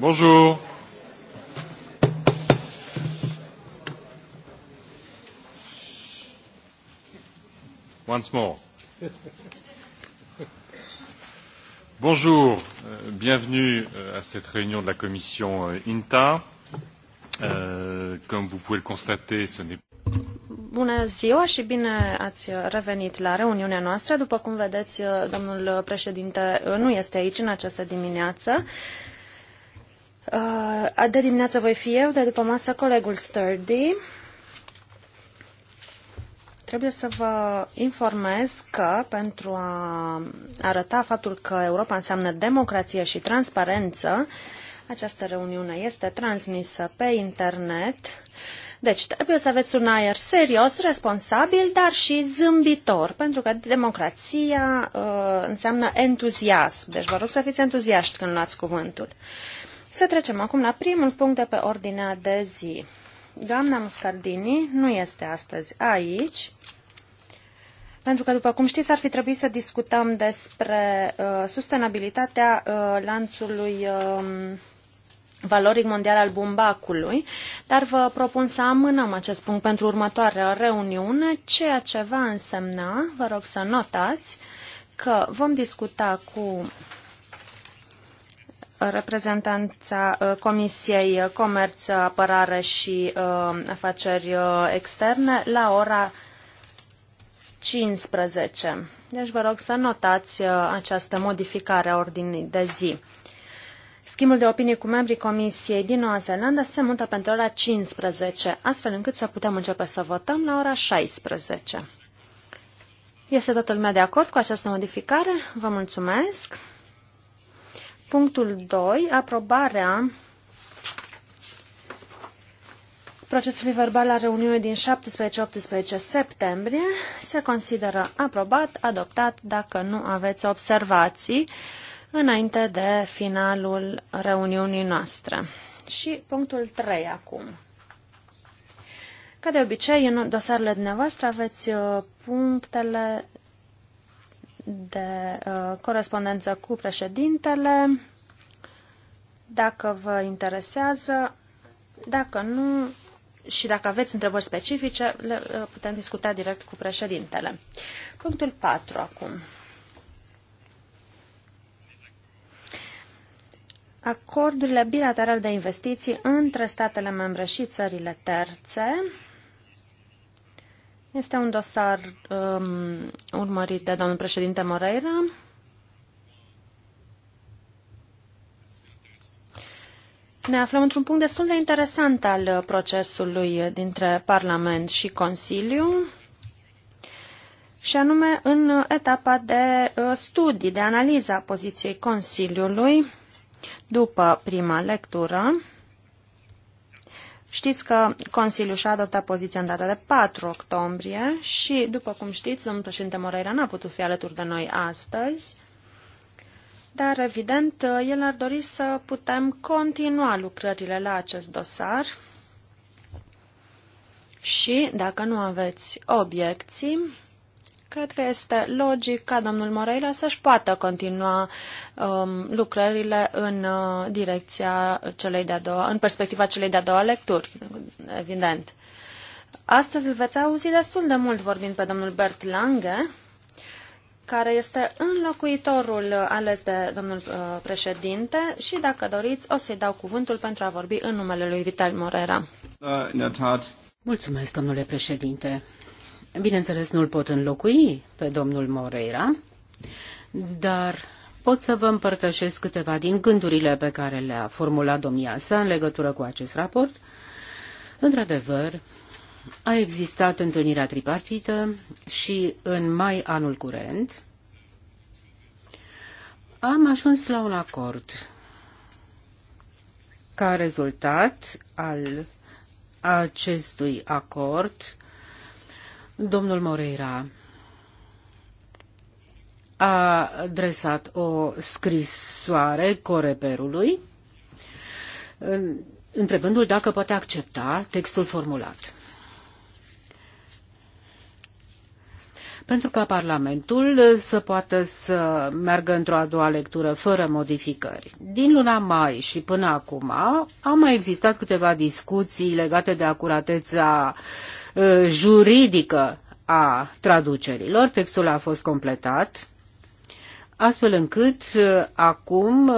Bonjour. Once more. Bonjour, euh, bienvenue euh, à cette réunion de la commission euh, INTA. Euh, comme vous pouvez le constater, ce n'est Bună ziua și bine ați revenit la reuniunea noastră. După cum vedeți, domnul președinte nu este aici în această dimineață. Uh, Uh, de dimineață voi fi eu, de după masă colegul Sturdy. Trebuie să vă informez că pentru a arăta faptul că Europa înseamnă democrație și transparență, această reuniune este transmisă pe internet. Deci trebuie să aveți un aer serios, responsabil, dar și zâmbitor, pentru că democrația uh, înseamnă entuziasm. Deci vă rog să fiți entuziaști când luați cuvântul. Uh, să trecem acum la primul punct de pe ordinea de zi. Doamna Muscardini nu este astăzi aici, pentru că, după cum știți, ar fi trebuit să discutăm despre uh, sustenabilitatea uh, lanțului uh, valoric mondial al bumbacului, dar vă propun să amânăm acest punct pentru următoarea reuniune, ceea ce va însemna, vă rog să notați, că vom discuta cu reprezentanța uh, Comisiei Comerț, Apărare și uh, Afaceri uh, Externe la ora 15. Deci vă rog să notați această modificare a ordinii de zi. Schimbul de opinii cu membrii Comisiei din Noua Zeelandă se mută pentru ora 15, astfel încât să putem începe să votăm la ora 16. Este toată lumea de acord cu această modificare? Vă mulțumesc! Punctul 2. Aprobarea procesului verbal la reuniune din 17-18 septembrie se consideră aprobat, adoptat, dacă nu aveți observații, înainte de finalul reuniunii noastre. Și punctul 3 acum. Ca de obicei, în dosarele dumneavoastră aveți uh, punctele de uh, corespondență cu președintele, dacă vă interesează. Dacă nu, și dacă aveți întrebări specifice, le putem discuta direct cu președintele. Punctul 4 acum. Acordurile bilaterale de investiții între statele membre și țările terțe este un dosar um, urmărit de domnul președinte Moreira. Ne aflăm într-un punct destul de interesant al uh, procesului uh, dintre Parlament și Consiliu, și anume în uh, etapa de studii, de analiza poziției Consiliului după prima lectură. Știți că Consiliul și-a adoptat poziția în data de 4 octombrie și, după cum știți, domnul președinte Moreira n-a putut fi alături de noi astăzi, dar evident el ar dori să putem continua lucrările la acest dosar și, dacă nu aveți obiecții, cred că este logic ca domnul Moreira să-și poată continua um, lucrările în uh, direcția celei de-a doua, în perspectiva celei de-a doua lecturi, evident. Astăzi îl veți auzi destul de mult vorbind pe domnul Bert Lange, care este înlocuitorul ales de domnul uh, președinte și, dacă doriți, o să-i dau cuvântul pentru a vorbi în numele lui Vital Morera. Da, Mulțumesc, domnule președinte. Bineînțeles, nu-l pot înlocui pe domnul Moreira, dar pot să vă împărtășesc câteva din gândurile pe care le-a formulat domnia sa în legătură cu acest raport. Într-adevăr, a existat întâlnirea tripartită și în mai anul curent am ajuns la un acord ca rezultat al acestui acord, domnul Moreira a adresat o scrisoare coreperului, întrebându-l dacă poate accepta textul formulat. pentru ca Parlamentul să poată să meargă într-o a doua lectură fără modificări. Din luna mai și până acum au mai existat câteva discuții legate de acuratețea juridică a traducerilor. Textul a fost completat, astfel încât acum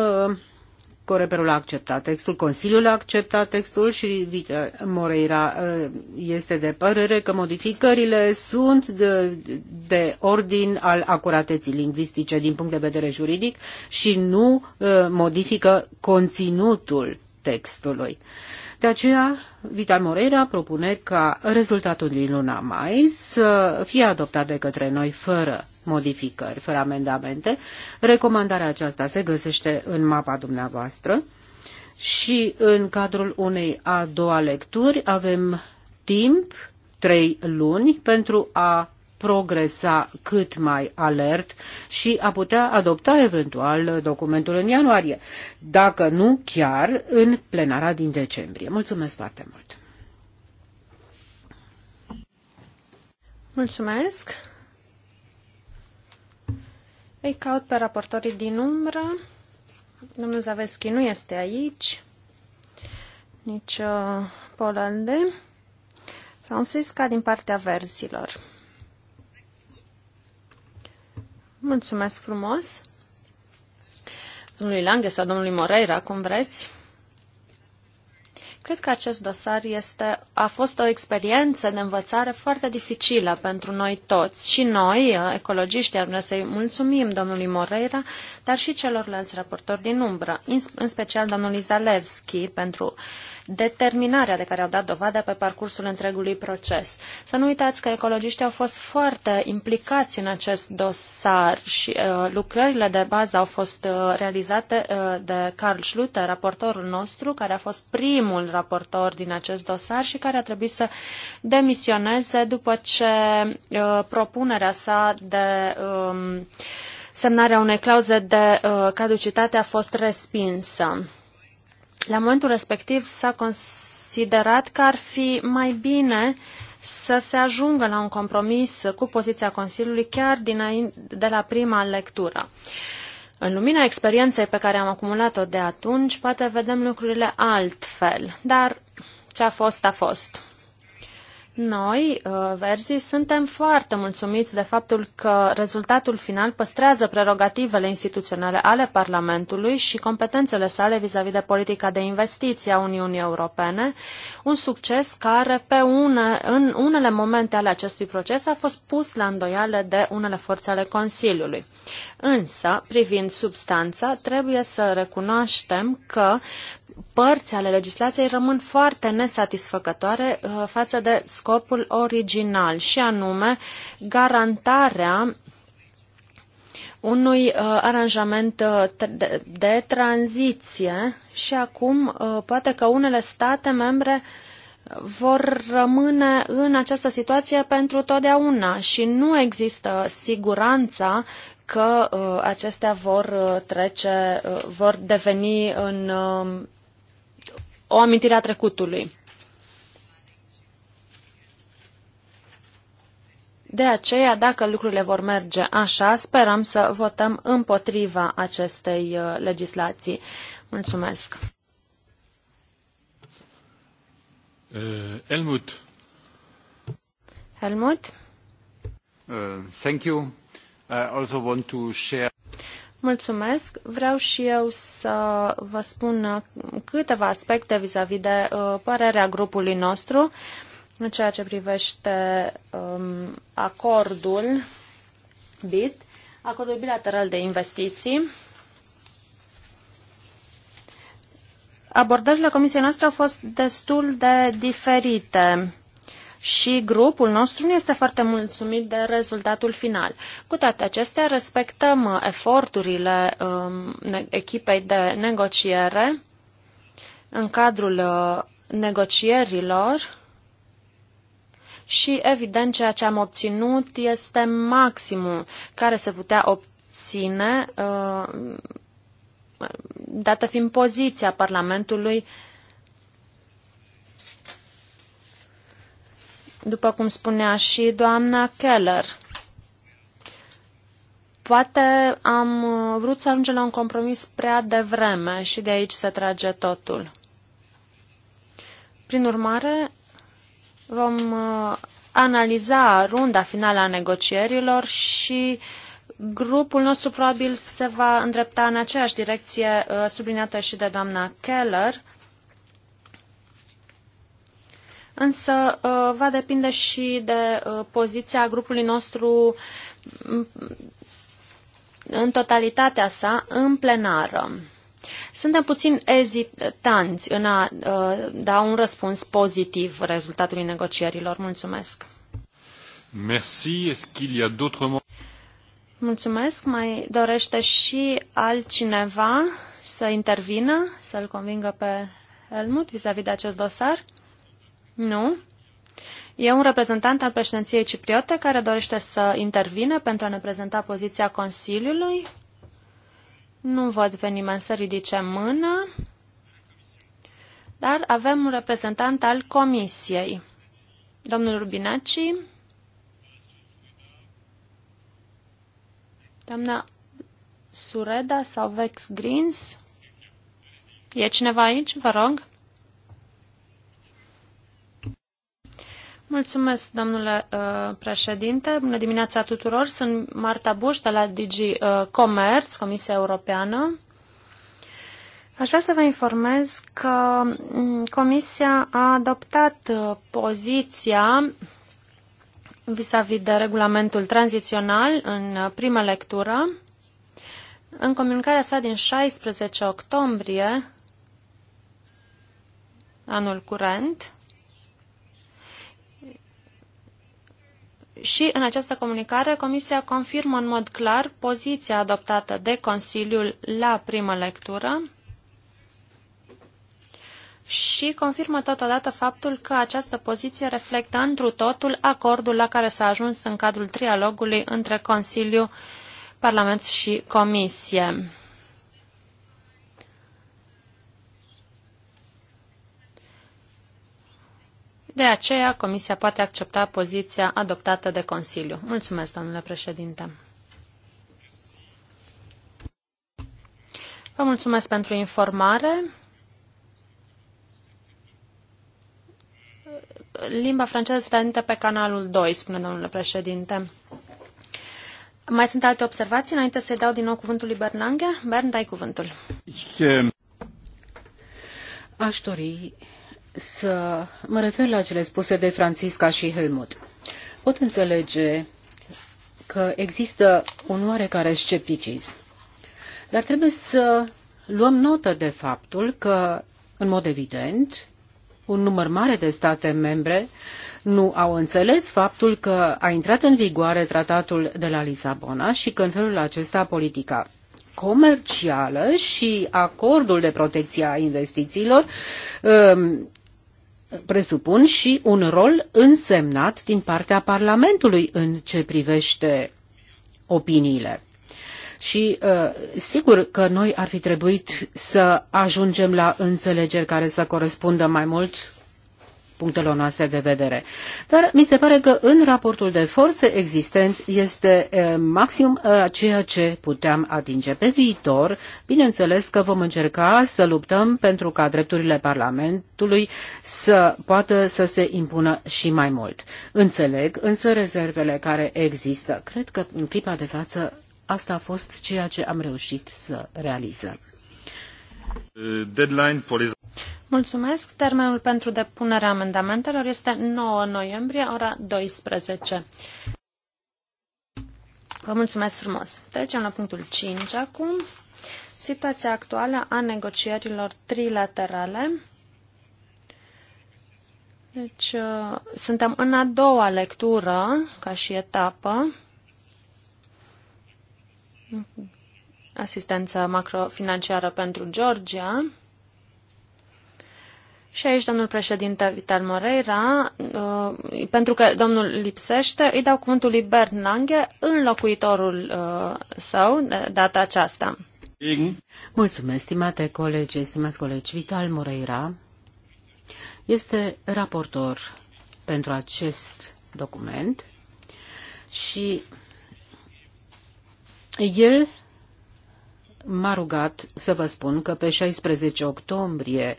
Coreperul a acceptat textul, Consiliul a acceptat textul și Vita Moreira uh, este de părere că modificările sunt de, de ordin al acurateții lingvistice din punct de vedere juridic și nu uh, modifică conținutul textului. De aceea, Vital Moreira propune ca rezultatul din luna mai să fie adoptat de către noi fără modificări, fără amendamente. Recomandarea aceasta se găsește în mapa dumneavoastră și în cadrul unei a doua lecturi avem timp, trei luni, pentru a progresa cât mai alert și a putea adopta eventual documentul în ianuarie, dacă nu chiar în plenara din decembrie. Mulțumesc foarte mult! Mulțumesc! Îi caut pe raportorii din umbră. Domnul Zaveschi nu este aici, nici uh, Polande. Francisca din partea verzilor. Mulțumesc frumos! Domnului Lange sau domnului Moreira, cum vreți. Cred că acest dosar este, a fost o experiență de învățare foarte dificilă pentru noi toți. Și noi, ecologiștii, ar vrea să-i mulțumim domnului Moreira, dar și celorlalți raportori din umbră, în special domnului Zalewski, pentru determinarea de care au dat dovadă pe parcursul întregului proces. Să nu uitați că ecologiștii au fost foarte implicați în acest dosar și uh, lucrările de bază au fost uh, realizate uh, de Carl Schluter, raportorul nostru, care a fost primul raportor din acest dosar și care a trebuit să demisioneze după ce uh, propunerea sa de uh, semnarea unei clauze de uh, caducitate a fost respinsă. La momentul respectiv s-a considerat că ar fi mai bine să se ajungă la un compromis cu poziția Consiliului chiar din, de la prima lectură. Uh, în lumina experienței pe care am acumulat-o de atunci, poate vedem lucrurile altfel, dar ce a fost, a fost. Noi, uh, verzii, suntem foarte mulțumiți de faptul că rezultatul final păstrează prerogativele instituționale ale Parlamentului și competențele sale vis-a-vis -vis de politica de investiții a Uniunii Europene, un succes care pe une, în unele momente ale acestui proces a fost pus la îndoială de unele forțe ale Consiliului. Însă, privind substanța, trebuie să recunoaștem că părți ale legislației rămân foarte nesatisfăcătoare uh, față de scopul original și anume garantarea unui uh, aranjament uh, de, de tranziție și acum uh, poate că unele state membre vor rămâne în această situație pentru totdeauna și nu există siguranța că uh, acestea vor uh, trece, uh, vor deveni în uh, o amintire a trecutului. De aceea, dacă lucrurile vor merge așa, sperăm să votăm împotriva acestei uh, legislații. Mulțumesc. Uh, Helmut. Helmut. Uh, thank you. I also want to share Mulțumesc. Vreau și eu să vă spun câteva aspecte vis-a-vis de uh, părerea grupului nostru în ceea ce privește um, acordul BIT, acordul bilateral de investiții. Abordările comisiei noastre au fost destul de diferite și grupul nostru nu este foarte mulțumit de rezultatul final. Cu toate acestea, respectăm uh, eforturile um, echipei de negociere în cadrul uh, negocierilor și, evident, ceea ce am obținut este maximul care se putea obține, uh, dată fiind poziția Parlamentului după cum spunea și doamna Keller. Poate am vrut să ajungem la un compromis prea devreme și de aici se trage totul. Prin urmare, vom uh, analiza runda finală a negocierilor și grupul nostru probabil se va îndrepta în aceeași direcție uh, subliniată și de doamna Keller, însă uh, va depinde și de uh, poziția grupului nostru în totalitatea sa în plenară. Suntem puțin ezitanți în a uh, da un răspuns pozitiv rezultatului negocierilor. Mulțumesc. Merci. Est-ce y a Mulțumesc. Mai dorește și altcineva să intervină, să-l convingă pe Helmut vis-a-vis -vis de acest dosar? Nu? E un reprezentant al președinției cipriote care dorește să intervine pentru a ne prezenta poziția Consiliului. Nu văd pe nimeni să ridice mână. dar avem un reprezentant al Comisiei. Domnul Rubinaci, doamna Sureda sau Vex Greens. e cineva aici, vă rog? Mulțumesc, domnule uh, președinte. Bună dimineața tuturor. Sunt Marta Buș de la DG uh, Comerț, Comisia Europeană. Aș vrea să vă informez că mm, Comisia a adoptat uh, poziția vis a -vis de regulamentul tranzițional în uh, prima lectură. În comunicarea sa din 16 octombrie anul curent, Și în această comunicare, Comisia confirmă în mod clar poziția adoptată de Consiliul la primă lectură și confirmă totodată faptul că această poziție reflectă întru totul acordul la care s-a ajuns în cadrul trialogului între Consiliu, Parlament și Comisie. De aceea, Comisia poate accepta poziția adoptată de Consiliu. Mulțumesc, domnule președinte. Vă mulțumesc pentru informare. Limba franceză se transmite pe canalul 2, spune domnule președinte. Mai sunt alte observații înainte să-i dau din nou cuvântul lui Bernange? Bern, dai cuvântul. Aș dori să mă refer la cele spuse de Francisca și Helmut. Pot înțelege că există un oarecare scepticism, dar trebuie să luăm notă de faptul că, în mod evident, un număr mare de state membre nu au înțeles faptul că a intrat în vigoare tratatul de la Lisabona și că în felul acesta politica comercială și acordul de protecție a investițiilor um, presupun și un rol însemnat din partea Parlamentului în ce privește opiniile. Și uh, sigur că noi ar fi trebuit să ajungem la înțelegeri care să corespundă mai mult punctelor noastre de vedere. Dar mi se pare că în raportul de forțe existent este eh, maxim eh, ceea ce puteam atinge pe viitor. Bineînțeles că vom încerca să luptăm pentru ca drepturile Parlamentului să poată să se impună și mai mult. Înțeleg însă rezervele care există. Cred că în clipa de față asta a fost ceea ce am reușit să realizăm. Deadline Mulțumesc. Termenul pentru depunerea amendamentelor este 9 noiembrie, ora 12. Vă mulțumesc frumos. Trecem la punctul 5 acum. Situația actuală a negocierilor trilaterale. Deci, uh, suntem în a doua lectură, ca și etapă asistență macrofinanciară pentru Georgia. Și aici, domnul președinte Vital Moreira, uh, pentru că domnul lipsește, îi dau cuvântul lui Bert Lange, înlocuitorul uh, său, de data aceasta. Mulțumesc, stimate colegi, stimați colegi. Vital Moreira este raportor pentru acest document și el m-a rugat să vă spun că pe 16 octombrie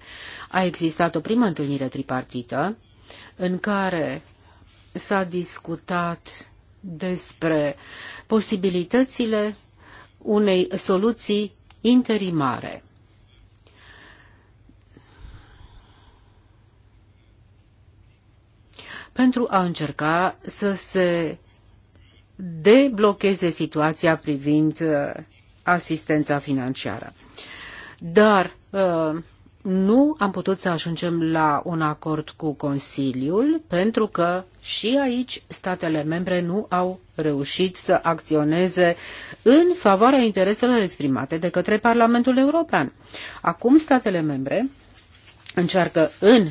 a existat o primă întâlnire tripartită în care s-a discutat despre posibilitățile unei soluții interimare. pentru a încerca să se deblocheze situația privind uh, asistența financiară. Dar uh, nu am putut să ajungem la un acord cu Consiliul pentru că și aici statele membre nu au reușit să acționeze în favoarea intereselor exprimate de către Parlamentul European. Acum statele membre încearcă în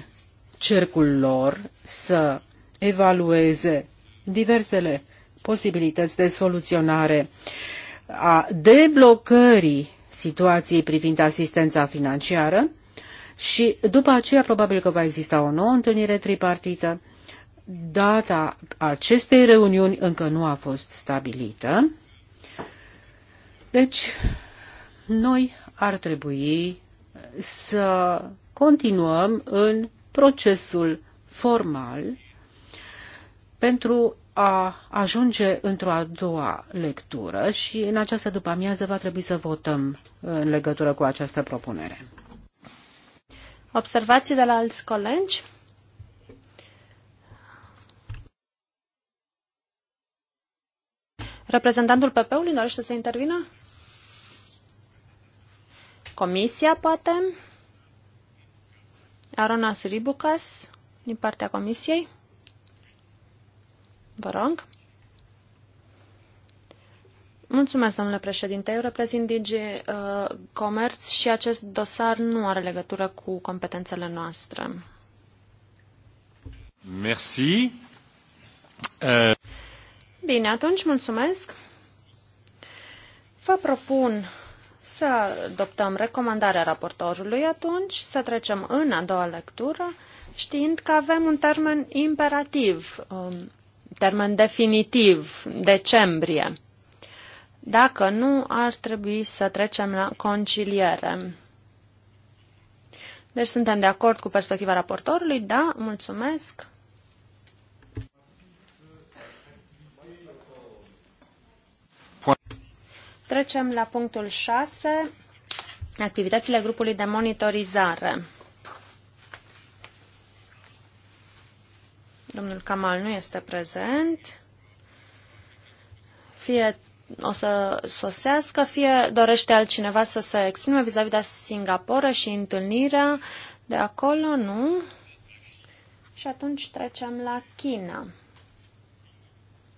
cercul lor să evalueze diversele posibilități de soluționare uh, a deblocării situației privind asistența financiară și după aceea probabil că va exista o nouă întâlnire tripartită. Data acestei reuniuni încă nu a fost stabilită. Deci, noi ar trebui să continuăm în procesul formal pentru a ajunge într-o a doua lectură și în această după-amiază va trebui să votăm în legătură cu această propunere. Observații de la alți colegi? Reprezentantul PP-ului dorește să intervină? Comisia, poate? Arona Sribucas, din partea Comisiei? Vă rog. Mulțumesc, domnule președinte. Eu reprezint DG uh, Comerț și acest dosar nu are legătură cu competențele noastre. Merci. Uh... Bine, atunci mulțumesc. Vă propun să adoptăm recomandarea raportorului atunci, să trecem în a doua lectură, știind că avem un termen imperativ. Uh, termen definitiv, decembrie. Dacă nu, ar trebui să trecem la conciliere. Deci suntem de acord cu perspectiva raportorului, da, mulțumesc. Trecem la punctul 6, activitățile grupului de monitorizare. Domnul Kamal nu este prezent. Fie o să sosească, fie dorește altcineva să se exprime vis-a-vis de Singapore și întâlnirea de acolo, nu? Și atunci trecem la China.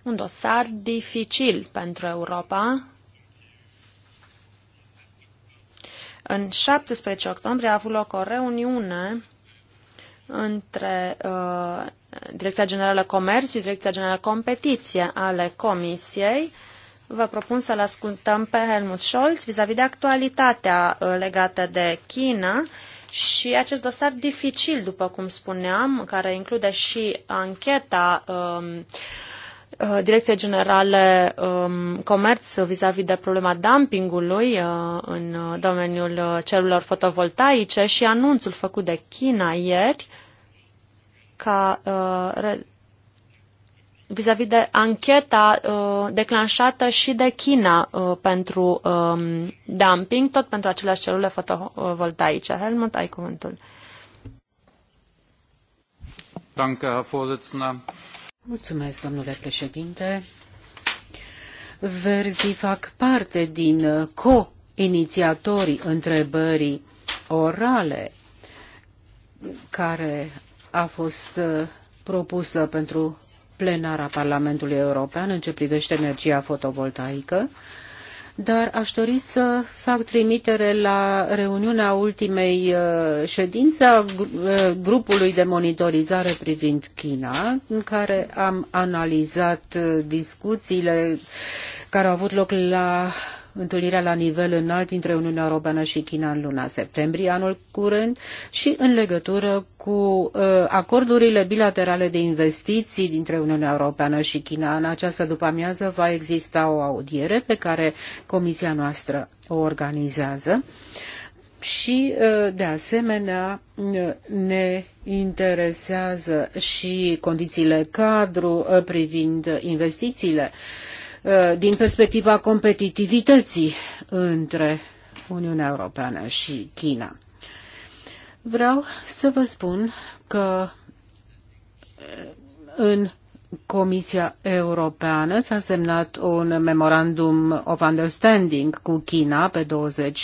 Un dosar dificil pentru Europa. În 17 octombrie a avut loc o reuniune între uh, Direcția Generală Comerț și Direcția Generală Competiție ale Comisiei. Vă propun să-l ascultăm pe Helmut Scholz vis-a-vis de actualitatea uh, legată de China și acest dosar dificil, după cum spuneam, care include și ancheta um, uh, Direcției Generale um, Comerț vis-a-vis -vis de problema dumpingului uh, în uh, domeniul celulor fotovoltaice și anunțul făcut de China ieri ca uh, vis-a-vis -vis de ancheta uh, declanșată și de China uh, pentru um, dumping, tot pentru aceleași celule fotovoltaice. Helmut, ai cuvântul. Mulțumesc, domnule președinte. Verzii fac parte din uh, co-inițiatorii întrebării orale care a fost uh, propusă pentru plenara Parlamentului European în ce privește energia fotovoltaică, dar aș dori să fac trimitere la reuniunea ultimei uh, ședințe a uh, grupului de monitorizare privind China, în care am analizat discuțiile care au avut loc la întâlnirea la nivel înalt dintre Uniunea Europeană și China în luna septembrie anul curând și în legătură cu uh, acordurile bilaterale de investiții dintre Uniunea Europeană și China. În această după-amiază va exista o audiere pe care comisia noastră o organizează și, uh, de asemenea, uh, ne interesează și condițiile cadru privind investițiile Uh, din perspectiva competitivității între Uniunea Europeană și China. Vreau să vă spun că uh, în Comisia Europeană s-a semnat un memorandum of understanding cu China pe 20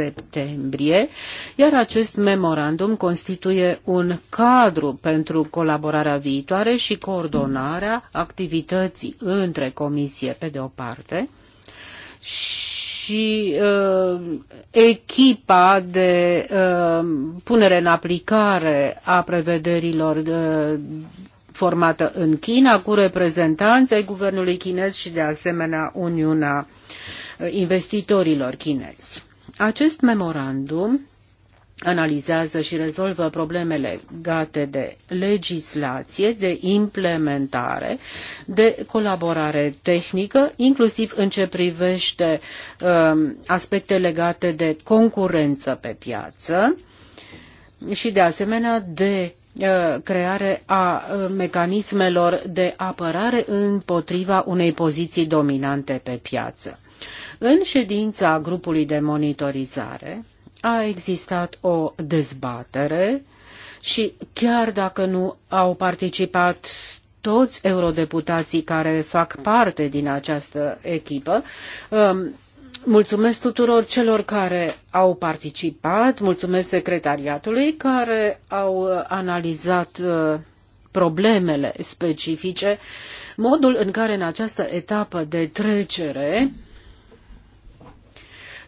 septembrie, iar acest memorandum constituie un cadru pentru colaborarea viitoare și coordonarea activității între comisie, pe de o parte, și uh, echipa de uh, punere în aplicare a prevederilor uh, formată în China cu reprezentanți ai guvernului chinez și de asemenea Uniunea uh, investitorilor chinezi. Acest memorandum analizează și rezolvă probleme legate de legislație, de implementare, de colaborare tehnică, inclusiv în ce privește um, aspecte legate de concurență pe piață și de asemenea de uh, creare a uh, mecanismelor de apărare împotriva unei poziții dominante pe piață. În ședința grupului de monitorizare a existat o dezbatere și chiar dacă nu au participat toți eurodeputații care fac parte din această echipă, um, Mulțumesc tuturor celor care au participat, mulțumesc secretariatului care au uh, analizat uh, problemele specifice, modul în care în această etapă de trecere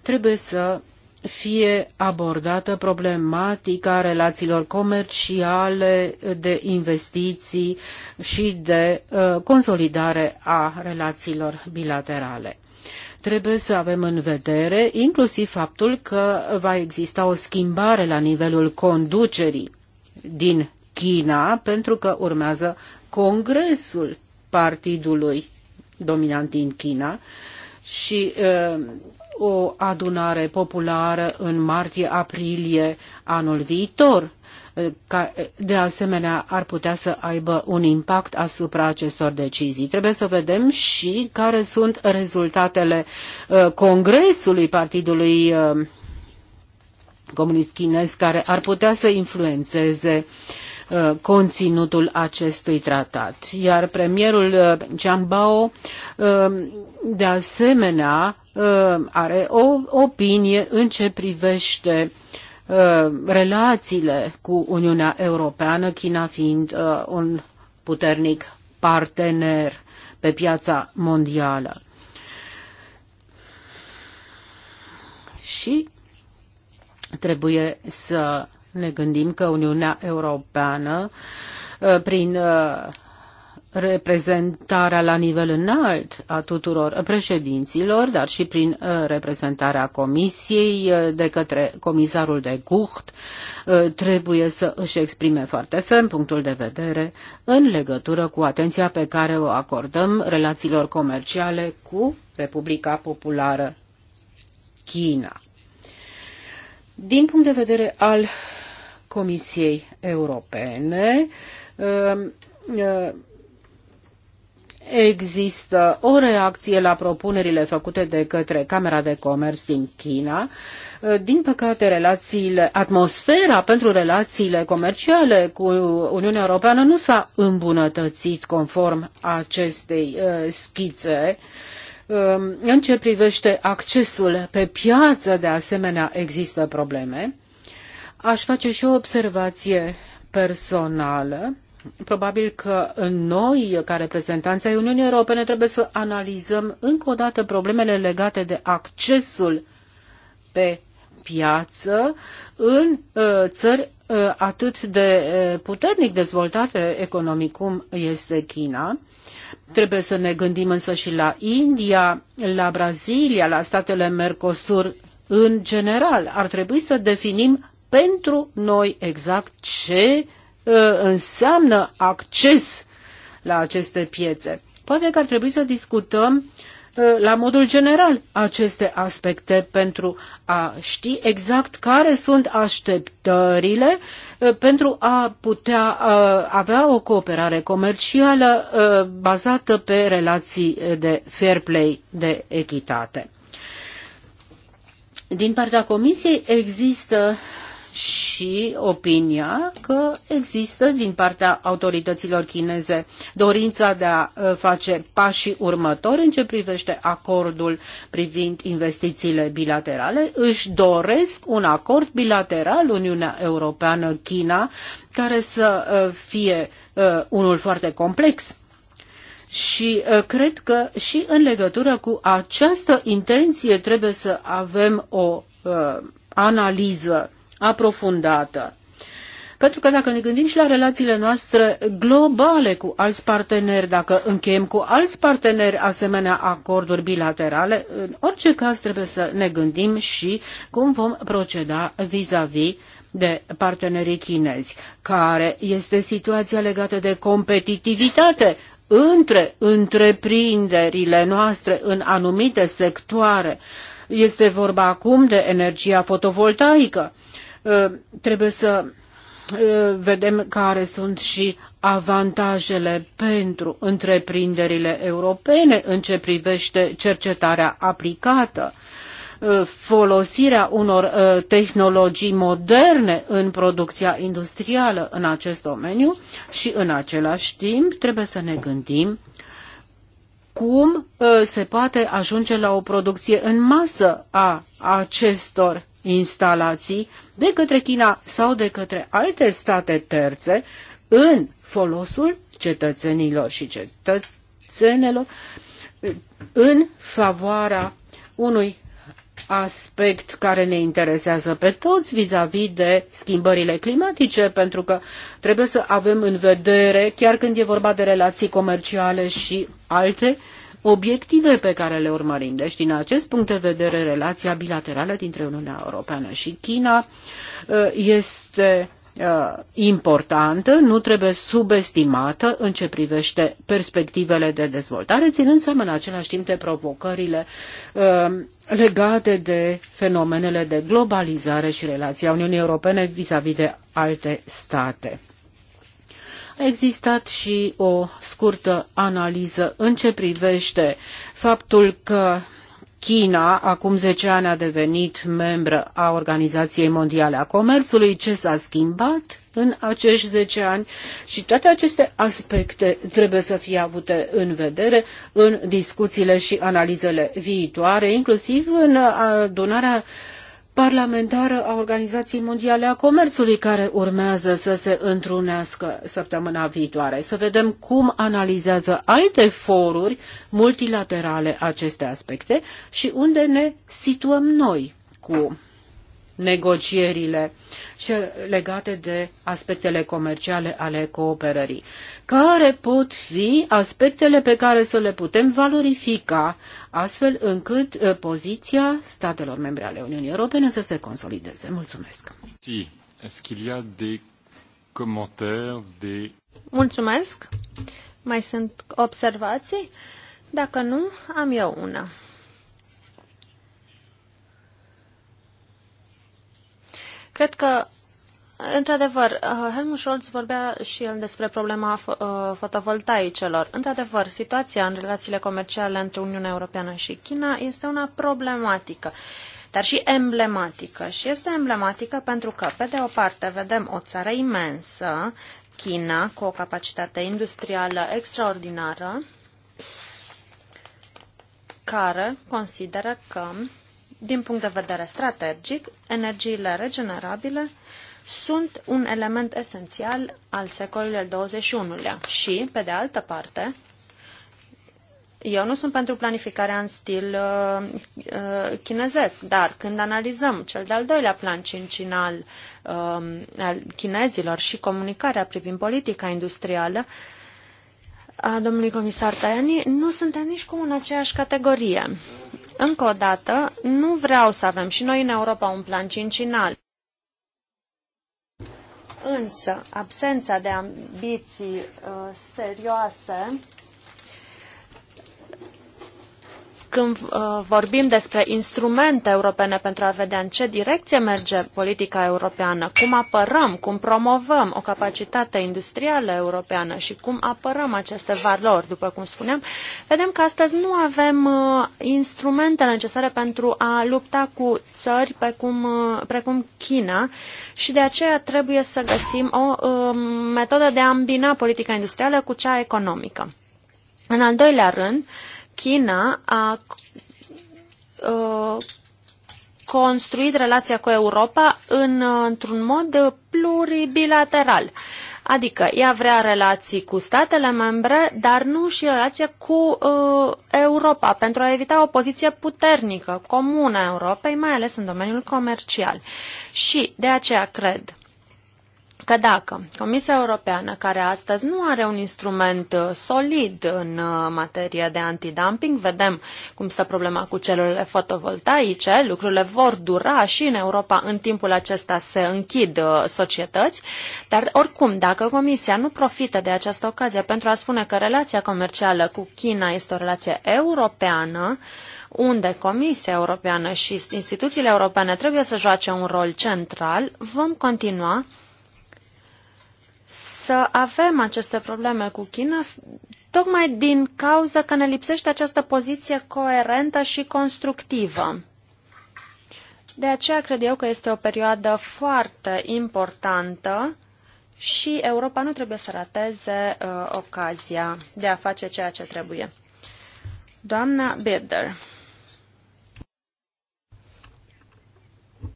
trebuie să fie abordată problematica relațiilor comerciale, de investiții și de uh, consolidare a relațiilor bilaterale. Trebuie să avem în vedere inclusiv faptul că va exista o schimbare la nivelul conducerii din China, pentru că urmează congresul partidului dominant din China și uh, o adunare populară în martie-aprilie anul viitor, eh, eh, de asemenea ar putea să aibă un impact asupra acestor decizii. Trebuie să vedem și care sunt rezultatele eh, Congresului Partidului Comunist Chinez care ar putea să influențeze conținutul acestui tratat. Iar premierul Jiang Bao de asemenea Uh, are o opinie în ce privește uh, relațiile cu Uniunea Europeană, China fiind uh, un puternic partener pe piața mondială. Și trebuie să ne gândim că Uniunea Europeană, prin reprezentarea la nivel înalt a tuturor președinților, dar și prin uh, reprezentarea comisiei uh, de către comisarul de Gucht, uh, trebuie să își exprime foarte ferm punctul de vedere în legătură cu atenția pe care o acordăm relațiilor comerciale cu Republica Populară China. Din punct de vedere al Comisiei Europene, există o reacție la propunerile făcute de către Camera de Comerț din China. Din păcate, relațiile, atmosfera pentru relațiile comerciale cu Uniunea Europeană nu s-a îmbunătățit conform acestei uh, schițe. Um, în ce privește accesul pe piață, de asemenea, există probleme. Aș face și o observație personală Probabil că noi, ca reprezentanți ai Uniunii Europene, trebuie să analizăm încă o dată problemele legate de accesul pe piață în uh, țări uh, atât de uh, puternic dezvoltate economic cum este China. Trebuie să ne gândim însă și la India, la Brazilia, la statele Mercosur în general. Ar trebui să definim pentru noi exact ce Uh, înseamnă acces la aceste piețe. Poate că ar trebui să discutăm uh, la modul general aceste aspecte pentru a ști exact care sunt așteptările uh, pentru a putea avea o cooperare comercială bazată pe relații de fair play, de echitate. Din partea Comisiei există și opinia că există din partea autorităților chineze dorința de a uh, face pașii următori în ce privește acordul privind investițiile bilaterale. Își doresc un acord bilateral Uniunea Europeană-China care să uh, fie uh, unul foarte complex și cred că și în legătură cu această intenție trebuie să avem o uh, analiză aprofundată. Pentru că dacă ne gândim și la relațiile noastre globale cu alți parteneri, dacă încheiem cu alți parteneri asemenea acorduri bilaterale, în orice caz trebuie să ne gândim și cum vom proceda vis-a-vis -vis de partenerii chinezi, care este situația legată de competitivitate între întreprinderile noastre în anumite sectoare. Este vorba acum de energia fotovoltaică. Uh, Uh, trebuie să uh, vedem care sunt și avantajele pentru întreprinderile europene în ce privește cercetarea aplicată uh, folosirea unor tehnologii moderne în producția industrială în acest domeniu și în același timp trebuie să ne gândim cum se poate ajunge la o producție în masă a acestor instalații de către China sau de către alte state terțe în folosul cetățenilor și cetățenelor în favoarea unui aspect care ne interesează pe toți vis-a-vis -vis de schimbările climatice, pentru că trebuie să avem în vedere, chiar când e vorba de relații comerciale și alte uh, obiective pe care le urmărim. Deci, din acest punct de vedere, relația bilaterală dintre Uniunea Europeană și China uh, este uh, importantă, nu trebuie subestimată în ce privește perspectivele de dezvoltare, ținând seama în același timp de provocările uh, legate de fenomenele de globalizare și relația Uniunii Europene vis-a-vis -vis de alte state existat și o scurtă analiză în ce privește faptul că China acum 10 ani a devenit membră a Organizației Mondiale a Comerțului, ce s-a schimbat în acești 10 ani și toate aceste aspecte trebuie să fie avute în vedere în discuțiile și analizele viitoare, inclusiv în adunarea uh, parlamentară a Organizației Mondiale a Comerțului care urmează să se întrunească săptămâna viitoare. Să vedem cum analizează alte foruri multilaterale aceste aspecte și unde ne situăm noi cu negocierile și legate de aspectele comerciale ale cooperării, care pot fi aspectele pe care să le putem valorifica astfel încât uh, poziția statelor membre ale Uniunii Europene să se consolideze. Mulțumesc! Mulțumesc! Mai sunt observații? Dacă nu, am eu una. Cred că Într-adevăr, uh, Helmut Scholz vorbea și el despre problema uh, fotovoltaicelor. Într-adevăr, situația în relațiile comerciale între Uniunea Europeană și China este una problematică, dar și emblematică. Și este emblematică pentru că, pe de o parte, vedem o țară imensă, China, cu o capacitate industrială extraordinară, care consideră că, din punct de vedere strategic, energiile regenerabile uh, sunt un element esențial al secolului al XXI-lea și, pe de altă parte, eu nu sunt pentru planificarea în stil uh, uh, chinezesc, dar când analizăm cel de-al doilea plan cincinal uh, al chinezilor și comunicarea privind politica industrială a domnului comisar Tajani, nu suntem nici cum în aceeași categorie. Încă o dată, nu vreau să avem și noi în Europa un plan cincinal. Însă, absența de ambiții uh, serioase când uh, vorbim despre instrumente europene pentru a vedea în ce direcție merge politica europeană, cum apărăm, cum promovăm o capacitate industrială europeană și cum apărăm aceste valori, după cum spuneam, vedem că astăzi nu avem uh, instrumentele necesare pentru a lupta cu țări precum, uh, precum China și de aceea trebuie să găsim o uh, metodă de a îmbina politica industrială cu cea economică. În al doilea rând, uh, China a uh, construit relația cu Europa în, uh, într-un mod pluribilateral. Adică ea vrea relații cu statele membre, dar nu și relație cu uh, Europa, pentru a evita o poziție puternică, comună a Europei, mai ales în domeniul comercial. Și de aceea cred că dacă Comisia Europeană, care astăzi nu are un instrument uh, solid în uh, materie de antidumping, vedem cum stă problema cu celulele fotovoltaice, lucrurile vor dura și în Europa în timpul acesta se închid uh, societăți, dar oricum, dacă Comisia nu profită de această ocazie pentru a spune că relația comercială cu China este o relație europeană, unde Comisia Europeană și instituțiile europene trebuie să joace un rol central, vom continua să avem aceste probleme cu China tocmai din cauza că ne lipsește această poziție coerentă și constructivă. De aceea cred eu că este o perioadă foarte importantă și Europa nu trebuie să rateze uh, ocazia de a face ceea ce trebuie. Doamna Birder.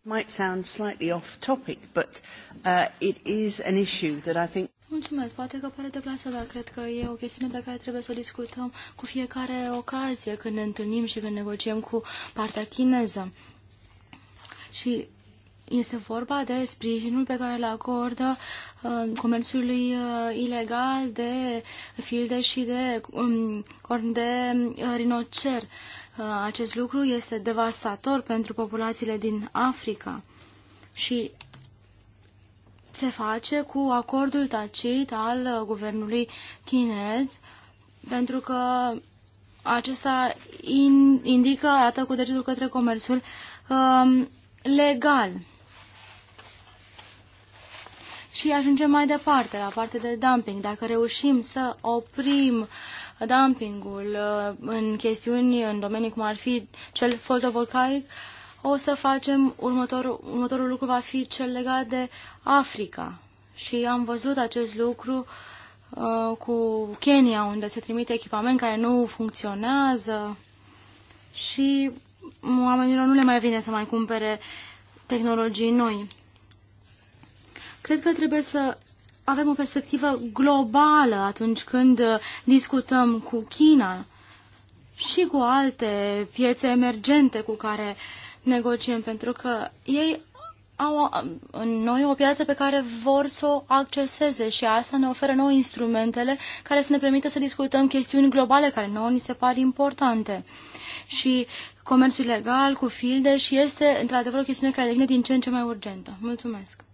Might sound slightly off topic, but uh, it is an issue that I think Mulțumesc, poate că pare deplasă, dar cred că e o chestiune pe care trebuie să o discutăm cu fiecare ocazie când ne întâlnim și când negociem cu partea chineză. Și este vorba de sprijinul pe care îl acordă uh, comerțului uh, ilegal de filde și de um, corn de uh, rinocer. Uh, acest lucru este devastator pentru populațiile din Africa și se face cu acordul tacit al guvernului chinez, pentru că acesta in, indică, arată cu degetul către comerțul um, legal. Și ajungem mai departe, la partea de dumping. Dacă reușim să oprim dumpingul uh, în chestiuni, în domenii cum ar fi cel fotovoltaic, uh, o să facem următorul, următorul lucru va fi cel legat de Africa. Și am văzut acest lucru uh, cu Kenya, unde se trimite echipament care nu funcționează și oamenilor nu le mai vine să mai cumpere tehnologii noi. Cred că trebuie să avem o perspectivă globală atunci când discutăm cu China și cu alte piețe emergente cu care uh, negociem, pentru că ei au în noi o piață pe care vor să o acceseze și asta ne oferă noi instrumentele care să ne permită să discutăm chestiuni globale care nouă ni se par importante. Și comerțul ilegal cu filde și este într-adevăr o chestiune care devine din ce în ce mai urgentă. Mulțumesc!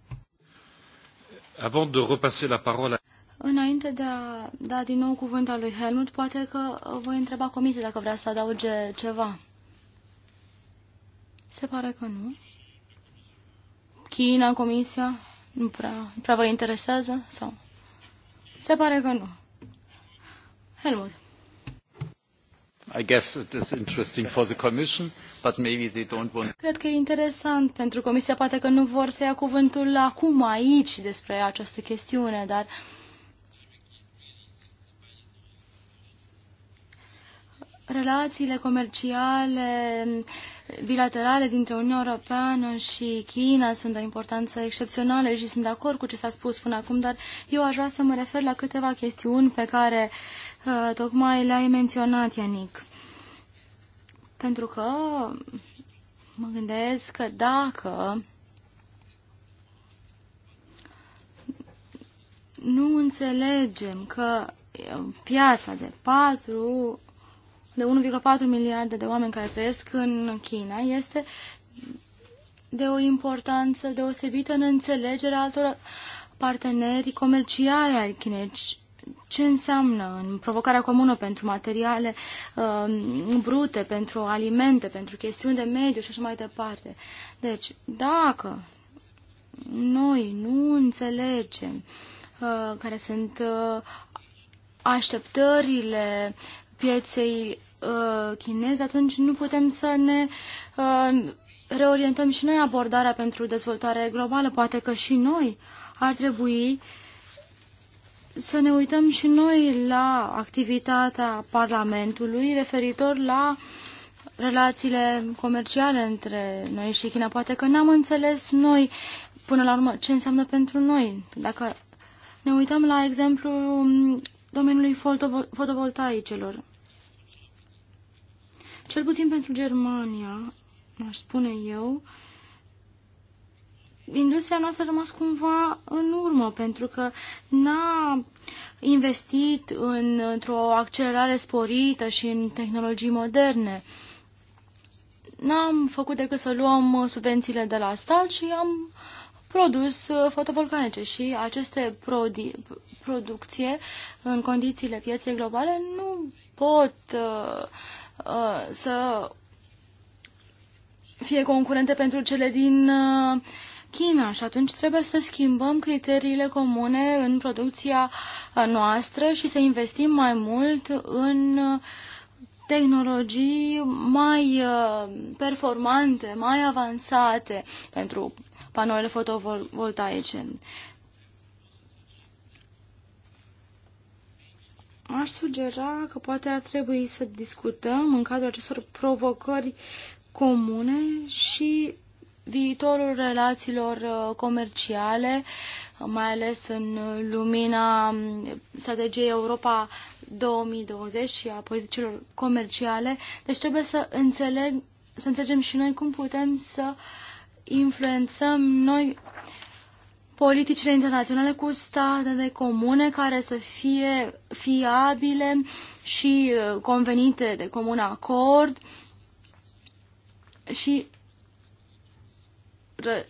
Avant de repasser la parole... Înainte de a da din nou cuvântul lui Helmut, poate că voi întreba comisia dacă vrea să adauge ceva. Se pare că nu. China, Comisia, nu prea, nu prea vă interesează? Sau? Se pare că nu. Helmut. I guess it is interesting for the commission, but maybe they don't want... Cred că e interesant pentru Comisia, poate că nu vor să ia cuvântul acum aici despre această chestiune, dar relațiile comerciale bilaterale dintre Uniunea Europeană și China sunt de o importanță excepțională și sunt de acord cu ce s-a spus până acum, dar eu aș vrea să mă refer la câteva chestiuni pe care uh, tocmai le-ai menționat, Ianic. Pentru că mă gândesc că dacă nu înțelegem că piața de patru de 1,4 miliarde de oameni care trăiesc în China este de o importanță deosebită în înțelegerea altor parteneri comerciali ai Chinei. Ce înseamnă în provocarea comună pentru materiale uh, brute, pentru alimente, pentru chestiuni de mediu și așa mai departe. Deci, dacă noi nu înțelegem uh, care sunt uh, așteptările uh, pieței uh, chineze, atunci nu putem să ne uh, reorientăm și noi abordarea pentru dezvoltare globală. Poate că și noi ar trebui să ne uităm și noi la activitatea Parlamentului referitor la relațiile comerciale între noi și China. Poate că n-am înțeles noi până la urmă ce înseamnă pentru noi. Dacă ne uităm la exemplu domeniului fotovoltaicelor. Cel puțin pentru Germania, aș spune eu, industria noastră a rămas cumva în urmă, pentru că n-a investit în, într-o accelerare sporită și în tehnologii moderne. N-am făcut decât să luăm subvențiile de la stat și am produs uh, fotovoltaice și aceste produ producție în condițiile pieței globale nu pot uh, Uh, să fie concurente pentru cele din uh, China și atunci trebuie să schimbăm criteriile comune în producția uh, noastră și să investim mai mult în tehnologii mai performante, mai avansate pentru panourile fotovoltaice. Aș sugera că poate ar trebui să discutăm în cadrul acestor provocări comune și viitorul relațiilor uh, comerciale, mai ales în lumina um, strategiei Europa 2020 și a politicilor comerciale. Deci trebuie să, înțeleg, să înțelegem și noi cum putem să influențăm noi uh, politicile internaționale cu statele comune care să fie fiabile și uh, convenite de comun acord și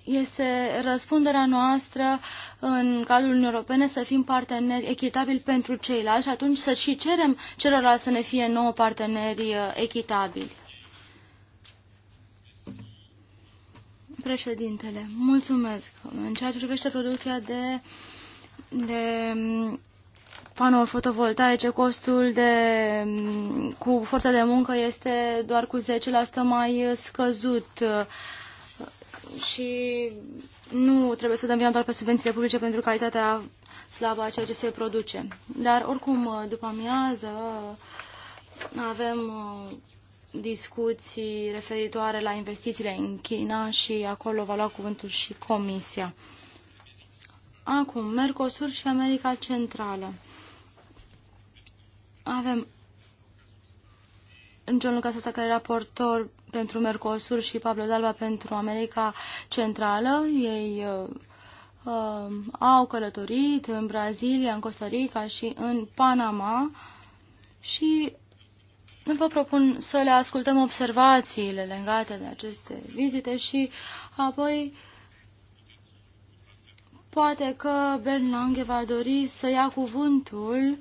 este răspunderea noastră în cadrul Uniunii Europene să fim parteneri echitabili pentru ceilalți și atunci să și cerem celorlalți să ne fie nouă parteneri uh, echitabili. Președintele, mulțumesc. În ceea ce privește producția de, de mm, panouri fotovoltaice, costul de, mm, cu forța de muncă este doar cu 10% mai scăzut și nu trebuie să dăm vina doar pe subvențiile publice pentru calitatea slabă a ceea ce se produce. Dar oricum, după amiază, avem discuții referitoare la investițiile în China și acolo va lua cuvântul și Comisia. Acum, Mercosur și America Centrală. Avem John Lucas ăsta care raportor pentru Mercosur și Pablo Dalba pentru America Centrală. Ei uh, au călătorit în Brazilia, în Costa Rica și în Panama și vă propun să le ascultăm observațiile legate de aceste vizite și apoi poate că Bern Lange va dori să ia cuvântul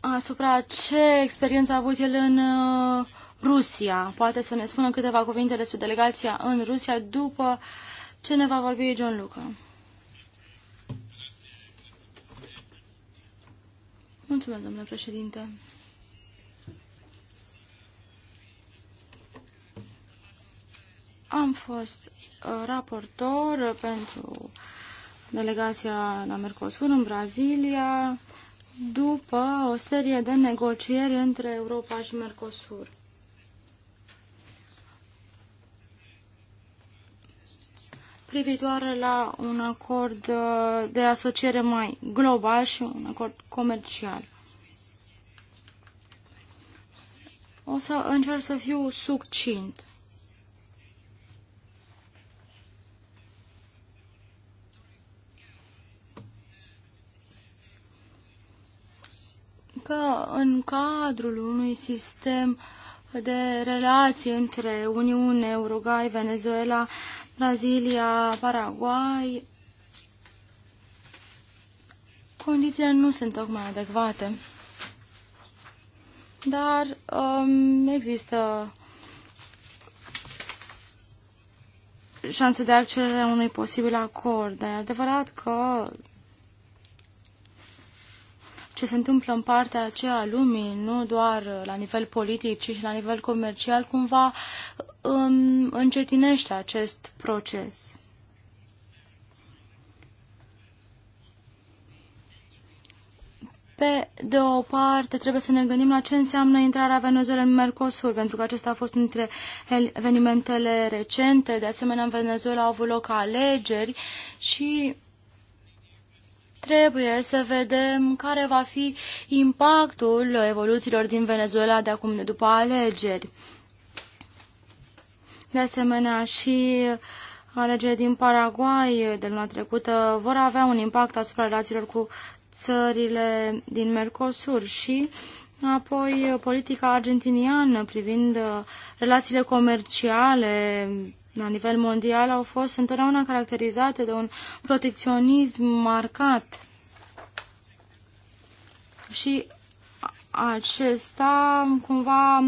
asupra ce experiență a avut el în uh, Rusia. Poate să ne spună câteva cuvinte despre delegația în Rusia după ce ne va vorbi John Luca. Mulțumesc, domnule președinte. Am fost uh, raportor pentru delegația la Mercosur în Brazilia după o serie de negocieri între Europa și Mercosur. privitoare la un acord uh, de asociere mai global și un acord comercial. O să încerc să fiu succint. Că în cadrul unui sistem de relații între Uniune, Uruguay, Venezuela, Brazilia, Paraguay, condițiile nu sunt tocmai adecvate. Dar um, există șanse de accelerare unui posibil acord. Dar e adevărat că ce se întâmplă în partea aceea a lumii, nu doar la nivel politic, ci și la nivel comercial, cumva um, încetinește acest proces. Pe de o parte, trebuie să ne gândim la ce înseamnă intrarea Venezuelei în Mercosur, pentru că acesta a fost unul dintre evenimentele recente. De asemenea, în Venezuela au avut loc alegeri și trebuie să vedem care va fi impactul evoluțiilor din Venezuela de acum de după alegeri. De asemenea, și alegerile din Paraguay de luna trecută vor avea un impact asupra relațiilor cu țările din Mercosur și apoi politica argentiniană privind relațiile comerciale la nivel mondial au fost întotdeauna caracterizate de un protecționism marcat. Și acesta cumva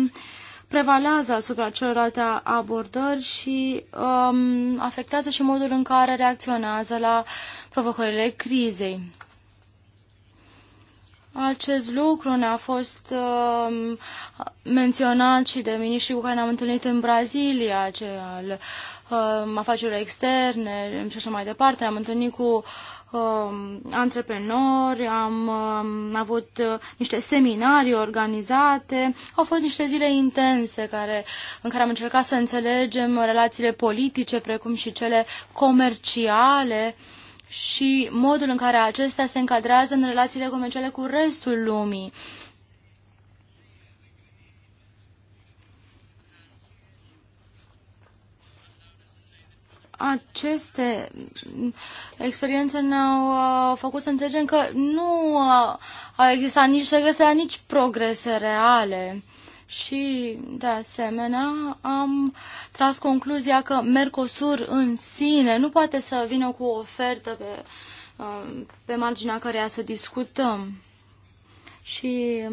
prevalează asupra celorlalte abordări și um, afectează și modul în care reacționează la provocările crizei. Acest lucru ne-a fost uh, menționat și de miniștri cu care ne-am întâlnit în Brazilia, cel al uh, afacerilor externe și așa mai departe. Ne-am întâlnit cu uh, antreprenori, am uh, avut uh, niște seminarii organizate, au fost niște zile intense care, în care am încercat să înțelegem relațiile politice precum și cele comerciale uh, și modul în care acestea se încadrează în relațiile comerciale cu restul lumii. aceste experiențe ne-au uh, făcut să înțelegem că nu uh, au existat nici regrese, nici progrese reale și, de asemenea, am tras concluzia că Mercosur în sine nu poate să vină cu o ofertă pe, uh, pe marginea căreia să discutăm. Și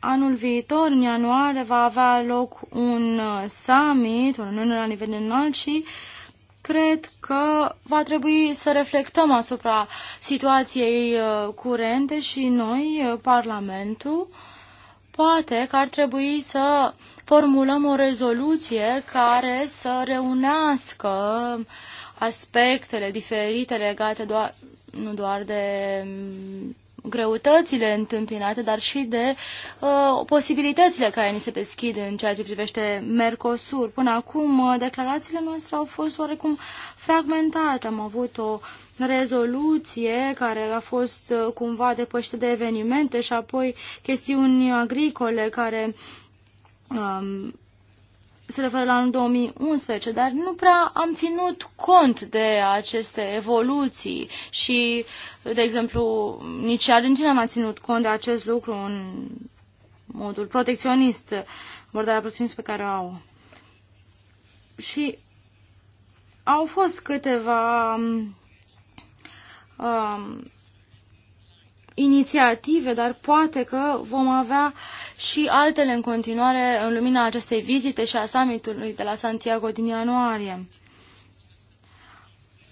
anul viitor, în ianuarie, va avea loc un uh, summit, o reuniune la nivel înalt și cred că va trebui să reflectăm asupra situației uh, curente și noi, Parlamentul, poate că ar trebui să formulăm o rezoluție care să reunească aspectele diferite legate doar, nu doar de greutățile întâmpinate, dar și de uh, posibilitățile care ni se deschid în ceea ce privește Mercosur. Până acum, uh, declarațiile noastre au fost oarecum fragmentate. Am avut o rezoluție care a fost uh, cumva depășită de evenimente și apoi chestiuni agricole care um, se referă la anul 2011, dar nu prea am ținut cont de aceste evoluții și, de exemplu, nici Argentina n-a ținut cont de acest lucru în modul protecționist, abordarea protecționistă pe care o au. Și au fost câteva um, um inițiative, dar poate că vom avea și altele în continuare în lumina acestei vizite și a summitului de la Santiago din ianuarie.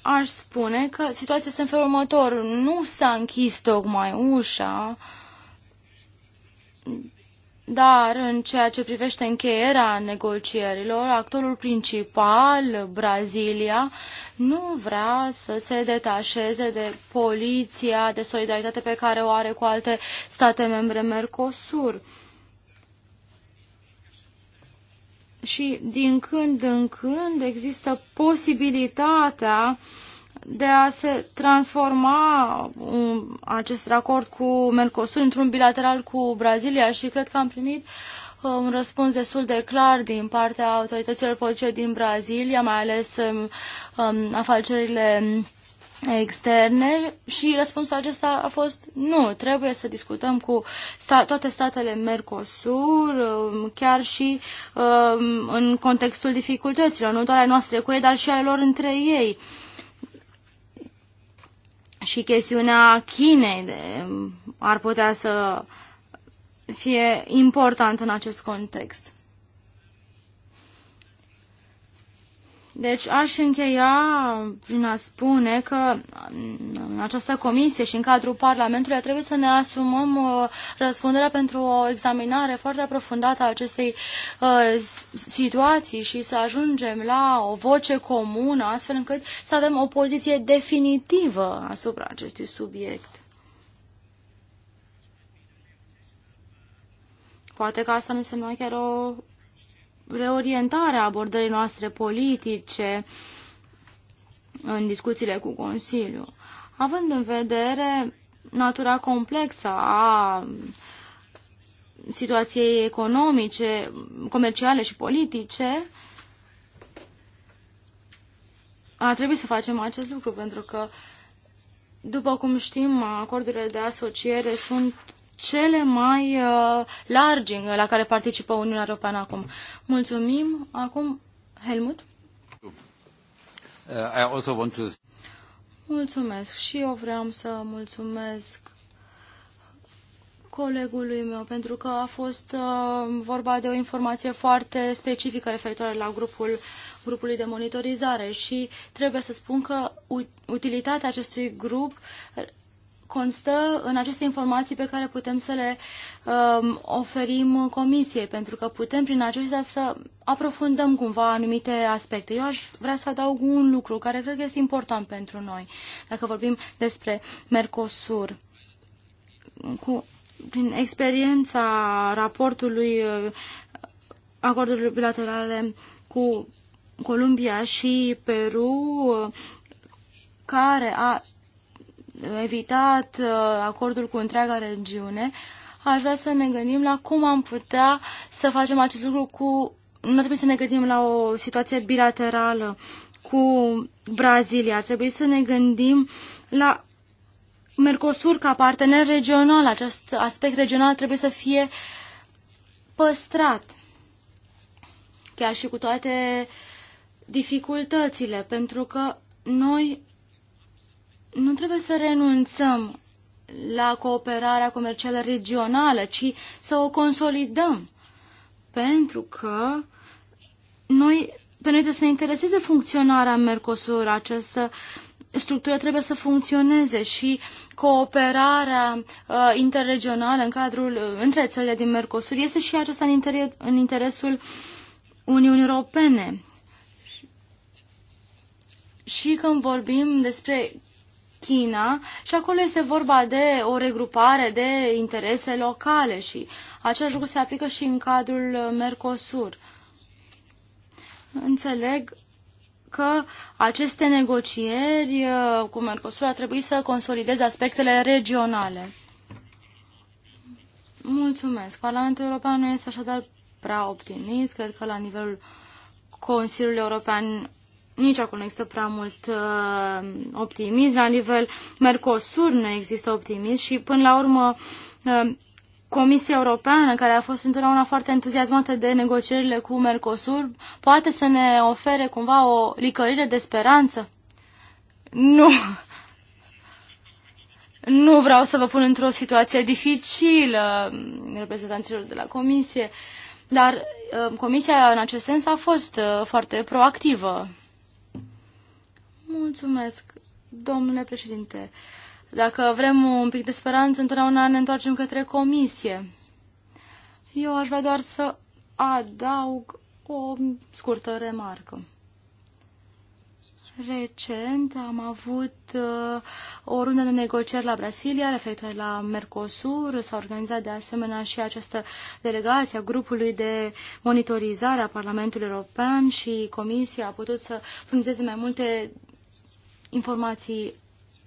Aș spune că situația este în felul următor. Nu s-a închis tocmai ușa dar în ceea ce privește încheierea negocierilor, actorul principal, Brazilia, nu vrea să se detașeze de poliția de solidaritate pe care o are cu alte state membre Mercosur. Și din când în când există posibilitatea uh, de a se transforma un, um, acest acord cu Mercosur într-un bilateral cu Brazilia și cred că am primit un um, răspuns destul de clar din partea autorităților politice din Brazilia, mai ales um, um, afacerile externe și răspunsul acesta a fost nu, trebuie să discutăm cu sta- toate statele Mercosur, chiar și um, în contextul dificultăților, nu doar ale noastre cu ei, dar și ale lor între ei. Uh, și chestiunea Chinei de, ar putea să fie importantă în acest context. Deci aș încheia prin a spune că în această comisie și în cadrul Parlamentului trebuie să ne asumăm uh, răspunderea pentru o examinare foarte aprofundată a acestei uh, situații și să ajungem la o voce comună, astfel încât să avem o poziție definitivă asupra acestui subiect. Poate că asta însemna chiar o reorientare a abordării noastre politice în discuțiile cu Consiliul. Având în vedere natura complexă a situației economice, comerciale și politice, a trebuit să facem acest lucru pentru că, după cum știm, acordurile de asociere sunt cele mai uh, largi uh, la care participă Uniunea Europeană acum. Mulțumim. Acum, Helmut. Uh, I also want to... Mulțumesc și eu vreau să mulțumesc colegului meu, pentru că a fost uh, vorba de o informație foarte specifică referitoare la grupul grupului de monitorizare și trebuie să spun că utilitatea acestui grup constă în aceste informații pe care putem să le um, oferim comisiei, pentru că putem prin acestea să aprofundăm cumva anumite aspecte. Eu aș vrea să adaug un lucru care cred că este important pentru noi, dacă vorbim despre Mercosur. Cu, prin experiența raportului uh, acordurilor bilaterale cu Columbia și Peru, uh, care a evitat uh, acordul cu întreaga regiune, aș vrea să ne gândim la cum am putea să facem acest lucru cu... Nu trebuie să ne gândim la o situație bilaterală cu Brazilia. Ar trebui să ne gândim la Mercosur ca partener regional. Acest aspect regional trebuie să fie păstrat. Chiar și cu toate dificultățile, pentru că noi nu trebuie să renunțăm la cooperarea comercială regională, ci să o consolidăm. Pentru că noi, pe noi trebuie să ne intereseze funcționarea Mercosur, această structură trebuie să funcționeze și cooperarea uh, interregională în cadrul, uh, între țările din Mercosur este și aceasta în, inter- în interesul Uniunii Europene. Și, și când vorbim despre China și acolo este vorba de o regrupare de interese locale și același lucru se aplică și în cadrul Mercosur. Înțeleg că aceste negocieri uh, cu Mercosur ar trebui să consolideze aspectele regionale. Mulțumesc. Parlamentul European nu este așadar prea optimist. Cred că la nivelul Consiliului European nici acolo nu există prea mult uh, optimism. La nivel Mercosur nu există optimism și până la urmă uh, Comisia Europeană, care a fost întotdeauna foarte entuziasmată de negocierile cu Mercosur, poate să ne ofere cumva o licărire de speranță? Nu! Nu vreau să vă pun într-o situație dificilă uh, reprezentanților de la Comisie, dar uh, Comisia în acest sens a fost uh, foarte proactivă Mulțumesc, domnule președinte. Dacă vrem un pic de speranță, întotdeauna ne întoarcem către comisie. Eu aș vrea doar să adaug o scurtă remarcă. Recent am avut uh, o rundă de negocieri la Brasilia referitoare la Mercosur. S-a organizat de asemenea și această delegație a grupului de monitorizare a Parlamentului European și Comisia a putut să furnizeze mai multe informații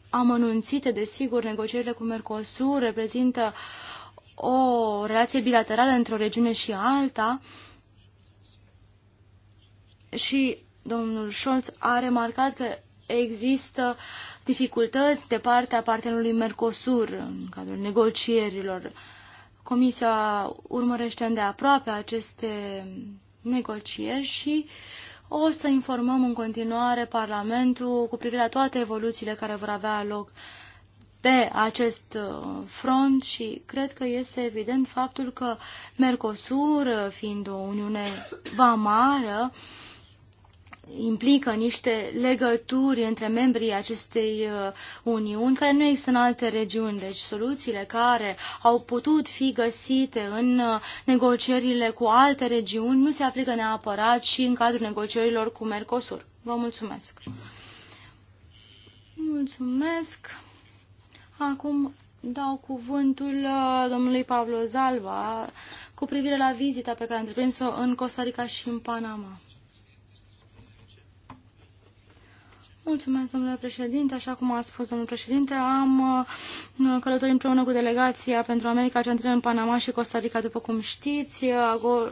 amănunțite, desigur, negocierile cu Mercosur reprezintă o relație bilaterală între o regiune și alta și domnul Scholz a remarcat că există dificultăți de partea partenerului Mercosur în cadrul negocierilor. Comisia urmărește îndeaproape aceste negocieri și uh, o să informăm în continuare Parlamentul cu privire la toate evoluțiile care vor avea loc pe acest uh, front și cred că este evident faptul că Mercosur, uh, fiind o uniune vamară, implică niște legături între membrii acestei uh, uniuni care nu există în alte regiuni. Deci soluțiile care au putut fi găsite în uh, negocierile cu alte regiuni nu se aplică neapărat și în cadrul negocierilor cu Mercosur. Vă mulțumesc! Mulțumesc! Acum dau cuvântul uh, domnului Pablo Zalba cu privire la vizita pe care a întreprins-o în Costa Rica și în Panama. Mulțumesc, domnule președinte. Așa cum a spus domnul președinte, am uh, călătorit împreună cu delegația pentru America Centrală în Panama și Costa Rica, după cum știți,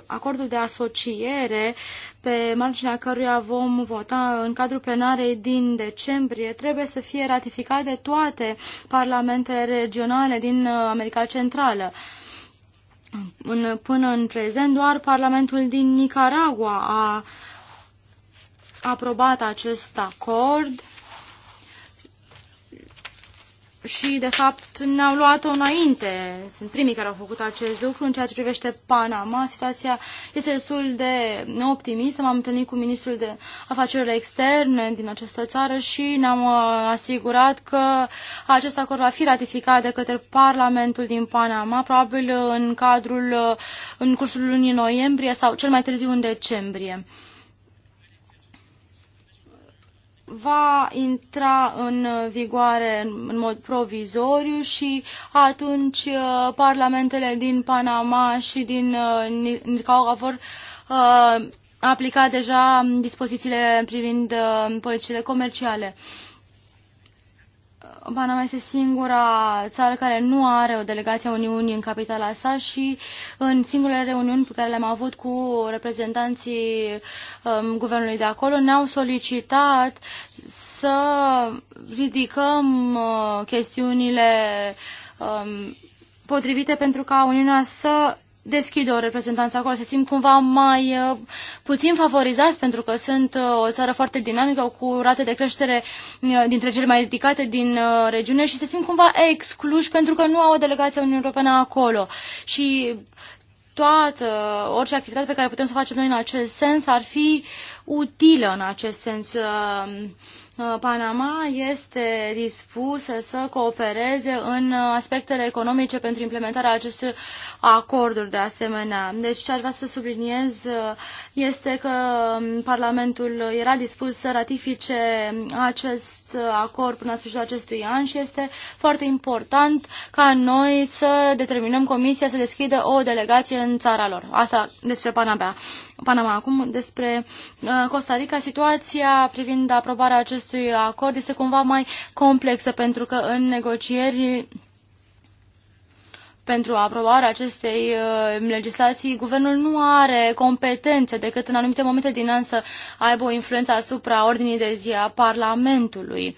acordul de asociere pe marginea căruia vom vota în cadrul plenarei din decembrie trebuie să fie ratificat de toate parlamentele regionale din uh, America Centrală. Până în prezent, doar Parlamentul din Nicaragua a aprobat acest acord și, de fapt, ne-au luat-o înainte. Sunt primii care au făcut acest lucru. În ceea ce privește Panama, situația este destul de neoptimistă. M-am întâlnit cu ministrul de afacerile externe din această țară și ne-am uh, asigurat că acest acord va fi ratificat de către Parlamentul din Panama, probabil în cadrul, uh, în cursul lunii noiembrie sau cel mai târziu în decembrie va intra în vigoare în mod provizoriu și atunci uh, parlamentele din Panama și din uh, Nicaragua vor uh, aplica deja dispozițiile privind politicile comerciale. Panama este singura țară care nu are o delegație a Uniunii în capitala sa și în singurele reuniuni pe care le-am avut cu reprezentanții um, guvernului de acolo ne-au solicitat să ridicăm uh, chestiunile um, potrivite pentru ca Uniunea să deschide o reprezentanță acolo, se simt cumva mai uh, puțin favorizați pentru că sunt uh, o țară foarte dinamică cu rate de creștere uh, dintre cele mai ridicate din uh, regiune și se simt cumva excluși pentru că nu au o delegație a Uniunii Europene acolo. Și toată, orice activitate pe care putem să o facem noi în acest sens ar fi utilă în acest sens. Uh, Uh, Panama este dispusă să coopereze în uh, aspectele economice pentru implementarea acestor acorduri de asemenea. Deci ce aș vrea să subliniez uh, este că um, Parlamentul era dispus să ratifice acest acord până la sfârșitul acestui an și este foarte important ca noi să determinăm Comisia să deschidă o delegație în țara lor. Asta despre Panama. Panama. Acum, despre uh, Costa Rica, situația privind aprobarea acestui acord este cumva mai complexă, pentru că în negocieri pentru aprobarea acestei uh, legislații, guvernul nu are competențe decât în anumite momente din an să aibă o influență asupra ordinii de zi a Parlamentului.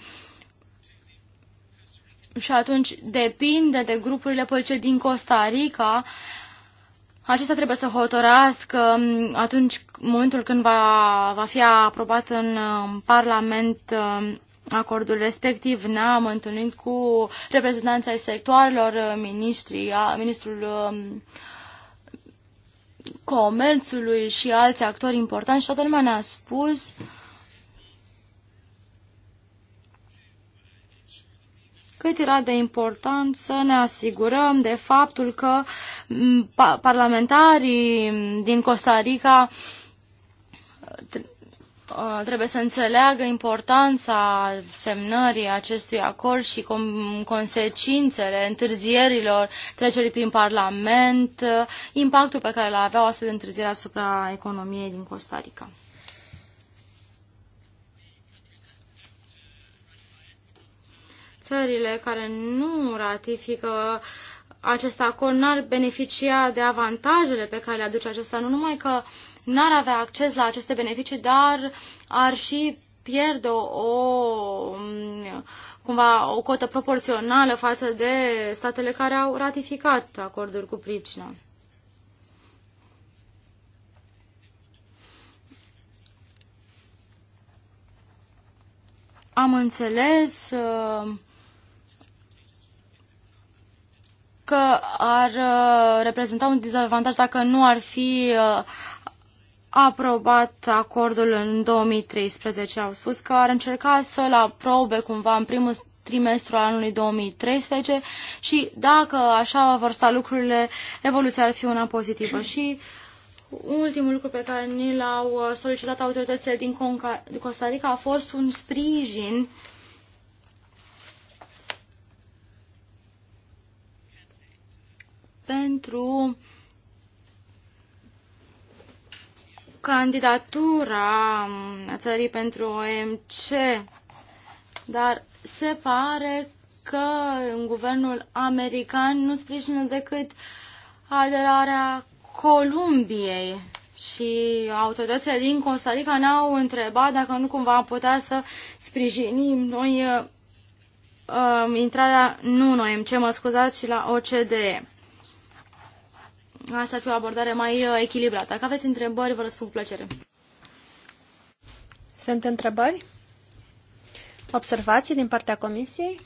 Și atunci depinde de grupurile politice din Costa Rica acesta trebuie să hotărască um, atunci, momentul când va, va fi aprobat în um, Parlament um, acordul respectiv. Ne-am întâlnit cu reprezentanța sectoarelor, uh, ministrii, ministrul comerțului și alți actori importanți și toată lumea ne-a spus uh, cât era de important să ne asigurăm de faptul că parlamentarii din Costa Rica trebuie să înțeleagă importanța semnării acestui acord și consecințele întârzierilor trecerii prin Parlament, impactul pe care l o astfel de întârziere asupra economiei din Costa Rica. țările care nu ratifică acest acord n-ar beneficia de avantajele pe care le aduce acesta, nu numai că n-ar avea acces la aceste beneficii, dar ar și pierde o, o cumva o cotă proporțională față de statele care au ratificat acordul cu pricină. Am înțeles uh, că ar uh, reprezenta un dezavantaj dacă nu ar fi uh, aprobat acordul în 2013. Au spus că ar încerca să-l aprobe cumva în primul trimestru al anului 2013 și dacă așa vor sta lucrurile, evoluția ar fi una pozitivă. Și ultimul lucru pe care ni l-au solicitat autoritățile din Conca, Costa Rica a fost un sprijin pentru candidatura țării pentru OMC, dar se pare că în guvernul american nu sprijină decât aderarea Columbiei și autoritățile din Costa Rica ne-au întrebat dacă nu cumva am putea să sprijinim noi uh, um, intrarea, nu noi, ce mă scuzați, și la OCDE. Asta ar fi o abordare mai uh, echilibrată. Dacă aveți întrebări, vă răspund cu plăcere. Sunt întrebări? Observații din partea Comisiei?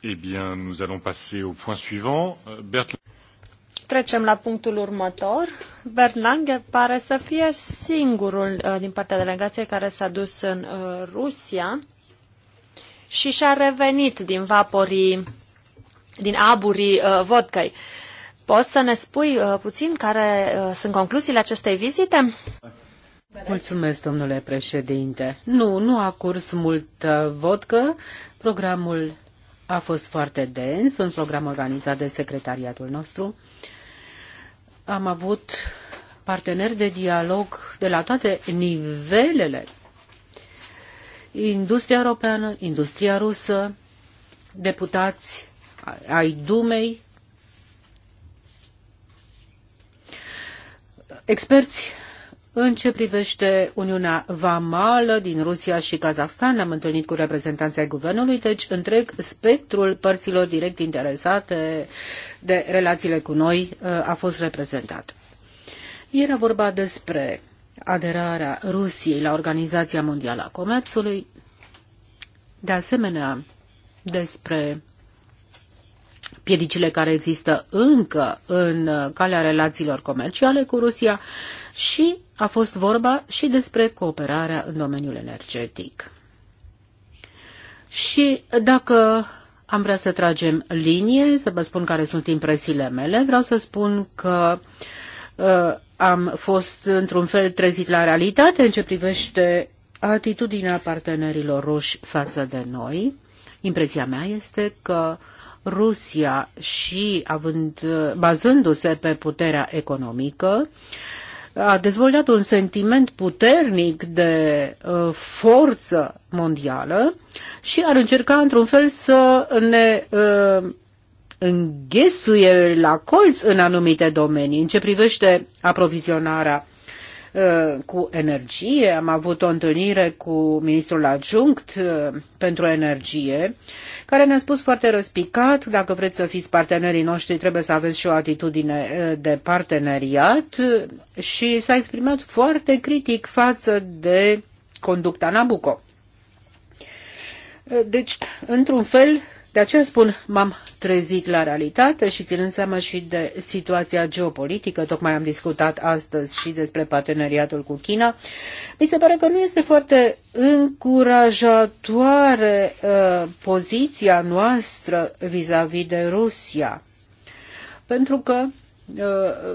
Eh bien, nous allons passer au point suivant. Euh, Bert... Trecem la punctul următor. Lange pare să fie singurul uh, din partea delegației care s-a dus în uh, Rusia și și-a revenit din vaporii, din aburii vodcai. Uh, Poți să ne spui uh, puțin care uh, sunt concluziile acestei vizite? Mulțumesc, domnule președinte. Nu, nu a curs mult uh, vot că programul a fost foarte dens, un program organizat de secretariatul nostru. Am avut parteneri de dialog de la toate nivelele. Industria europeană, industria rusă, deputați ai Dumei, experți în ce privește Uniunea Vamală din Rusia și Kazahstan, am întâlnit cu reprezentanții ai guvernului, deci întreg spectrul părților direct interesate de relațiile cu noi uh, a fost reprezentat. Era vorba despre aderarea Rusiei la Organizația Mondială a Comerțului, de asemenea despre piedicile care există încă în uh, calea relațiilor comerciale cu Rusia și a fost vorba și despre cooperarea în domeniul energetic. Și dacă am vrea să tragem linie, să vă spun care sunt impresiile mele, vreau să spun că uh, am fost într-un fel trezit la realitate în ce privește atitudinea partenerilor ruși față de noi. Impresia mea este că uh, Rusia și având, bazându-se pe puterea economică, a dezvoltat un sentiment puternic de uh, forță mondială și ar încerca într-un fel să ne uh, înghesuie la colț în anumite domenii, în ce privește aprovizionarea Uh, cu energie. Am avut o întâlnire cu ministrul adjunct uh, pentru energie, care ne-a spus foarte răspicat, dacă vreți să fiți partenerii noștri, trebuie să aveți și o atitudine uh, de parteneriat și s-a exprimat foarte critic față de conducta Nabucco. Deci, într-un fel, de aceea spun, m-am trezit la realitate și ținând seama și de situația geopolitică, tocmai am discutat astăzi și despre parteneriatul cu China, mi se pare că nu este foarte încurajatoare uh, poziția noastră vis-a-vis -vis de Rusia. Pentru că Uh,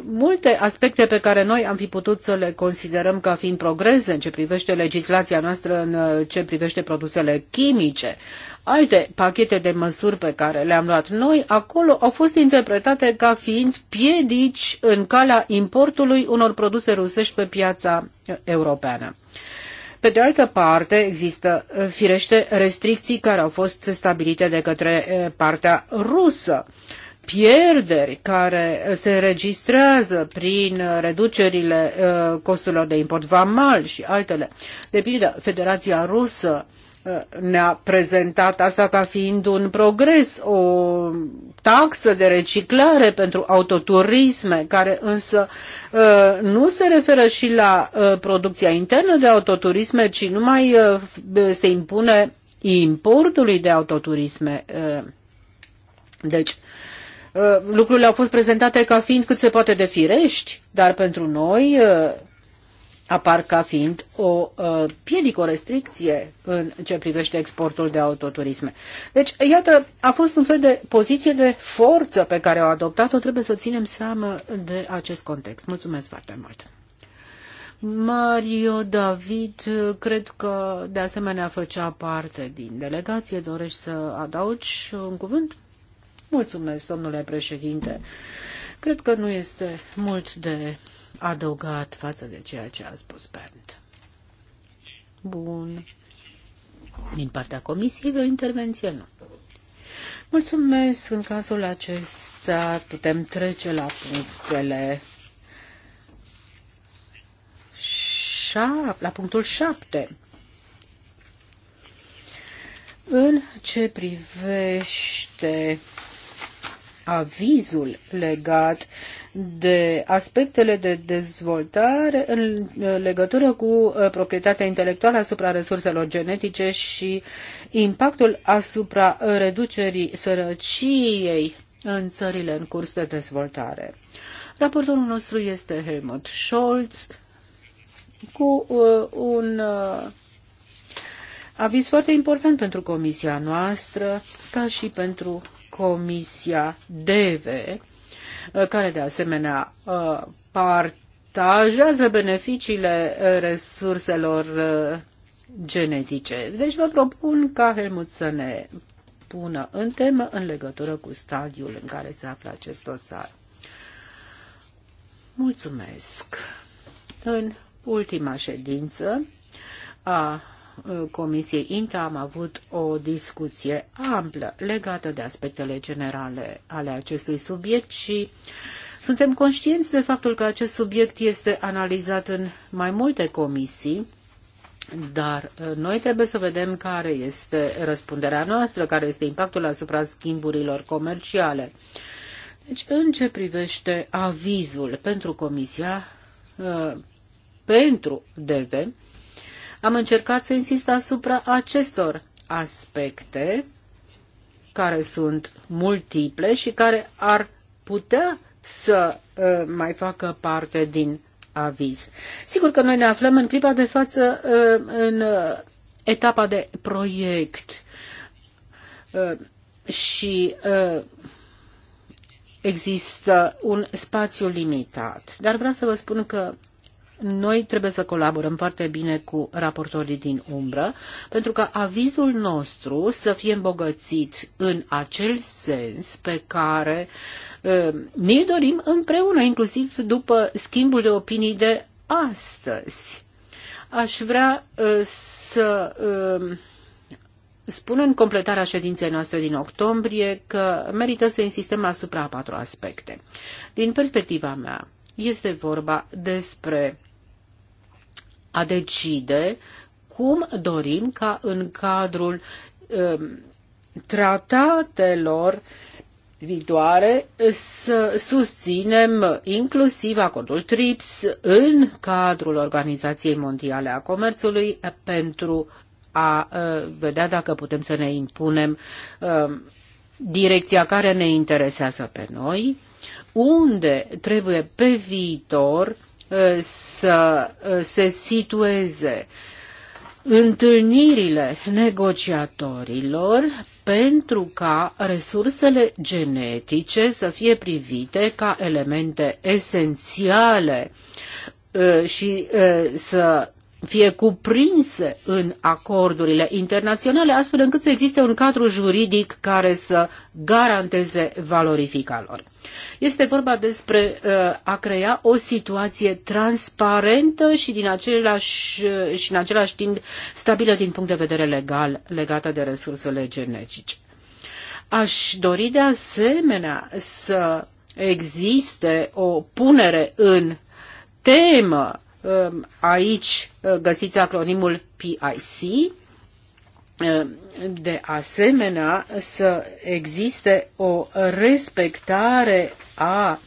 multe aspecte pe care noi am fi putut să le considerăm ca fiind progrese în ce privește legislația noastră, în uh, ce privește produsele chimice, alte pachete de măsuri pe care le-am luat noi, acolo au fost interpretate ca fiind piedici în calea importului unor produse rusești pe piața uh, europeană. Pe de altă parte, există firește restricții care au fost stabilite de către partea rusă. Uh, pierderi care se registrează prin reducerile uh, costurilor de import vamal și altele. De pildă, Federația Rusă uh, ne-a prezentat asta ca fiind un progres, o taxă de reciclare pentru autoturisme, care însă uh, nu se referă și la producția internă de autoturisme, ci numai se impune importului de autoturisme. Deci, Uh, lucrurile au fost prezentate ca fiind cât se poate de firești, dar pentru noi uh, apar ca fiind o uh, piedică, o restricție în ce privește exportul de autoturisme. Deci, iată, a fost un fel de poziție de forță pe care o adoptat-o. Trebuie să ținem seama de acest context. Mulțumesc foarte mult! Mario David, cred că de asemenea făcea parte din delegație. Dorești să adaugi un cuvânt? Mulțumesc, domnule președinte. Cred că nu este mult de adăugat față de ceea ce a spus Bernd. Bun. Din partea comisiei o intervenție? Nu. Mulțumesc. În cazul acesta putem trece la punctele la punctul 7. În ce privește avizul legat de aspectele de dezvoltare în legătură cu uh, proprietatea intelectuală asupra resurselor genetice și impactul asupra reducerii sărăciei în țările în curs de dezvoltare. Raportorul nostru este Helmut Scholz cu uh, un uh, aviz foarte important pentru comisia noastră, ca și pentru Comisia DEVE, care de asemenea uh, partajează beneficiile uh, resurselor uh, genetice. Deci vă propun ca Helmut să ne pună în temă în legătură cu stadiul în care se află acest dosar. Mulțumesc! În ultima ședință a Uh, Comisiei INTA am avut o discuție amplă legată de aspectele generale ale acestui subiect și suntem conștienți de faptul că acest subiect este analizat în mai multe comisii, dar uh, noi trebuie să vedem care este răspunderea noastră, care este impactul asupra schimburilor comerciale. Deci, în ce privește avizul pentru Comisia, uh, pentru DV, am încercat să insist asupra acestor aspecte care sunt multiple și care ar putea să uh, mai facă parte din aviz. Sigur că noi ne aflăm în clipa de față uh, în uh, etapa de proiect uh, și uh, există un spațiu limitat. Dar vreau să vă spun că noi trebuie să colaborăm foarte bine cu raportorii din umbră, pentru că avizul nostru să fie îmbogățit în acel sens pe care ne dorim împreună, inclusiv după schimbul de opinii de astăzi. Aș vrea să spun în completarea ședinței noastre din octombrie că merită să insistăm asupra patru aspecte. Din perspectiva mea, este vorba despre a decide cum dorim ca în cadrul um, tratatelor viitoare să susținem inclusiv acordul TRIPS în cadrul Organizației Mondiale a Comerțului pentru a uh, vedea dacă putem să ne impunem um, direcția care ne interesează pe noi, unde trebuie pe viitor să uh, se situeze întâlnirile negociatorilor pentru ca resursele genetice să fie privite ca elemente esențiale uh, și uh, să fie cuprinse în acordurile internaționale, astfel încât să existe un cadru juridic care să garanteze valorifica lor. Este vorba despre uh, a crea o situație transparentă și, din același, uh, și în același timp stabilă din punct de vedere legal legată de resursele genetice. Aș dori de asemenea să existe o punere în temă Um, aici uh, găsiți acronimul PIC. Um, de asemenea, să existe o respectare a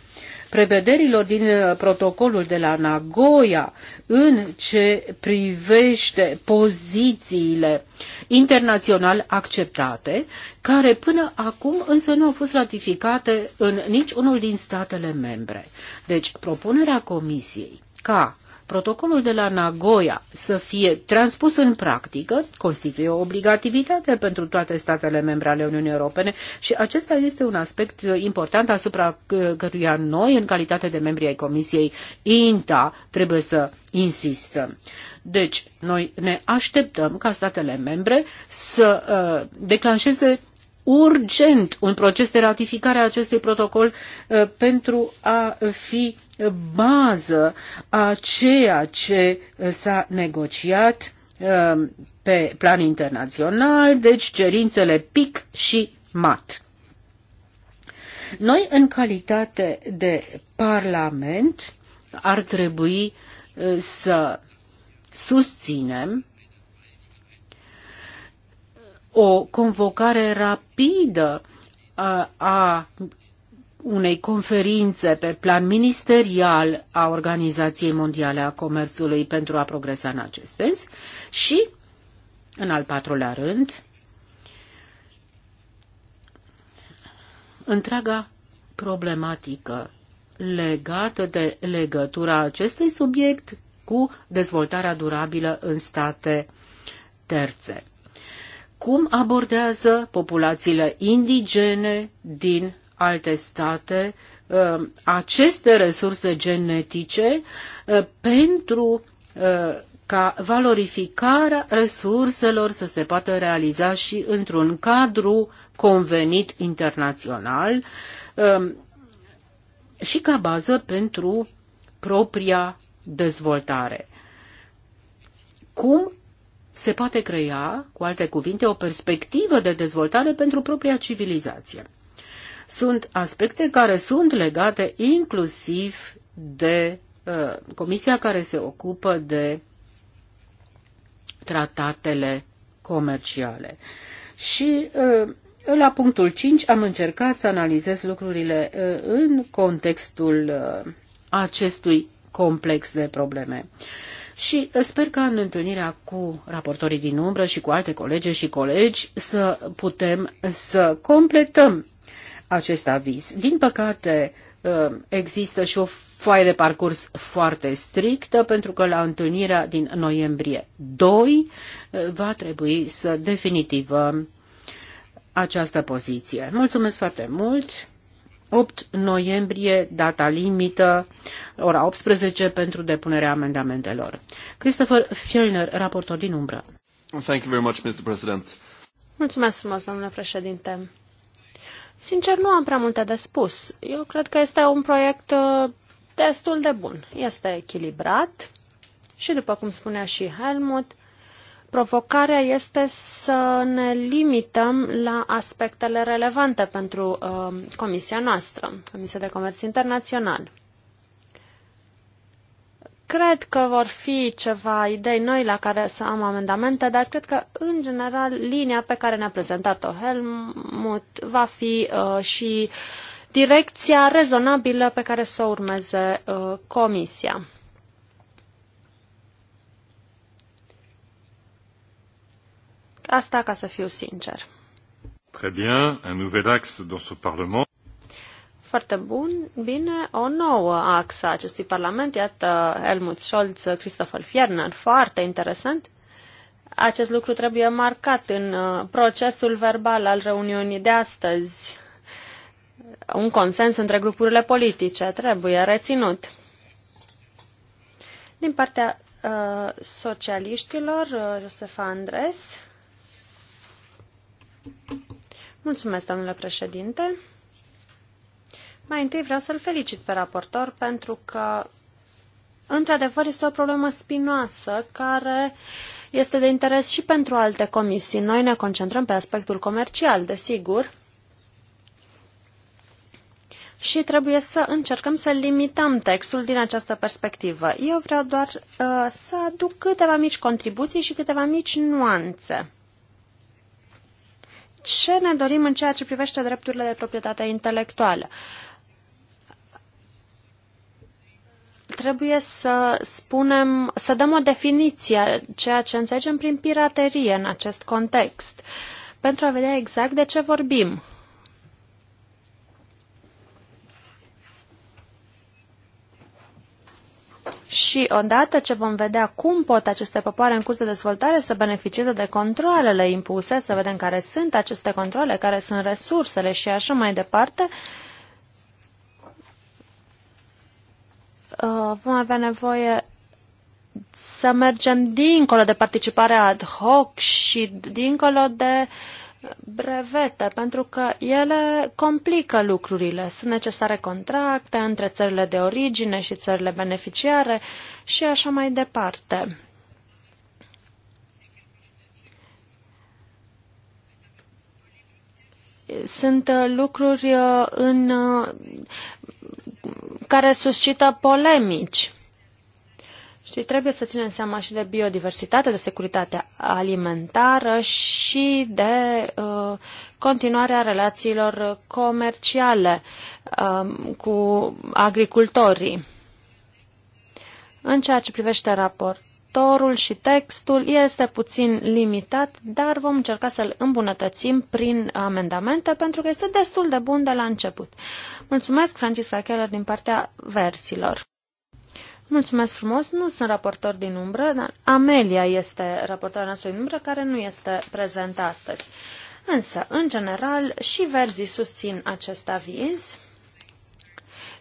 prevederilor din uh, protocolul de la Nagoya în ce privește pozițiile internațional acceptate, care până acum însă nu au fost ratificate în niciunul din statele membre. Deci, propunerea Comisiei ca protocolul de la Nagoya să fie transpus în practică constituie o obligativitate pentru toate statele membre ale Uniunii Europene și acesta este un aspect important asupra căruia noi, în calitate de membri ai Comisiei INTA, trebuie să insistăm. Deci, noi ne așteptăm ca statele membre să uh, declanșeze urgent un proces de ratificare a acestui protocol uh, pentru a fi bază a ceea ce uh, s-a negociat uh, pe plan internațional, deci cerințele PIC și MAT. Noi, în calitate de Parlament, ar trebui să susținem o convocare rapidă a unei conferințe pe plan ministerial a Organizației Mondiale a Comerțului pentru a progresa în acest sens și, în al patrulea rând, întreaga problematică legată de legătura acestui subiect cu dezvoltarea durabilă în state terțe cum abordează populațiile indigene din alte state uh, aceste resurse genetice uh, pentru uh, ca valorificarea resurselor să se poată realiza și într-un cadru convenit internațional um, și ca bază pentru propria dezvoltare. Cum se poate crea, cu alte cuvinte, o perspectivă de dezvoltare pentru propria civilizație. Sunt aspecte care sunt legate inclusiv de uh, comisia care se ocupă de tratatele comerciale. Și uh, la punctul 5 am încercat să analizez lucrurile uh, în contextul uh, acestui complex de probleme. Uh, și uh, sper că în întâlnirea cu raportorii din umbră și cu alte colege și colegi să putem să completăm acest aviz. Din păcate, uh, există și o foaie de parcurs foarte strictă, pentru că la întâlnirea din noiembrie 2 uh, va trebui să definitivăm această poziție. Mulțumesc foarte mult! 8 noiembrie, data limită, ora 18 pentru depunerea amendamentelor. Christopher Fjellner, raportor din umbră. Thank you very much, Mr. President. Mulțumesc frumos, domnule președinte. Sincer, nu am prea multe de spus. Eu cred că este un proiect uh, destul de bun. Este echilibrat și, după cum spunea și Helmut, Provocarea este să ne limităm la aspectele relevante pentru uh, comisia noastră, Comisia de Comerț Internațional. Cred că vor fi ceva idei noi la care să am amendamente, dar cred că, în general, linia pe care ne-a prezentat-o Helmut va fi uh, și direcția rezonabilă pe care să o urmeze uh, Comisia. Asta ca să fiu sincer. Très bien, un nouvel axe dans ce Parlement. Foarte bun, bine, o nouă axă a acestui Parlament, iată Helmut Scholz, Christopher Fierner, foarte interesant. Acest lucru trebuie marcat în uh, procesul verbal al reuniunii de astăzi. Un consens între grupurile politice trebuie reținut. Din partea uh, socialiștilor, uh, Josefa Andres domnule președinte. Mai întâi vreau să îl felicit pe raportor pentru că, într-adevăr, este o problemă spinoasă care este de interes și pentru alte comisii. Noi ne concentrăm pe aspectul comercial, desigur, și trebuie să încercăm să limităm textul din această perspectivă. Eu vreau doar uh, să aduc câteva mici contribuții și câteva mici nuanțe ce ne dorim în ceea ce privește drepturile de proprietate intelectuală. Trebuie să spunem, să dăm o definiție ceea ce înțelegem prin piraterie în acest context, pentru a vedea exact de ce vorbim. Și odată ce vom vedea cum pot aceste popoare în curs de dezvoltare să beneficieze de controlele impuse, să vedem care sunt aceste controle, care sunt resursele și așa mai departe, uh, vom avea nevoie să mergem dincolo de participarea ad hoc și dincolo de uh, brevete, pentru că ele complică lucrurile. Sunt necesare contracte între țările de origine și țările beneficiare și așa mai departe. Sunt uh, lucruri uh, în uh, care suscită polemici. Și trebuie să ținem seama și de biodiversitate, de securitate alimentară și de uh, continuarea relațiilor comerciale uh, cu agricultorii. În ceea ce privește raportorul și textul, este puțin limitat, dar vom încerca să-l îmbunătățim prin amendamente, pentru că este destul de bun de la început. Mulțumesc, Francisca Keller, din partea versilor. Mulțumesc frumos. Nu sunt raportor din umbră, dar Amelia este raportoarea noastră din umbră, care nu este prezentă astăzi. Însă, în general, și verzii susțin acest aviz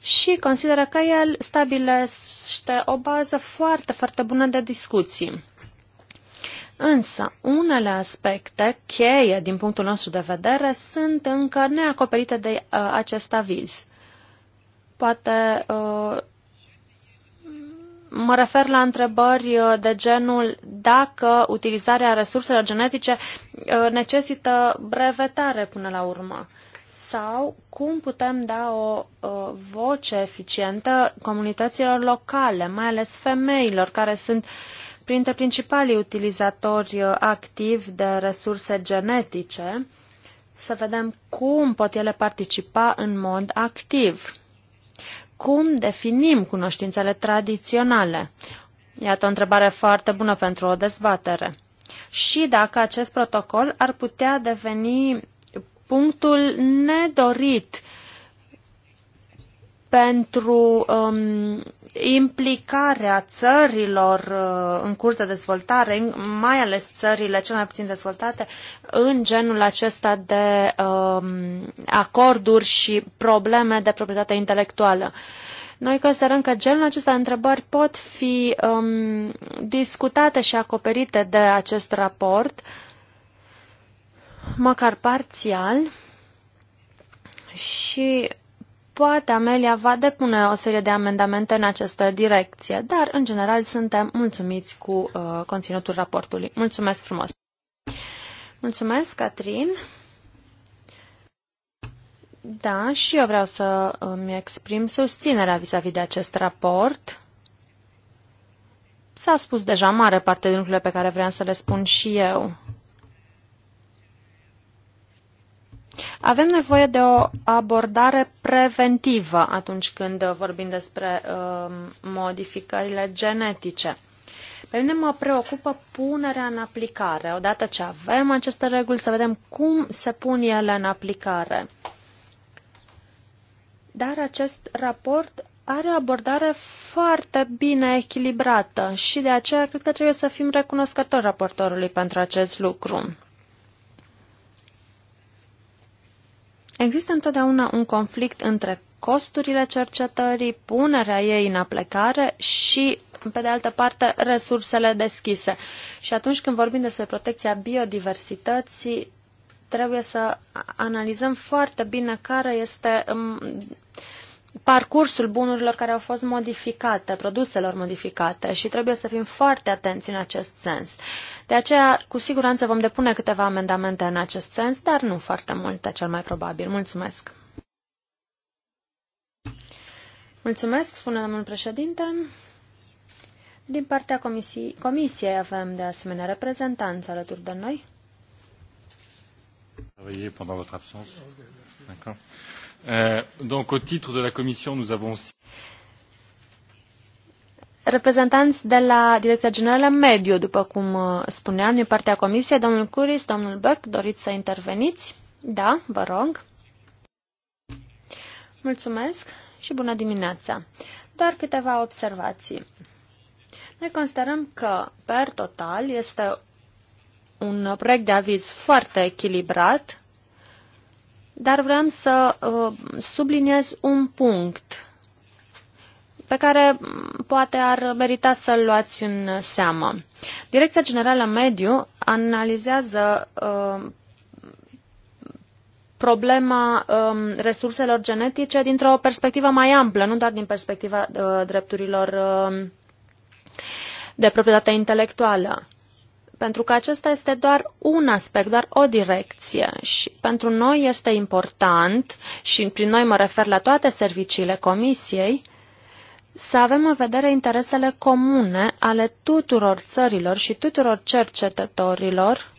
și consideră că el stabilește o bază foarte, foarte bună de discuții. Însă, unele aspecte cheie, din punctul nostru de vedere, sunt încă neacoperite de uh, acest aviz. Poate uh, Mă refer la întrebări uh, de genul dacă utilizarea resurselor genetice uh, necesită brevetare până la urmă sau cum putem da o uh, voce eficientă comunităților locale, mai ales femeilor care sunt printre principalii utilizatori activi de resurse genetice, să vedem cum pot ele participa în mod activ cum definim cunoștințele tradiționale? Iată o întrebare foarte bună pentru o dezbatere. Și dacă acest protocol ar putea deveni punctul nedorit pentru um, implicarea țărilor uh, în curs de dezvoltare, mai ales țările cel mai puțin dezvoltate, în genul acesta de um, acorduri și probleme de proprietate intelectuală. Noi considerăm că genul acesta de întrebări pot fi um, discutate și acoperite de acest raport, măcar parțial, și Poate Amelia va depune o serie de amendamente în această direcție, dar în general suntem mulțumiți cu uh, conținutul raportului. Mulțumesc frumos! Mulțumesc, Catrin! Da, și eu vreau să îmi exprim susținerea vis-a-vis -vis de acest raport. S-a spus deja mare parte din lucrurile pe care vreau să le spun și eu. Avem nevoie de o abordare preventivă atunci când vorbim despre uh, modificările genetice. Pe mine mă preocupă punerea în aplicare. Odată ce avem aceste reguli, să vedem cum se pun ele în aplicare. Dar acest raport are o abordare foarte bine echilibrată și de aceea cred că trebuie să fim recunoscători raportorului pentru acest lucru. Există întotdeauna un conflict între costurile cercetării, punerea ei în aplicare și, pe de altă parte, resursele deschise. Și atunci când vorbim despre protecția biodiversității, trebuie să analizăm foarte bine care este parcursul bunurilor care au fost modificate, produselor modificate și trebuie să fim foarte atenți în acest sens. De aceea, cu siguranță vom depune câteva amendamente în acest sens, dar nu foarte multe, cel mai probabil. Mulțumesc! Mulțumesc, spune domnul președinte. Din partea comisiei, comisiei avem de asemenea reprezentanță alături de noi. pendant votre absence. D'accord. Euh, donc, au titre de la Commission, nous avons... Reprezentanți de la Direcția Generală Mediu, după cum uh, spuneam, din partea Comisiei, domnul Curis, domnul Beck, doriți să interveniți? Da, vă rog. Mulțumesc și bună dimineața. Doar câteva observații. Noi considerăm că, per total, este un proiect de aviz foarte echilibrat, dar vreau să uh, subliniez un punct pe care poate ar merita să-l luați în seamă. Direcția Generală Mediu analizează uh, problema uh, resurselor genetice dintr-o perspectivă mai amplă, nu doar din perspectiva uh, drepturilor uh, de proprietate intelectuală pentru că acesta este doar un aspect, doar o direcție și pentru noi este important, și prin noi mă refer la toate serviciile Comisiei, să avem în vedere interesele comune ale tuturor țărilor și tuturor cercetătorilor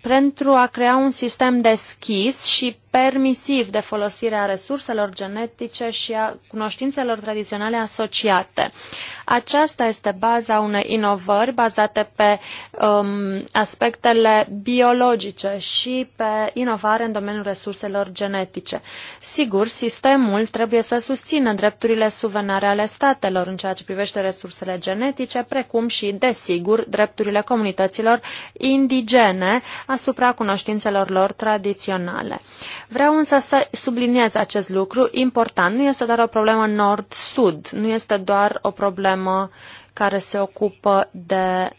pentru a crea un sistem deschis și permisiv de folosire a resurselor genetice și a cunoștințelor tradiționale asociate. Aceasta este baza unei inovări bazate pe um, aspectele biologice și pe inovare în domeniul resurselor genetice. Sigur, sistemul trebuie să susțină drepturile suvenare ale statelor în ceea ce privește resursele genetice, precum și, desigur, drepturile comunităților indigene asupra cunoștințelor lor tradiționale. Vreau însă să subliniez acest lucru important. Nu este doar o problemă nord-sud, nu este doar o problemă care se ocupă de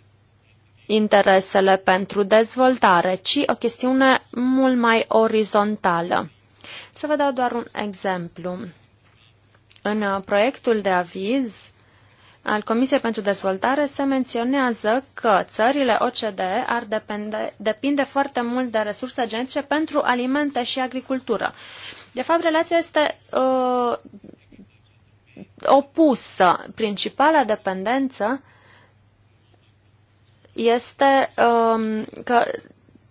interesele pentru dezvoltare, ci o chestiune mult mai orizontală. Să vă dau doar un exemplu. În proiectul de aviz al Comisiei pentru Dezvoltare se menționează că țările OCDE ar depinde, depinde foarte mult de resurse genetice pentru alimente și agricultură. De fapt, relația este uh, opusă. Principala dependență este um, că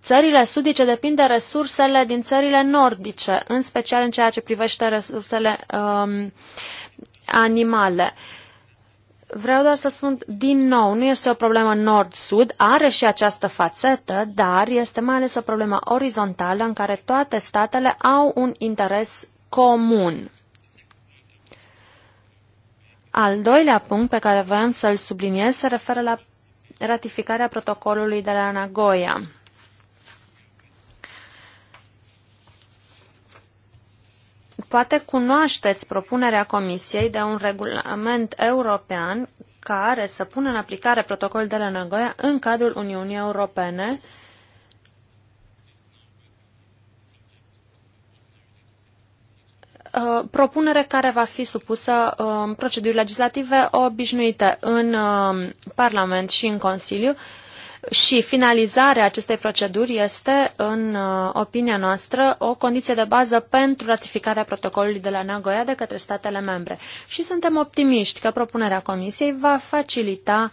Țările sudice depind de resursele din țările nordice, în special în ceea ce privește resursele um, animale. Uh, Vreau doar să spun din nou, nu este o problemă nord-sud, are și această fațetă, dar este mai ales o problemă orizontală în care toate statele au un interes comun. Al doilea punct pe care voiam să-l subliniez se referă la ratificarea protocolului de la Nagoya. Poate cunoașteți propunerea Comisiei de un regulament european care să pună în aplicare protocolul de la Nagoya în cadrul Uniunii Europene uh, propunere care va fi supusă um, procedurii legislative obișnuite în um, Parlament și în Consiliu și finalizarea acestei proceduri este, în uh, opinia noastră, o condiție de bază pentru ratificarea protocolului de la Nagoya de către statele membre. Și suntem optimiști că propunerea Comisiei va facilita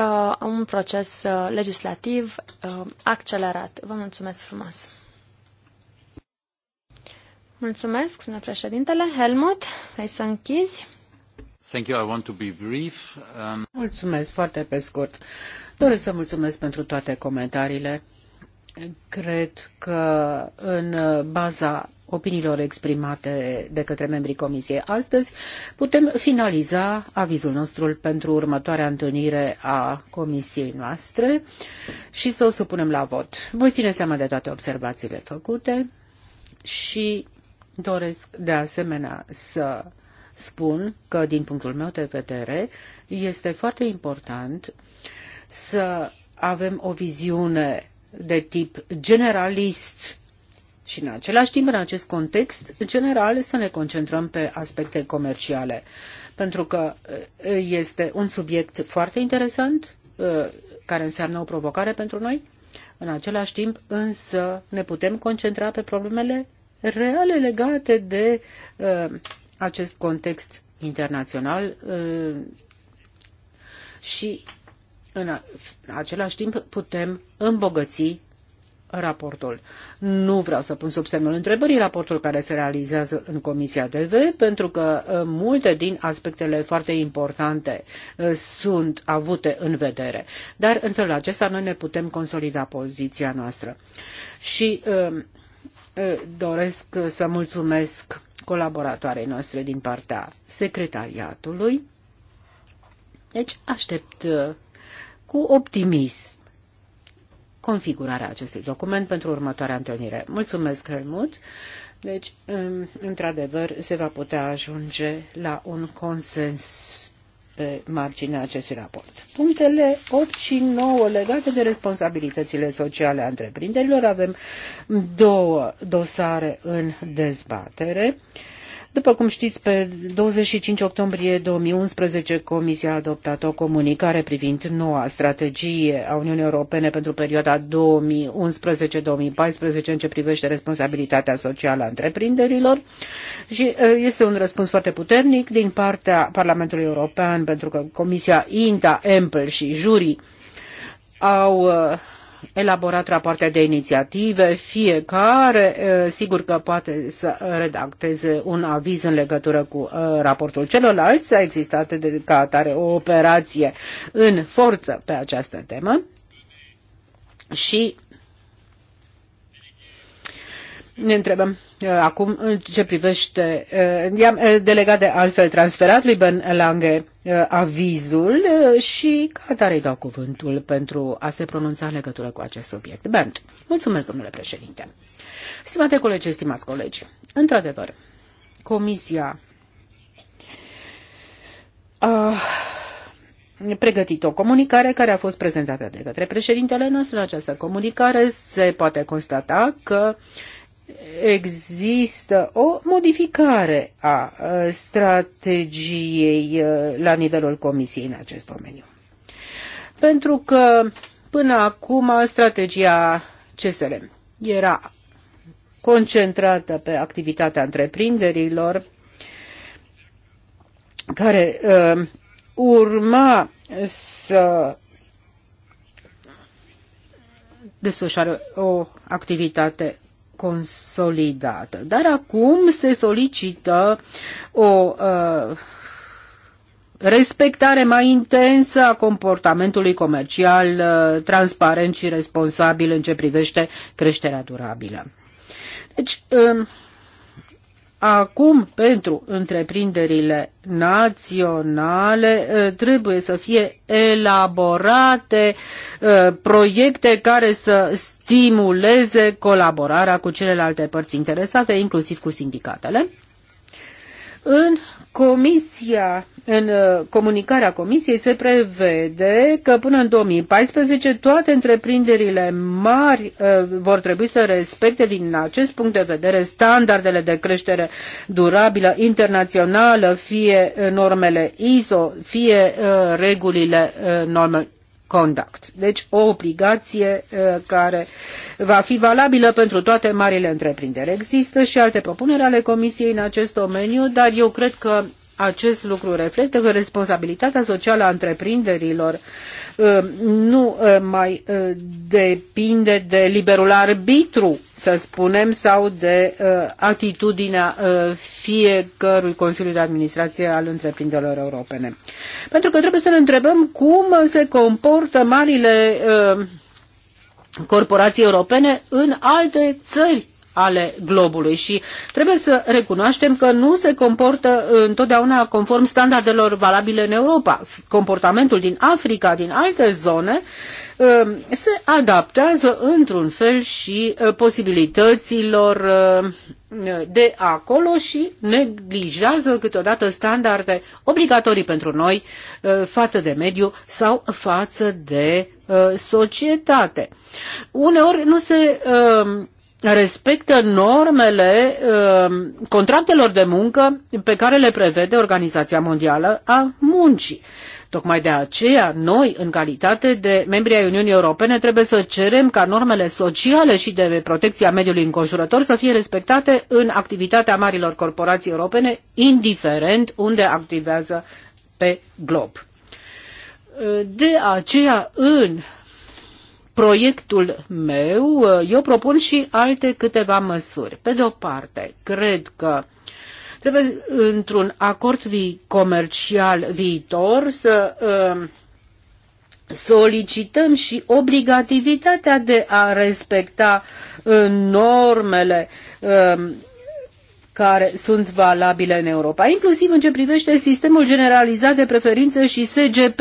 uh, un proces uh, legislativ uh, accelerat. Vă mulțumesc frumos! Mulțumesc, sună președintele. Helmut, hai să închizi? Um, mulțumesc foarte pe scurt. Doresc să mulțumesc pentru toate comentariile. Cred că în baza opiniilor exprimate de către membrii Comisiei astăzi, putem finaliza avizul nostru pentru următoarea întâlnire a Comisiei noastre și să o supunem la vot. Voi ține seama de toate observațiile făcute și doresc de asemenea să spun că, din punctul meu de vedere, este foarte important să avem o viziune de tip generalist și în același timp, în acest context general, să ne concentrăm pe aspecte comerciale, pentru că eh, este un subiect foarte interesant, eh, care înseamnă o provocare pentru noi. În același timp, însă, ne putem concentra pe problemele reale legate de eh, acest context internațional și în același timp putem îmbogăți raportul. Nu vreau să pun sub semnul întrebării raportul care se realizează în Comisia TV, pentru că uh, multe din aspectele foarte importante uh, sunt avute în vedere. Dar în felul acesta noi ne putem consolida poziția noastră. Și uh, doresc să mulțumesc colaboratoarei noastre din partea secretariatului. Deci aștept cu optimism configurarea acestui document pentru următoarea întâlnire. Mulțumesc, Helmut! Deci, um, într-adevăr, se va putea ajunge la un consens pe marginea acestui raport. Punctele 8 și 9 legate de responsabilitățile sociale a întreprinderilor. Avem două dosare în dezbatere. Uh, după cum știți, pe 25 octombrie 2011 Comisia a adoptat o comunicare privind noua strategie a Uniunii Europene pentru perioada 2011-2014 în ce privește responsabilitatea socială a întreprinderilor și este un răspuns foarte puternic din partea Parlamentului European pentru că Comisia INTA, EMPL și jurii au elaborat rapoarte de inițiative, fiecare sigur că poate să redacteze un aviz în legătură cu raportul celorlalți. A existat de, ca atare o operație în forță pe această temă și ne întrebăm Uh, acum în ce privește, uh, i-am uh, delegat de altfel transferat lui Ben Lange avizul și ca atare îi dau cuvântul pentru a se pronunța în legătură cu acest subiect. Ben, mulțumesc, domnule președinte. Stimate colegi, stimați colegi, într-adevăr, Comisia a pregătit o comunicare care a fost prezentată de către președintele nostru. În această comunicare se poate constata că există o modificare a strategiei la nivelul Comisiei în acest domeniu. Pentru că până acum strategia CSL era concentrată pe activitatea întreprinderilor care uh, urma să desfășoare o activitate consolidată. Dar acum se solicită o uh, respectare mai intensă a comportamentului comercial uh, transparent și responsabil în ce privește creșterea durabilă. Deci, uh, Acum, pentru întreprinderile naționale, trebuie să fie elaborate proiecte care să stimuleze colaborarea cu celelalte părți interesate, inclusiv cu sindicatele. În Comisia, în uh, comunicarea Comisiei se prevede că până în 2014 toate întreprinderile mari uh, vor trebui să respecte din acest punct de vedere standardele de creștere durabilă internațională, fie uh, normele ISO, fie regulile norme Conduct. Deci o obligație uh, care va fi valabilă pentru toate marile întreprinderi. Există și alte propuneri ale Comisiei în acest domeniu, dar eu cred că acest lucru reflectă că responsabilitatea socială a întreprinderilor uh, nu uh, mai uh, depinde de liberul arbitru, să spunem, sau de atitudinea fiecărui Consiliu de Administrație al întreprinderilor europene. Pentru că trebuie să ne întrebăm cum se comportă marile corporații europene în alte țări ale globului și trebuie să recunoaștem că nu se comportă întotdeauna conform standardelor valabile în Europa. Comportamentul din Africa, din alte zone, um, se adaptează într-un fel și uh, posibilităților uh, de acolo și neglijează câteodată standarde obligatorii pentru noi uh, față de mediu sau față de societate. Uneori nu se um, respectă normele uh, contractelor de muncă pe care le prevede Organizația Mondială a Muncii. Tocmai de aceea, noi, în calitate de membri ai Uniunii Europene, trebuie să cerem ca normele sociale și de protecție a mediului înconjurător să fie respectate în activitatea marilor corporații europene, indiferent unde activează pe glob. Uh, de aceea, în proiectul meu, eu propun și alte câteva măsuri. Pe de o parte, cred că trebuie într-un acord vi comercial viitor să um, solicităm și obligativitatea de a respecta uh, normele um, care sunt valabile în Europa, inclusiv în ce privește sistemul generalizat de preferințe și SGP+.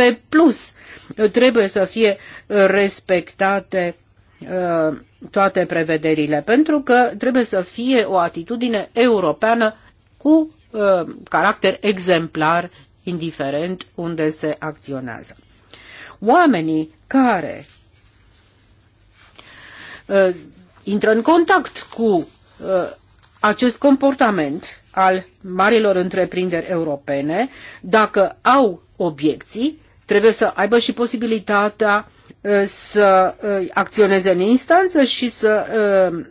Trebuie să fie uh, respectate uh, toate prevederile, pentru că trebuie să fie o atitudine europeană cu uh, caracter exemplar, indiferent unde se acționează. Oamenii care intră în contact cu acest comportament al marilor întreprinderi europene, dacă au obiecții, trebuie să aibă și posibilitatea uh, să uh, acționeze în instanță și să uh,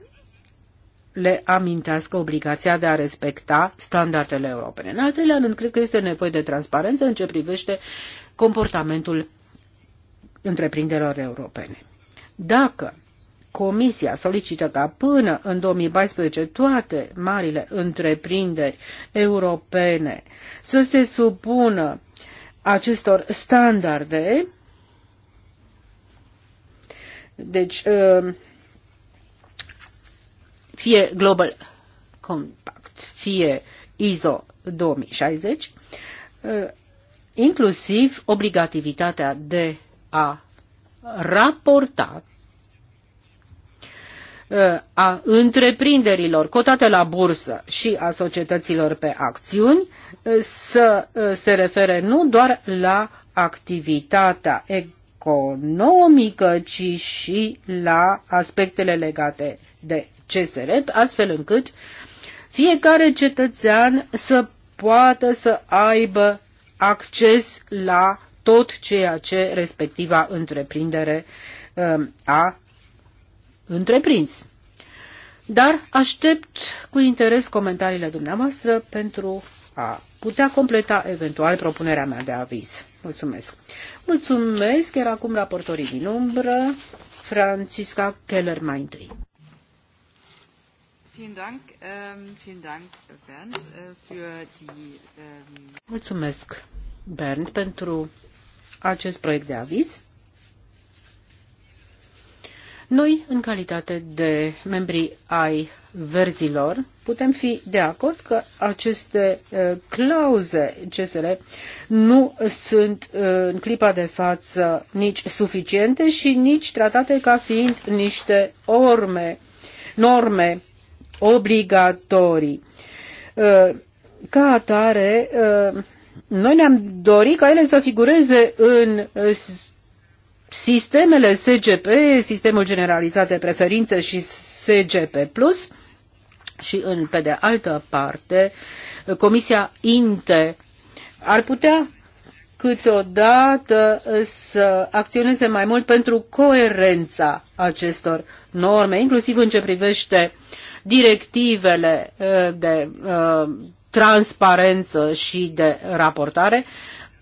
le amintească obligația de a respecta standardele europene. În al treilea rând, cred că este nevoie de transparență în ce privește comportamentul întreprinderilor europene. Dacă Comisia solicită ca până în 2014 toate marile întreprinderi europene să se supună acestor standarde. Deci, uh, fie Global Compact, fie ISO 2060, uh, inclusiv obligativitatea de a raporta a întreprinderilor cotate la bursă și a societăților pe acțiuni să se refere nu doar la activitatea economică, ci și la aspectele legate de CSR, astfel încât fiecare cetățean să poată să aibă acces la tot ceea ce respectiva întreprindere a întreprins. Dar aștept cu interes comentariile dumneavoastră pentru a putea completa eventual propunerea mea de aviz. Mulțumesc. Mulțumesc, era acum raportorii din umbră, Francisca Keller mai întâi. Ähm, äh, ähm Mulțumesc, Bernd, pentru acest proiect de aviz. Noi, în calitate de membri ai verzilor, putem fi de acord că aceste uh, clauze CSR nu sunt uh, în clipa de față nici suficiente și nici tratate ca fiind niște orme, norme obligatorii. Uh, ca atare, uh, noi ne-am dorit ca ele să figureze în sistemele SGP, sistemul generalizat de preferințe și SGP+, și în, pe de altă parte, Comisia INTE ar putea câteodată să acționeze mai mult pentru coerența acestor norme, inclusiv în ce privește directivele uh, de uh, transparență și de raportare,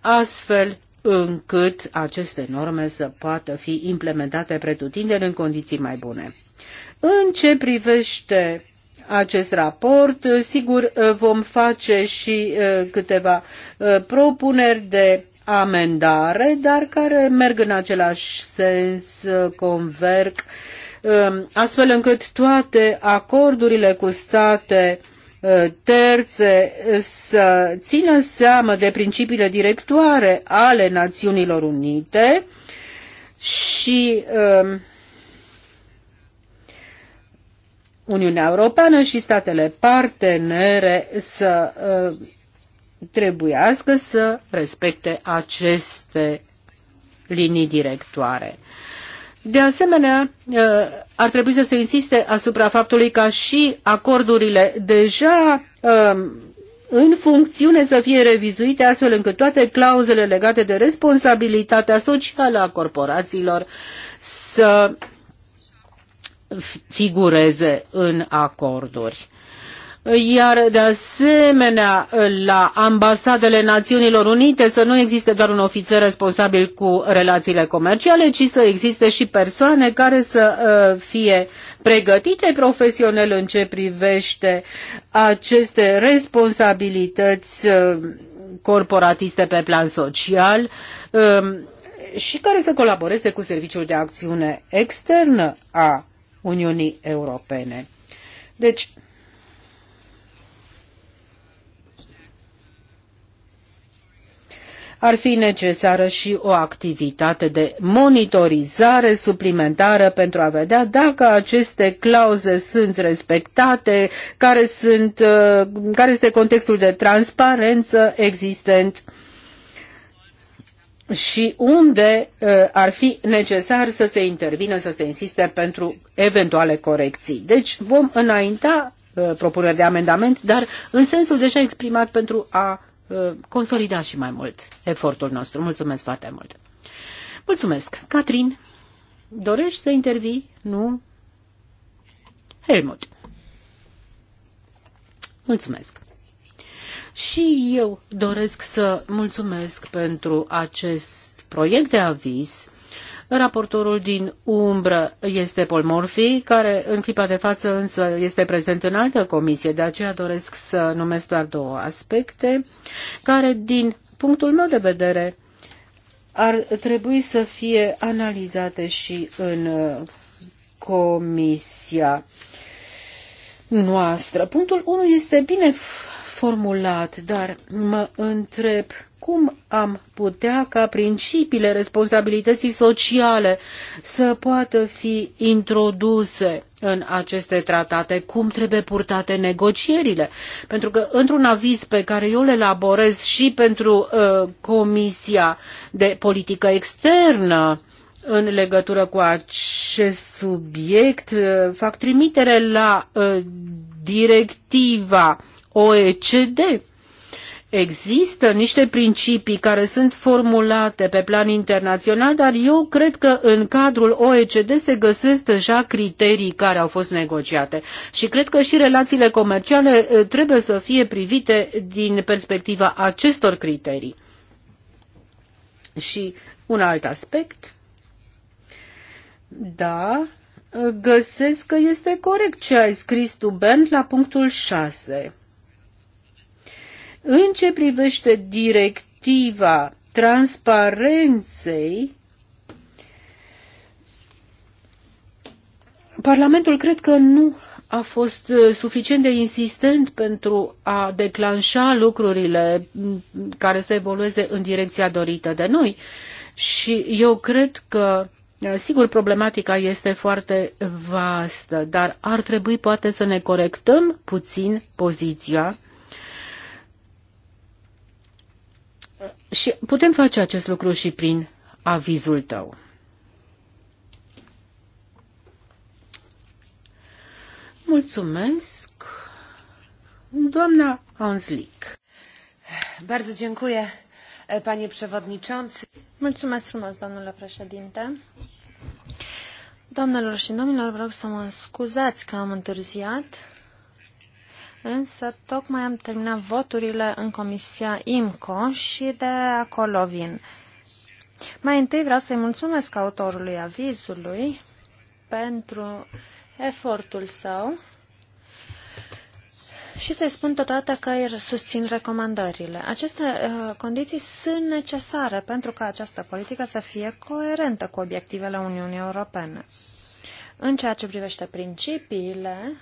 astfel încât aceste norme să poată fi implementate pretutindeni în condiții mai bune. În ce privește acest raport. Sigur, uh, vom face și uh, câteva uh, propuneri de amendare, dar care merg în același sens, converg, um, astfel încât toate acordurile cu state Uh, terțe uh, să țină seamă de principiile directoare ale Națiunilor Unite și uh, Uniunea Europeană și statele partenere să uh, trebuiască să respecte aceste linii directoare. De asemenea, ă, ar trebui să se insiste asupra faptului ca și acordurile deja ă, în funcțiune să fie revizuite astfel încât toate clauzele legate de responsabilitatea socială a corporațiilor să figureze în acorduri iar de asemenea la ambasadele Națiunilor Unite să nu existe doar un ofițer responsabil cu relațiile comerciale, ci să existe și persoane care să uh, fie pregătite profesional în ce privește aceste responsabilități uh, corporatiste pe plan social um, și care să colaboreze cu Serviciul de Acțiune Externă a Uniunii Europene. Deci, ar fi necesară și o activitate de monitorizare suplimentară pentru a vedea dacă aceste clauze sunt respectate, care, sunt, uh, care este contextul de transparență existent și unde uh, ar fi necesar să se intervină, să se insiste pentru eventuale corecții. Deci vom înainta uh, propunerea de amendament, dar în sensul deja exprimat pentru a consolida și mai mult efortul nostru. Mulțumesc foarte mult! Mulțumesc! Catrin, dorești să intervii? Nu? Helmut. Mulțumesc! Și eu doresc să mulțumesc pentru acest proiect de aviz Raportorul din umbră este Paul Morphy, care în clipa de față însă este prezent în altă comisie, de aceea doresc să numesc doar două aspecte, care din punctul meu de vedere ar trebui să fie analizate și în uh, comisia noastră. Punctul 1 este bine formulat, dar mă întreb cum am putea ca principiile responsabilității sociale să poată fi introduse în aceste tratate, cum trebuie purtate negocierile. Pentru că într-un aviz pe care eu îl elaborez și pentru uh, Comisia de Politică Externă, în legătură cu acest subiect, uh, fac trimitere la uh, directiva OECD Există niște principii care sunt formulate pe plan internațional, dar eu cred că în cadrul OECD se găsesc deja criterii care au fost negociate. Și cred că și relațiile comerciale eh, trebuie să fie privite din perspectiva acestor criterii. Și un alt aspect. Da, găsesc că este corect ce ai scris tu, Bent, la punctul 6 în ce privește directiva transparenței, Parlamentul cred că nu a fost uh, suficient de insistent pentru a declanșa lucrurile mm, care să evolueze în direcția dorită de noi. Și eu cred că, uh, sigur, problematica este foarte vastă, dar ar trebui poate să ne corectăm puțin poziția Și putem face acest lucru și prin avizul tău. Mulțumesc, doamna Hanslik. Bardzo dziękuję, panie przewodniczący. Mulțumesc frumos, domnule președinte. Doamnelor și domnilor, vreau să mă scuzați că am întârziat. Însă tocmai am terminat voturile în Comisia IMCO și de acolo vin. Mai întâi vreau să-i mulțumesc autorului avizului pentru efortul său și să-i spun totodată că îi susțin recomandările. Aceste uh, condiții sunt necesare pentru ca această politică să fie coerentă cu obiectivele Uniunii Europene. În ceea ce privește principiile,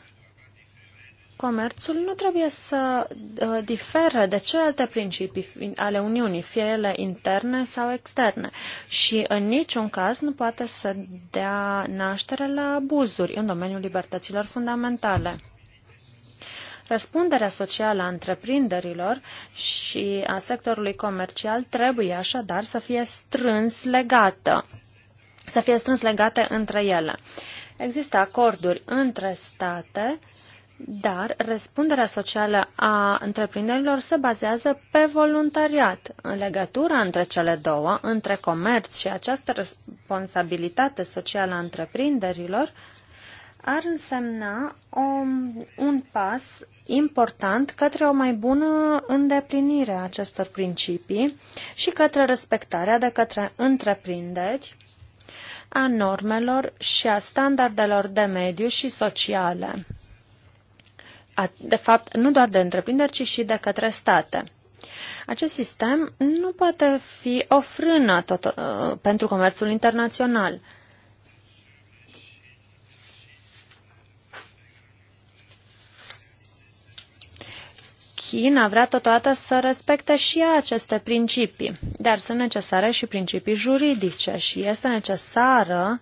comerțul nu trebuie să uh, difere de celelalte principii ale Uniunii, fie ele interne sau externe, și în niciun caz nu poate să dea naștere la abuzuri în domeniul libertăților fundamentale. Răspunderea socială a întreprinderilor și a sectorului comercial trebuie așadar să fie strâns legată, să fie strâns legate între ele. Există acorduri între state dar răspunderea socială a întreprinderilor se bazează pe voluntariat. În legătura între cele două, între comerț și această responsabilitate socială a întreprinderilor, ar însemna o, un pas important către o mai bună îndeplinire a acestor principii și către respectarea de către întreprinderi a normelor și a standardelor de mediu și sociale de fapt, nu doar de întreprinderi, ci și de către state. Acest sistem nu poate fi o frână tot, uh, pentru comerțul internațional. China vrea totodată să respecte și ea aceste principii, dar sunt necesare și principii juridice și este necesară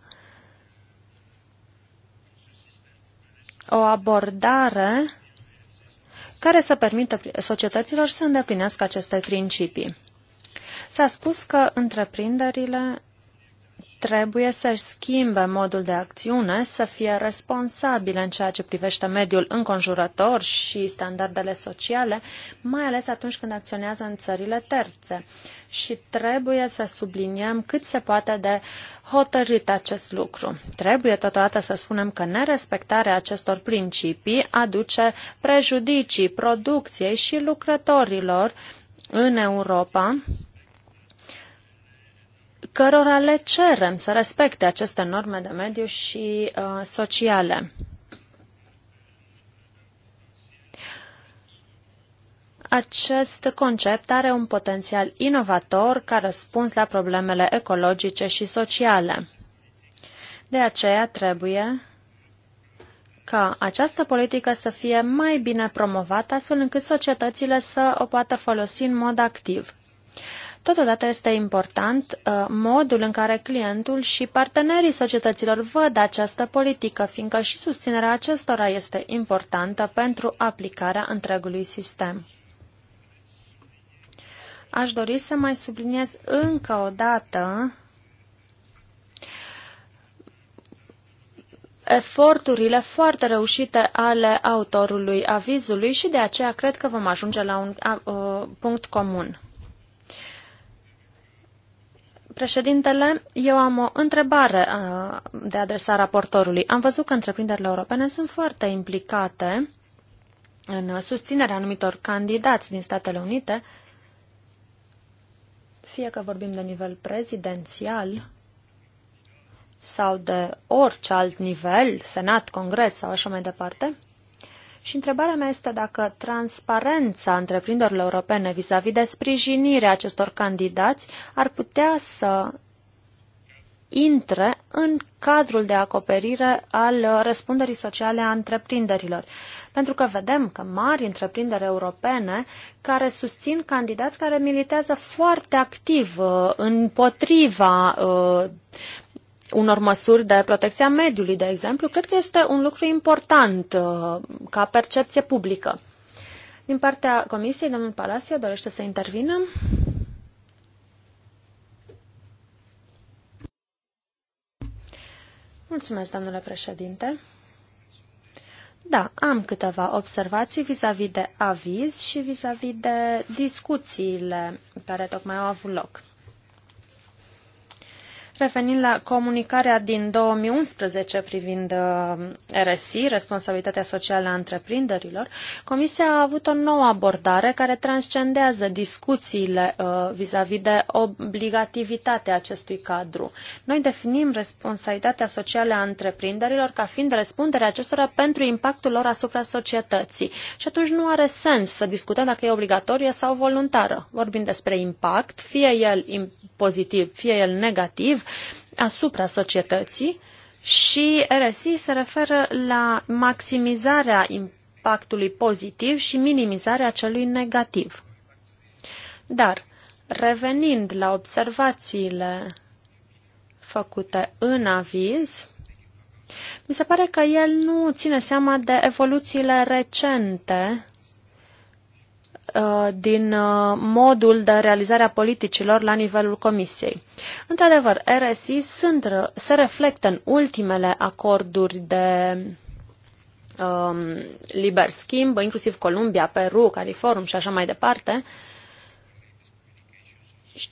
o abordare care să permită societăților să îndeplinească aceste principii. S-a spus că întreprinderile trebuie să-și schimbe modul de acțiune, să fie responsabile în ceea ce privește mediul înconjurător și standardele sociale, mai ales atunci când acționează în țările terțe. Și trebuie să subliniem cât se poate de hotărât acest lucru. Trebuie totodată să spunem că nerespectarea acestor principii aduce prejudicii producției și lucrătorilor în Europa, cărora le cerem să respecte aceste norme de mediu și uh, sociale. Acest concept are un potențial inovator ca răspuns la problemele ecologice și sociale. De aceea trebuie ca această politică să fie mai bine promovată astfel încât societățile să o poată folosi în mod activ. Totodată este important uh, modul în care clientul și partenerii societăților văd această politică, fiindcă și susținerea acestora este importantă pentru aplicarea întregului sistem. Aș dori să mai subliniez încă o dată eforturile foarte reușite ale autorului avizului și de aceea cred că vom ajunge la un uh, punct comun. Președintele, eu am o întrebare uh, de adresa raportorului. Am văzut că întreprinderile europene sunt foarte implicate în susținerea anumitor candidați din Statele Unite, fie că vorbim de nivel prezidențial sau de orice alt nivel, Senat, Congres sau așa mai departe. Și întrebarea mea este dacă transparența întreprinderilor europene vis-a-vis -vis de sprijinirea acestor candidați ar putea să intre în cadrul de acoperire al răspunderii sociale a întreprinderilor. Pentru că vedem că mari întreprinderi europene care susțin candidați care militează foarte activ uh, împotriva uh, unor măsuri de protecție a mediului, de exemplu, cred că este un lucru important uh, ca percepție publică. Din partea Comisiei, domnul Palasia dorește să intervină. Mulțumesc, domnule președinte. Da, am câteva observații vis-a-vis -vis de aviz și vis-a-vis -vis de discuțiile care tocmai au avut loc. Revenind la comunicarea din 2011 privind uh, RSI, responsabilitatea socială a întreprinderilor, Comisia a avut o nouă abordare care transcendează discuțiile uh, vis-a-vis -vis de obligativitatea acestui cadru. Noi definim responsabilitatea socială a întreprinderilor ca fiind răspunderea acestora pentru impactul lor asupra societății. Și atunci nu are sens să discutăm dacă e obligatorie sau voluntară. Vorbim despre impact, fie el pozitiv, fie el negativ, asupra societății și RSI se referă la maximizarea impactului pozitiv și minimizarea celui negativ. Dar, revenind la observațiile făcute în aviz, mi se pare că el nu ține seama de evoluțiile recente Uh, din uh, modul de realizare a politicilor la nivelul Comisiei. Într-adevăr, RSI sunt, se reflectă în ultimele acorduri de um, liber schimb, inclusiv Columbia, Peru, Califorum și așa mai departe.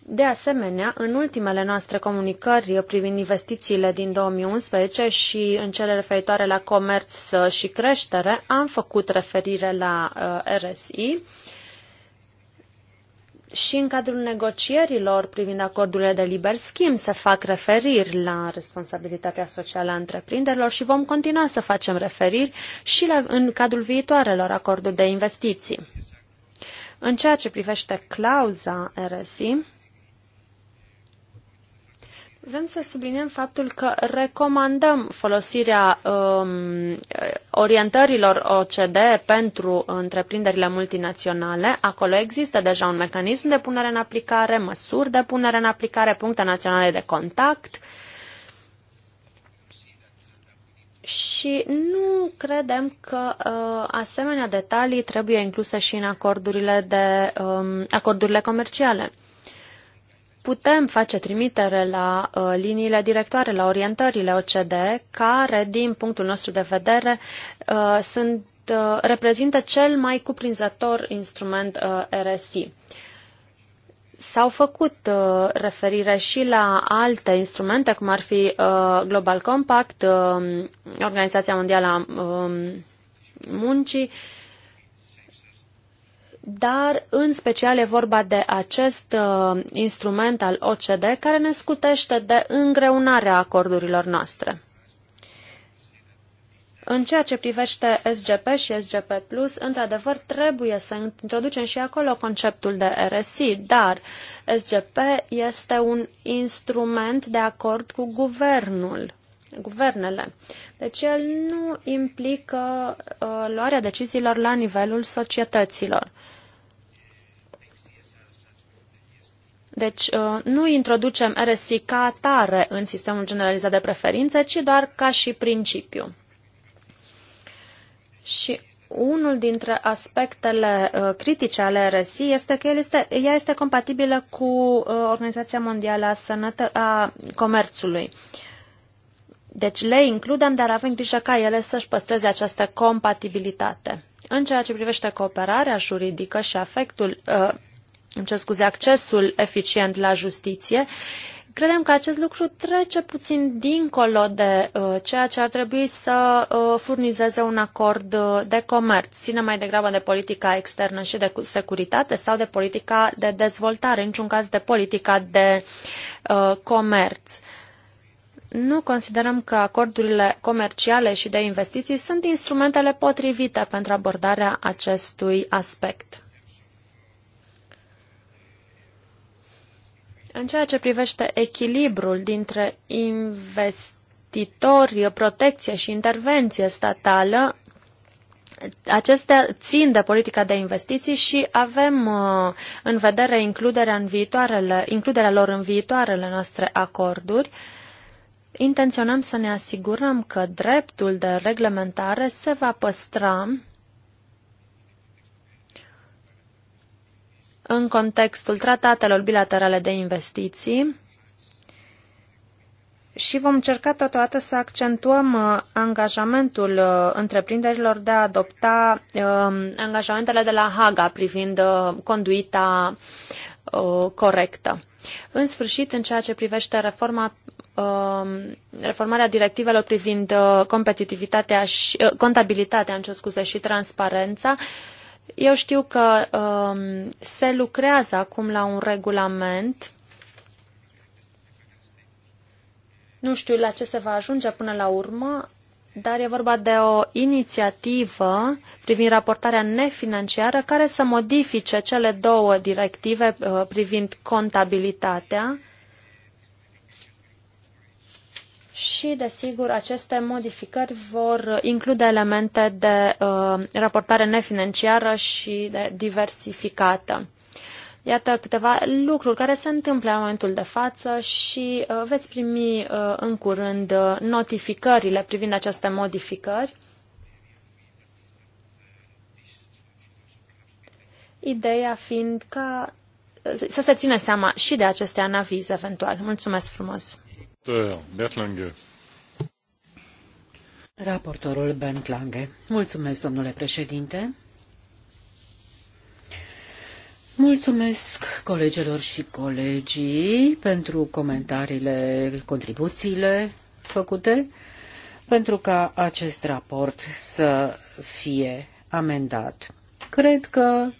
De asemenea, în ultimele noastre comunicări privind investițiile din 2011 și în cele referitoare la comerț și creștere, am făcut referire la uh, RSI și în cadrul negocierilor privind acordurile de liber schimb se fac referiri la responsabilitatea socială a întreprinderilor și vom continua să facem referiri și la, în cadrul viitoarelor acorduri de investiții. În ceea ce privește clauza RSI, Vrem să subliniem faptul că recomandăm folosirea um, orientărilor OCD pentru întreprinderile multinaționale. Acolo există deja un mecanism de punere în aplicare, măsuri de punere în aplicare, puncte naționale de contact. Și nu credem că uh, asemenea detalii trebuie incluse și în acordurile, de, um, acordurile comerciale putem face trimitere la uh, liniile directoare, la orientările OCDE, care, din punctul nostru de vedere, uh, sunt, uh, reprezintă cel mai cuprinzător instrument uh, RSI. S-au făcut uh, referire și la alte instrumente, cum ar fi uh, Global Compact, uh, Organizația Mondială a uh, Muncii, uh, dar în special e vorba de acest uh, instrument al OCD care ne scutește de îngreunarea acordurilor noastre. În ceea ce privește SGP și SGP+, într-adevăr, trebuie să introducem și acolo conceptul de RSI, dar SGP este un instrument de acord cu guvernul, guvernele. Deci el nu implică uh, luarea deciziilor la nivelul societăților. Deci uh, nu introducem RSI ca atare în sistemul generalizat de preferințe, ci doar ca și principiu. Și unul dintre aspectele uh, critice ale RSI este că el este, ea este compatibilă cu uh, Organizația Mondială a, Sănătă- a Comerțului. Deci le includem, dar avem grijă ca ele să-și păstreze această compatibilitate. În ceea ce privește cooperarea juridică și afectul, uh, îmi cer scuze, accesul eficient la justiție, credem că acest lucru trece puțin dincolo de uh, ceea ce ar trebui să uh, furnizeze un acord uh, de comerț. Ține mai degrabă de politica externă și de securitate sau de politica de dezvoltare, în niciun caz de politica de uh, comerț. Nu considerăm că acordurile comerciale și de investiții sunt instrumentele potrivite pentru abordarea acestui aspect. În ceea ce privește echilibrul dintre investitori, protecție și intervenție statală, acestea țin de politica de investiții și avem uh, în vedere includerea, în viitoarele, includerea lor în viitoarele noastre acorduri. Intenționăm să ne asigurăm că dreptul de reglementare se va păstra în contextul tratatelor bilaterale de investiții și vom încerca totodată să accentuăm uh, angajamentul uh, întreprinderilor de a adopta um, angajamentele de la Haga privind uh, conduita corectă. În sfârșit, în ceea ce privește reforma um, reformarea directivelor privind competitivitatea și contabilitatea, în scuze, și transparența, eu știu că um, se lucrează acum la un regulament. Nu știu la ce se va ajunge până la urmă, dar e vorba de o inițiativă privind raportarea nefinanciară care să modifice cele două directive uh, privind contabilitatea și, desigur, aceste modificări vor include elemente de uh, raportare nefinanciară și de diversificată. Iată câteva lucruri care se întâmplă în momentul de față și uh, veți primi uh, în curând uh, notificările privind aceste modificări. Ideea fiind ca să se ține seama și de aceste anavize eventual. Mulțumesc frumos! Bert Lange. Raportorul Bent Lange. Mulțumesc, domnule președinte. Mulțumesc colegelor și colegii pentru comentariile, contribuțiile făcute, pentru ca acest raport să fie amendat. Cred că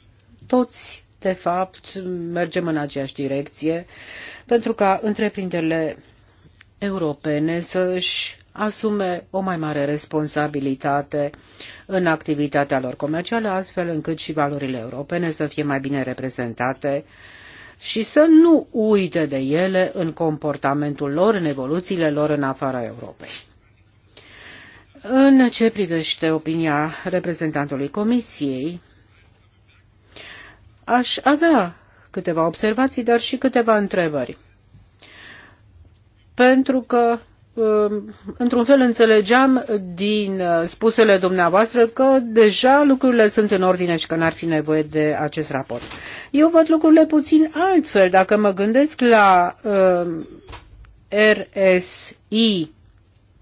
toți, de fapt, mergem în aceeași direcție, pentru ca întreprinderile europene să-și asume o mai mare responsabilitate în activitatea lor comercială, astfel încât și valorile europene să fie mai bine reprezentate și să nu uite de ele în comportamentul lor, în evoluțiile lor în afara Europei. În ce privește opinia reprezentantului Comisiei, aș avea câteva observații, dar și câteva întrebări pentru că um, într-un fel înțelegeam din uh, spusele dumneavoastră că deja lucrurile sunt în ordine și că n-ar fi nevoie de acest raport. Eu văd lucrurile puțin altfel. Dacă mă gândesc la uh, um, RSI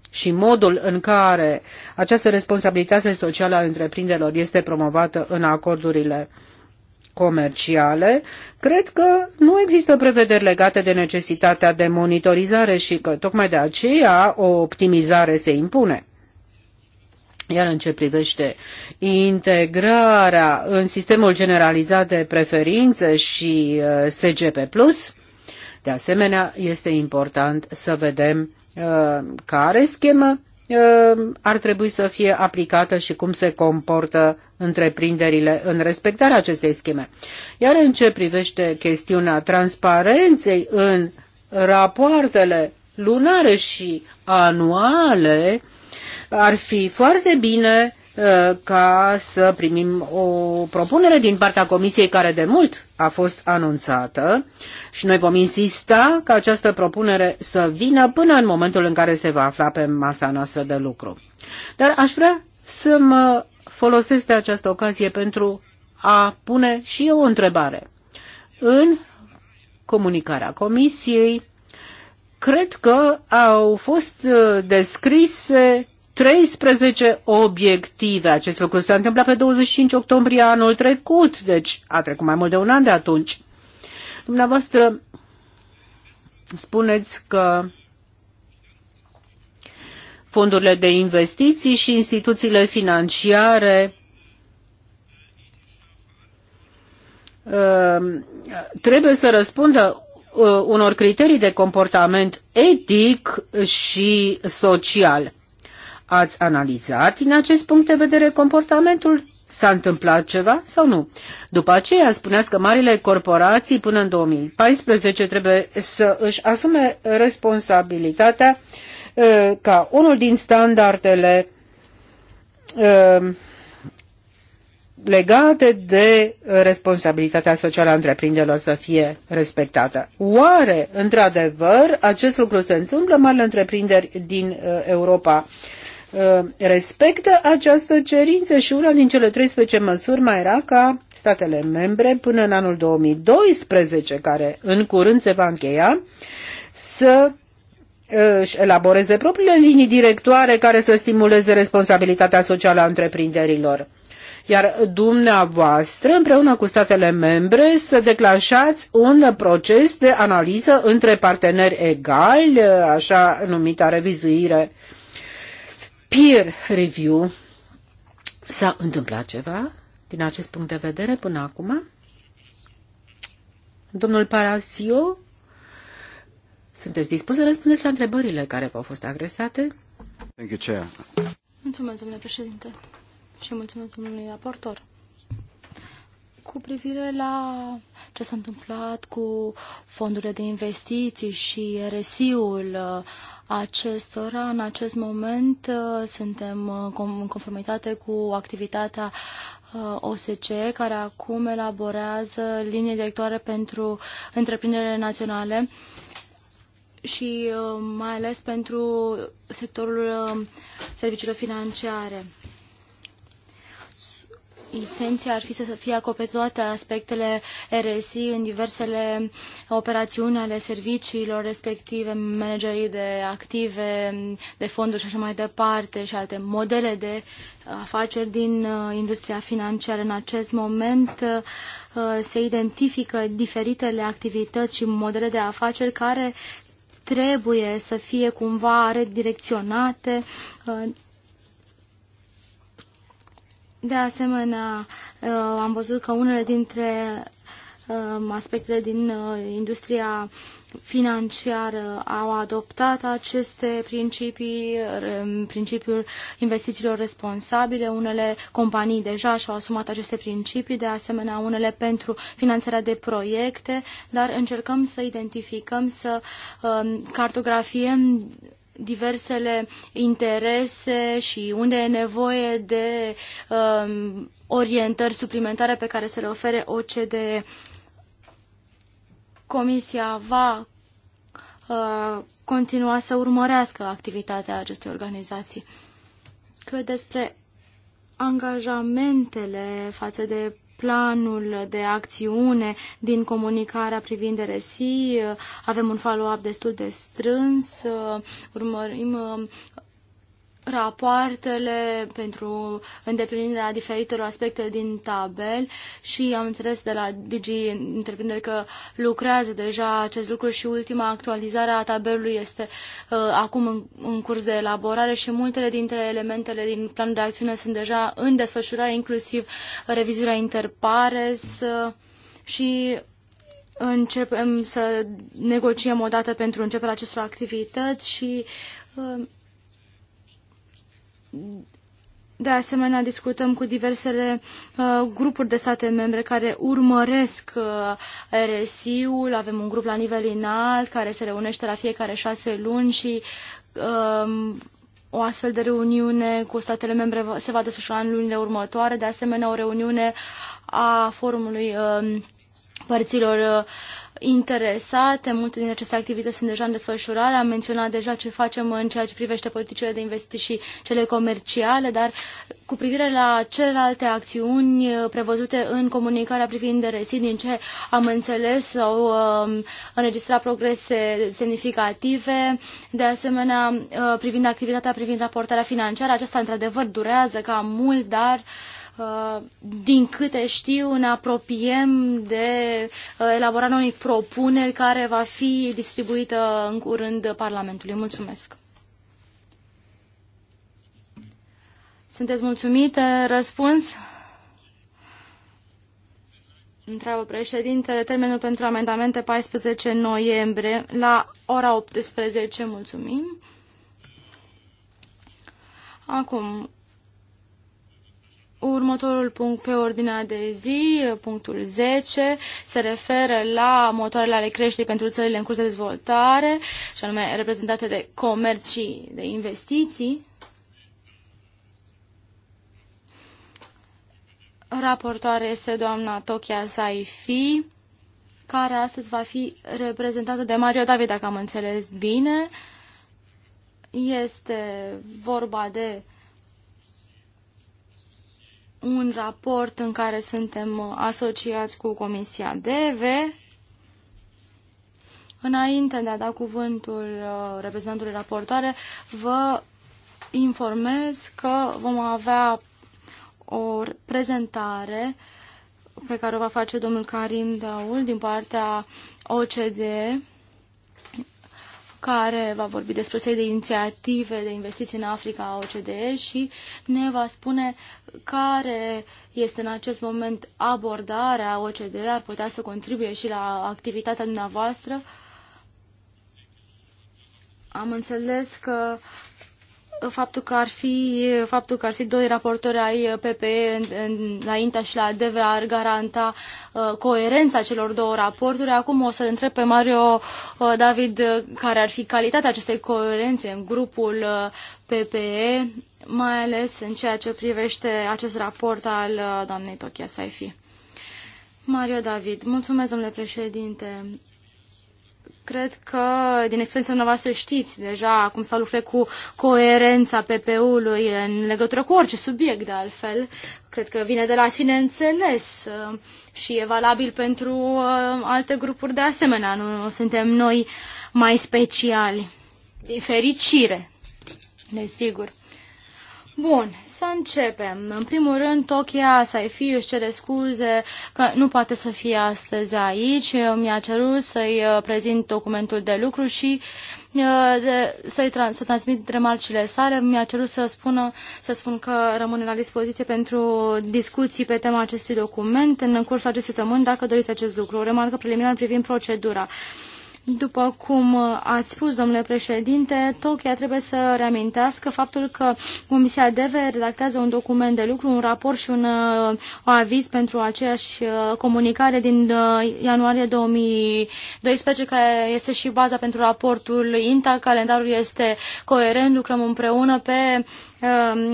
și modul în care această responsabilitate socială a întreprinderilor este promovată în acordurile uh, comerciale, cred că nu există prevederi legate de necesitatea de monitorizare și că tocmai de aceea o optimizare se impune. Iar în ce privește integrarea în sistemul generalizat de preferințe și uh, SGP+, de asemenea, este important să vedem uh, care schemă Uh, ar trebui să fie aplicată și cum se comportă întreprinderile în respectarea acestei scheme. Iar în ce privește chestiunea transparenței în rapoartele lunare și anuale, ar fi foarte bine Uh, ca să primim o propunere din partea Comisiei care de mult a fost anunțată și noi vom insista ca această propunere să vină până în momentul în care se va afla pe masa noastră de lucru. Dar aș vrea să mă folosesc de această ocazie pentru a pune și eu o întrebare. În comunicarea Comisiei, cred că au fost uh, descrise 13 obiective. Acest lucru s-a întâmplat pe 25 octombrie anul trecut, deci a trecut mai mult de un an de atunci. Dumneavoastră spuneți că fondurile de investiții și instituțiile financiare uh, trebuie să răspundă uh, unor criterii de comportament etic și social. Ați analizat din acest punct de vedere comportamentul? S-a întâmplat ceva sau nu? După aceea spuneați că marile corporații până în 2014 trebuie să își asume responsabilitatea uh, ca unul din standardele uh, legate de responsabilitatea socială a întreprinderilor să fie respectată. Oare, într-adevăr, acest lucru se întâmplă? Marile întreprinderi din uh, Europa Uh, respectă această cerință și una din cele 13 măsuri mai era ca statele membre până în anul 2012, care în curând se va încheia, să uh, își elaboreze propriile linii directoare care să stimuleze responsabilitatea socială a întreprinderilor. Iar dumneavoastră, împreună cu statele membre, să declanșați un proces de analiză între parteneri egali, uh, așa numita revizuire uh, peer review. S-a întâmplat ceva din acest punct de vedere până acum? Domnul Parasio, sunteți dispus să răspundeți la întrebările care v-au fost agresate? Thank you, Chair. Mulțumesc, domnule președinte, și mulțumesc domnului raportor. Cu privire la ce s-a întâmplat cu fondurile de investiții și RSI-ul, acestora. În acest moment uh, suntem uh, în conformitate cu activitatea uh, OSCE, care acum elaborează linii directoare pentru întreprinderile naționale și mai ales pentru sectorul serviciilor financiare intenția ar fi să fie acoperite toate aspectele RSI în diversele operațiuni ale serviciilor respective, managerii de active, de fonduri și așa mai departe și alte modele de afaceri din uh, industria financiară. În acest moment uh, se identifică diferitele activități și modele de afaceri care trebuie să fie cumva redirecționate uh, de asemenea, uh, am văzut că unele dintre uh, aspectele din uh, industria financiară au adoptat aceste principii, um, principiul investițiilor responsabile. Unele companii deja și-au asumat aceste principii, de asemenea unele pentru finanțarea de proiecte, dar încercăm să identificăm, să um, cartografiem diversele interese și unde e nevoie de um, orientări suplimentare pe care să le ofere OCDE. Comisia va uh, continua să urmărească activitatea acestei organizații. Că despre angajamentele față de planul de acțiune din comunicarea privind RSI, avem un follow-up destul de strâns, urmărim rapoartele pentru îndeplinirea diferitor aspecte din tabel și am înțeles de la Digi Întreprindere că lucrează deja acest lucru și ultima actualizare a tabelului este uh, acum în, în curs de elaborare și multele dintre elementele din planul de acțiune sunt deja în desfășurare, inclusiv revizuirea interpares uh, și începem să negociem o dată pentru începerea acestor activități și uh, de asemenea, discutăm cu diversele uh, grupuri de state membre care urmăresc uh, RSI-ul. Avem un grup la nivel înalt care se reunește la fiecare șase luni și uh, o astfel de reuniune cu statele membre se va desfășura în lunile următoare. De asemenea, o reuniune a forumului um, uh, părților interesate. Multe din aceste activități sunt deja în desfășurare. Am menționat deja ce facem în ceea ce privește politicile de investiții și cele comerciale, dar cu privire la celelalte acțiuni uh, prevăzute în comunicarea privind DRSI, din ce am înțeles, au um, uh, înregistrat progrese semnificative. De asemenea, uh, privind activitatea privind raportarea financiară, aceasta într-adevăr durează cam mult, dar uh, din câte știu, ne apropiem de uh, elaborarea unei propuneri care va fi distribuită în curând Parlamentului. Mulțumesc! Sunteți mulțumite? Răspuns? Întreabă președintele. Termenul pentru amendamente 14 noiembrie la ora 18. Mulțumim. Acum, Următorul punct pe ordinea de zi, punctul 10, se referă la motoarele ale creșterii pentru țările în curs de dezvoltare, și anume reprezentate de comerț și de investiții. Raportoare este doamna Tokia Saifi, care astăzi va fi reprezentată de Mario David, dacă am înțeles bine. Este vorba de uh, un raport în care suntem uh, asociați cu Comisia DEVE. Înainte de a da cuvântul uh, reprezentantului raportoare, vă informez că vom avea o prezentare pe care o va face domnul Karim Daul din partea OCDE care va vorbi despre o serie de inițiative de investiții în Africa a OCDE și ne va spune care este în acest moment abordarea OCDE, ar putea să contribuie și la activitatea dumneavoastră. Am înțeles că faptul că ar fi, faptul că ar fi doi raportori ai PPE în, în, la și la DV ar garanta uh, coerența celor două raporturi. Acum o să întreb pe Mario uh, David uh, care ar fi calitatea acestei coerențe în grupul uh, PPE, mai ales în ceea ce privește acest raport al uh, doamnei Tokia Saifi. Mario David, mulțumesc, domnule președinte cred că din experiența noastră știți deja cum s a lucrat cu coerența ppu ului în legătură cu orice subiect, de altfel. Cred că vine de la sine înțeles uh, și e valabil pentru uh, alte grupuri de asemenea. Nu suntem noi mai speciali. Din fericire, desigur. Bun, să începem. În primul rând, Tokia Saifiu își cere scuze că nu poate să fie astăzi aici. Mi-a cerut să-i uh, prezint documentul de lucru și uh, să-i trans- să transmit remarcile sale. Mi-a cerut să, spună, să spun că rămâne la dispoziție pentru discuții pe tema acestui document în cursul acestei săptămâni, dacă doriți acest lucru. O remarcă preliminară privind procedura. Uh, după cum uh, ați spus, domnule președinte, Tokyo trebuie să reamintească faptul că Comisia DEVE redactează un document de lucru, un raport și un uh, aviz pentru aceeași uh, comunicare din ianuarie 2012, care este și baza pentru raportul INTA. Calendarul este coerent, lucrăm împreună pe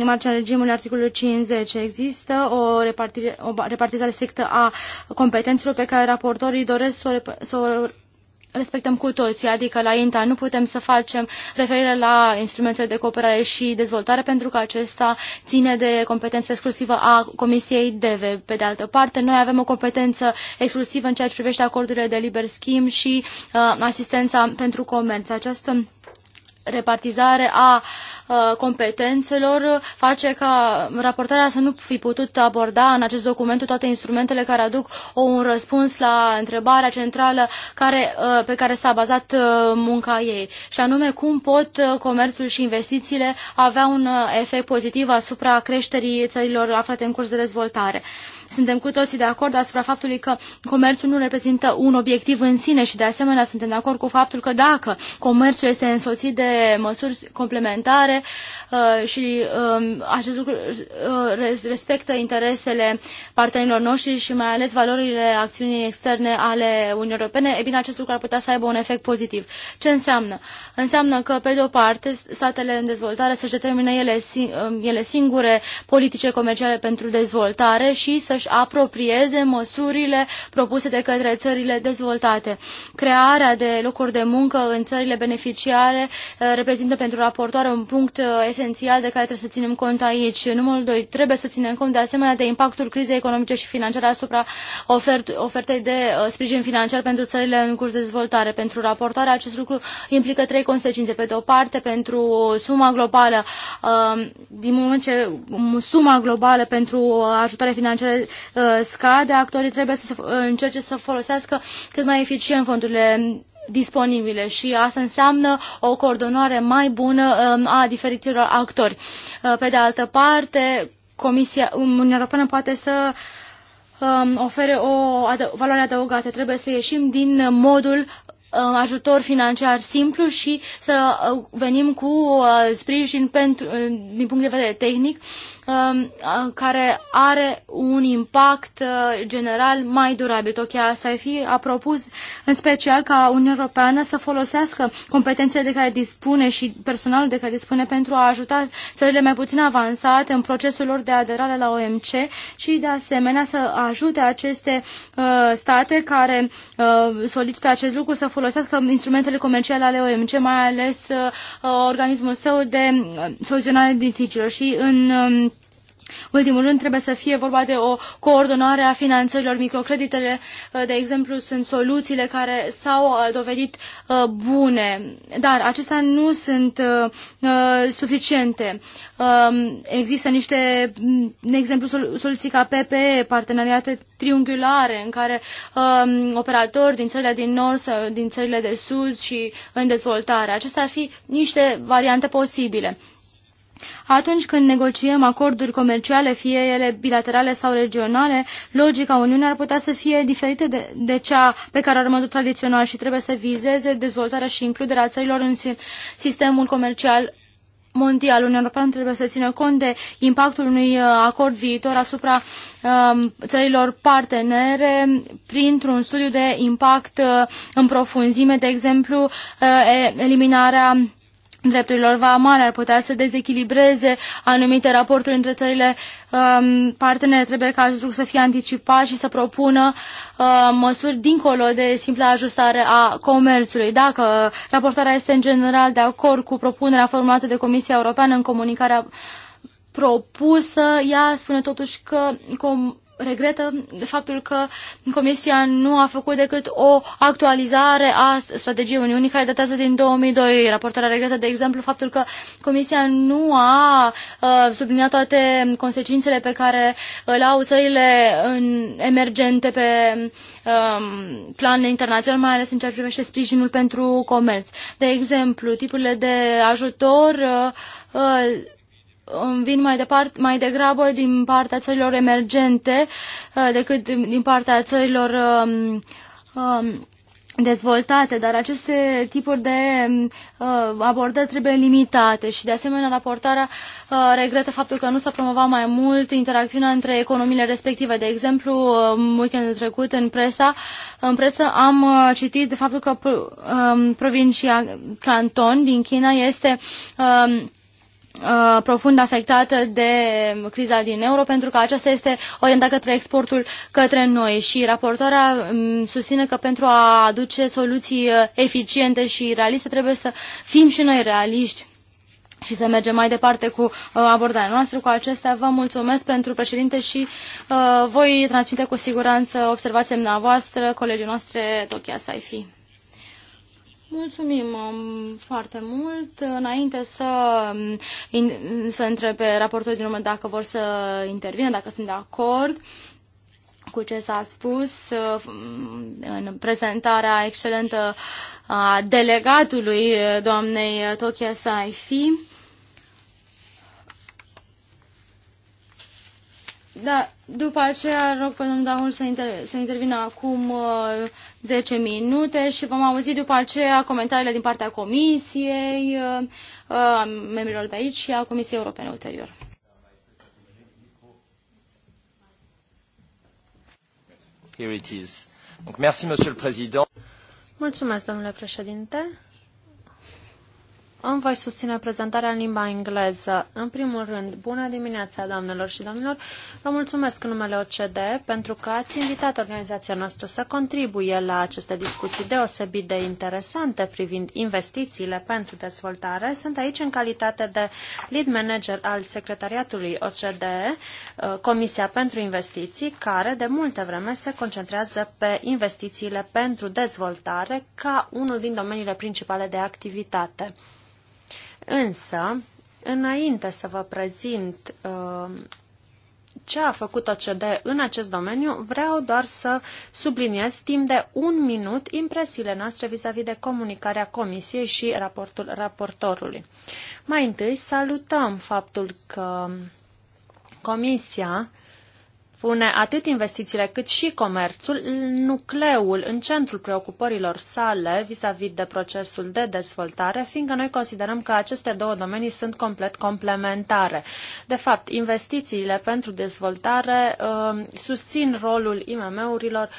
marginea regimului articolului 50. Există o, repartire, o repartizare strictă a competențelor pe care raportorii doresc să o, să o respectăm cu toții, adică la INTA nu putem să facem referire la instrumentele de cooperare și dezvoltare pentru că acesta ține de competență exclusivă a Comisiei DEVE. Pe de altă parte, noi avem o competență exclusivă în ceea ce privește acordurile de liber schimb și uh, asistența pentru comerț. Această repartizare a competențelor face ca raportarea să nu fi putut aborda în acest document toate instrumentele care aduc un răspuns la întrebarea centrală care, pe care s-a bazat munca ei, și anume cum pot comerțul și investițiile avea un efect pozitiv asupra creșterii țărilor aflate în curs de dezvoltare. Suntem cu toții de acord asupra faptului că comerțul nu reprezintă un obiectiv în sine și de asemenea suntem de acord cu faptul că dacă comerțul este însoțit de măsuri complementare uh, și uh, acest lucru uh, respectă interesele partenerilor noștri și mai ales valorile acțiunii externe ale Uniunii Europene, e bine, acest lucru ar putea să aibă un efect pozitiv. Ce înseamnă? Înseamnă că, pe de o parte, statele în dezvoltare să-și determine ele, um, ele singure politice comerciale pentru dezvoltare și să să-și aproprieze măsurile propuse de către țările dezvoltate. Crearea de locuri de muncă în țările beneficiare eh, reprezintă pentru raportoare un punct eh, esențial de care trebuie să ținem cont aici. Numărul 2. Trebuie să ținem cont de asemenea de impactul crizei economice și financiare asupra ofert ofertei de eh, sprijin financiar pentru țările în curs de dezvoltare. Pentru raportarea acest lucru implică trei consecințe. Pe de o parte, pentru suma globală, din moment ce suma globală pentru ajutare financiare Uh, scade, actorii trebuie să uh, încerce să folosească cât mai eficient fondurile disponibile și asta înseamnă o coordonare mai bună um, a diferiților actori. Uh, pe de altă parte, Comisia um, Uniunea Europeană poate să um, ofere o valoare adăugată. Trebuie să ieșim din modul ajutor financiar simplu și să venim cu sprijin pentru, din punct de vedere tehnic Um, care are un impact uh, general mai durabil. Tokia Saifi a propus în special ca Uniunea Europeană să folosească competențele de care dispune și personalul de care dispune pentru a ajuta țările mai puțin avansate în procesul lor de aderare la OMC și de asemenea să ajute aceste uh, state care uh, solicită acest lucru să folosească instrumentele comerciale ale OMC, mai ales organismul său de soluționare litigilor și în um, ultimul rând, trebuie să fie vorba de o coordonare a finanțărilor. Microcreditele, uh, de exemplu, sunt soluțiile care s-au uh, dovedit uh, bune, dar acestea nu sunt suficiente. Um, există niște, mm, de exemplu, soluții ca PPE, parteneriate triunghiulare, în care um, operatori din țările din nord sau din țările de sud și în dezvoltare. Acestea ar fi niște variante posibile. Atunci când negociem acorduri comerciale, fie ele bilaterale sau regionale, logica Uniunii ar putea să fie diferită de, de cea pe care o armădut tradițional și trebuie să vizeze dezvoltarea și includerea țărilor în sistemul comercial mondial. Uniunea Europeană trebuie să țină cont de impactul unui uh, acord viitor asupra um, țărilor partenere printr-un studiu de impact uh, în profunzime, de exemplu, uh, eliminarea drepturilor vamale ar putea să dezechilibreze anumite raporturi între țările um, partenere. Trebuie ca acest lucru să fie anticipat și să propună uh, măsuri dincolo de simpla ajustare a comerțului. Dacă raportarea este în general de acord cu propunerea formulată de Comisia Europeană în comunicarea propusă, ea spune totuși că regretă faptul că Comisia nu a făcut decât o actualizare a strategiei Uniunii care datează din 2002. Raportarea regretă, de exemplu, faptul că Comisia nu a uh, subliniat toate consecințele pe care uh, le au țările emergente pe um, plan internațional, mai ales în ceea ce privește sprijinul pentru comerț. De exemplu, tipurile de ajutor uh, vin mai, departe, mai degrabă din partea țărilor emergente uh, decât din partea țărilor um, um, dezvoltate, dar aceste tipuri de uh, abordări trebuie limitate și de asemenea raportarea uh, regretă faptul că nu s-a promovat mai mult interacțiunea între economiile respective. De exemplu, um, weekendul trecut în presa, în presă am citit de faptul că provincia Canton din China este Uh, profund afectată de criza din euro, pentru că aceasta este orientată către exportul către noi și raportoarea um, susține că pentru a aduce soluții uh, eficiente și realiste trebuie să fim și noi realiști și să mergem mai departe cu uh, abordarea noastră. Cu acestea vă mulțumesc pentru președinte și voi transmite cu siguranță observația dumneavoastră, colegii noastre, Tokia Saifi. Mulțumim um, foarte mult. Înainte să, um, in, să întreb pe raportorii din urmă dacă vor să intervină, dacă sunt de acord cu ce s-a spus uh, în prezentarea excelentă a delegatului uh, doamnei Tokia Saifi. Da, după aceea rog pe domnul Dahul să, inter- să intervină acum uh, 10 minute și vom auzi după aceea comentariile din partea Comisiei, uh, uh, a membrilor de aici și a Comisiei Europene ulterior. Here it is. Mulțumesc, domnule președinte. Îmi voi susține prezentarea în limba engleză. În primul rând, bună dimineața, doamnelor și domnilor. Vă mulțumesc în numele OCD pentru că ați invitat organizația noastră să contribuie la aceste discuții deosebit de interesante privind investițiile pentru dezvoltare. Sunt aici în calitate de lead manager al secretariatului OCD, uh, Comisia pentru Investiții, care de multe vreme se concentrează pe investițiile pentru dezvoltare ca unul din domeniile principale de activitate. Însă, înainte să vă prezint uh, ce a făcut OCD în acest domeniu, vreau doar să subliniez timp de un minut impresiile noastre vis-a-vis -vis de comunicarea Comisiei și raportul raportorului. Mai întâi, salutăm faptul că Comisia pune atât investițiile cât și comerțul, nucleul în centrul preocupărilor sale vis-a-vis -vis de procesul de dezvoltare, fiindcă noi considerăm că aceste două domenii sunt complet complementare. De fapt, investițiile pentru dezvoltare uh, susțin rolul IMM-urilor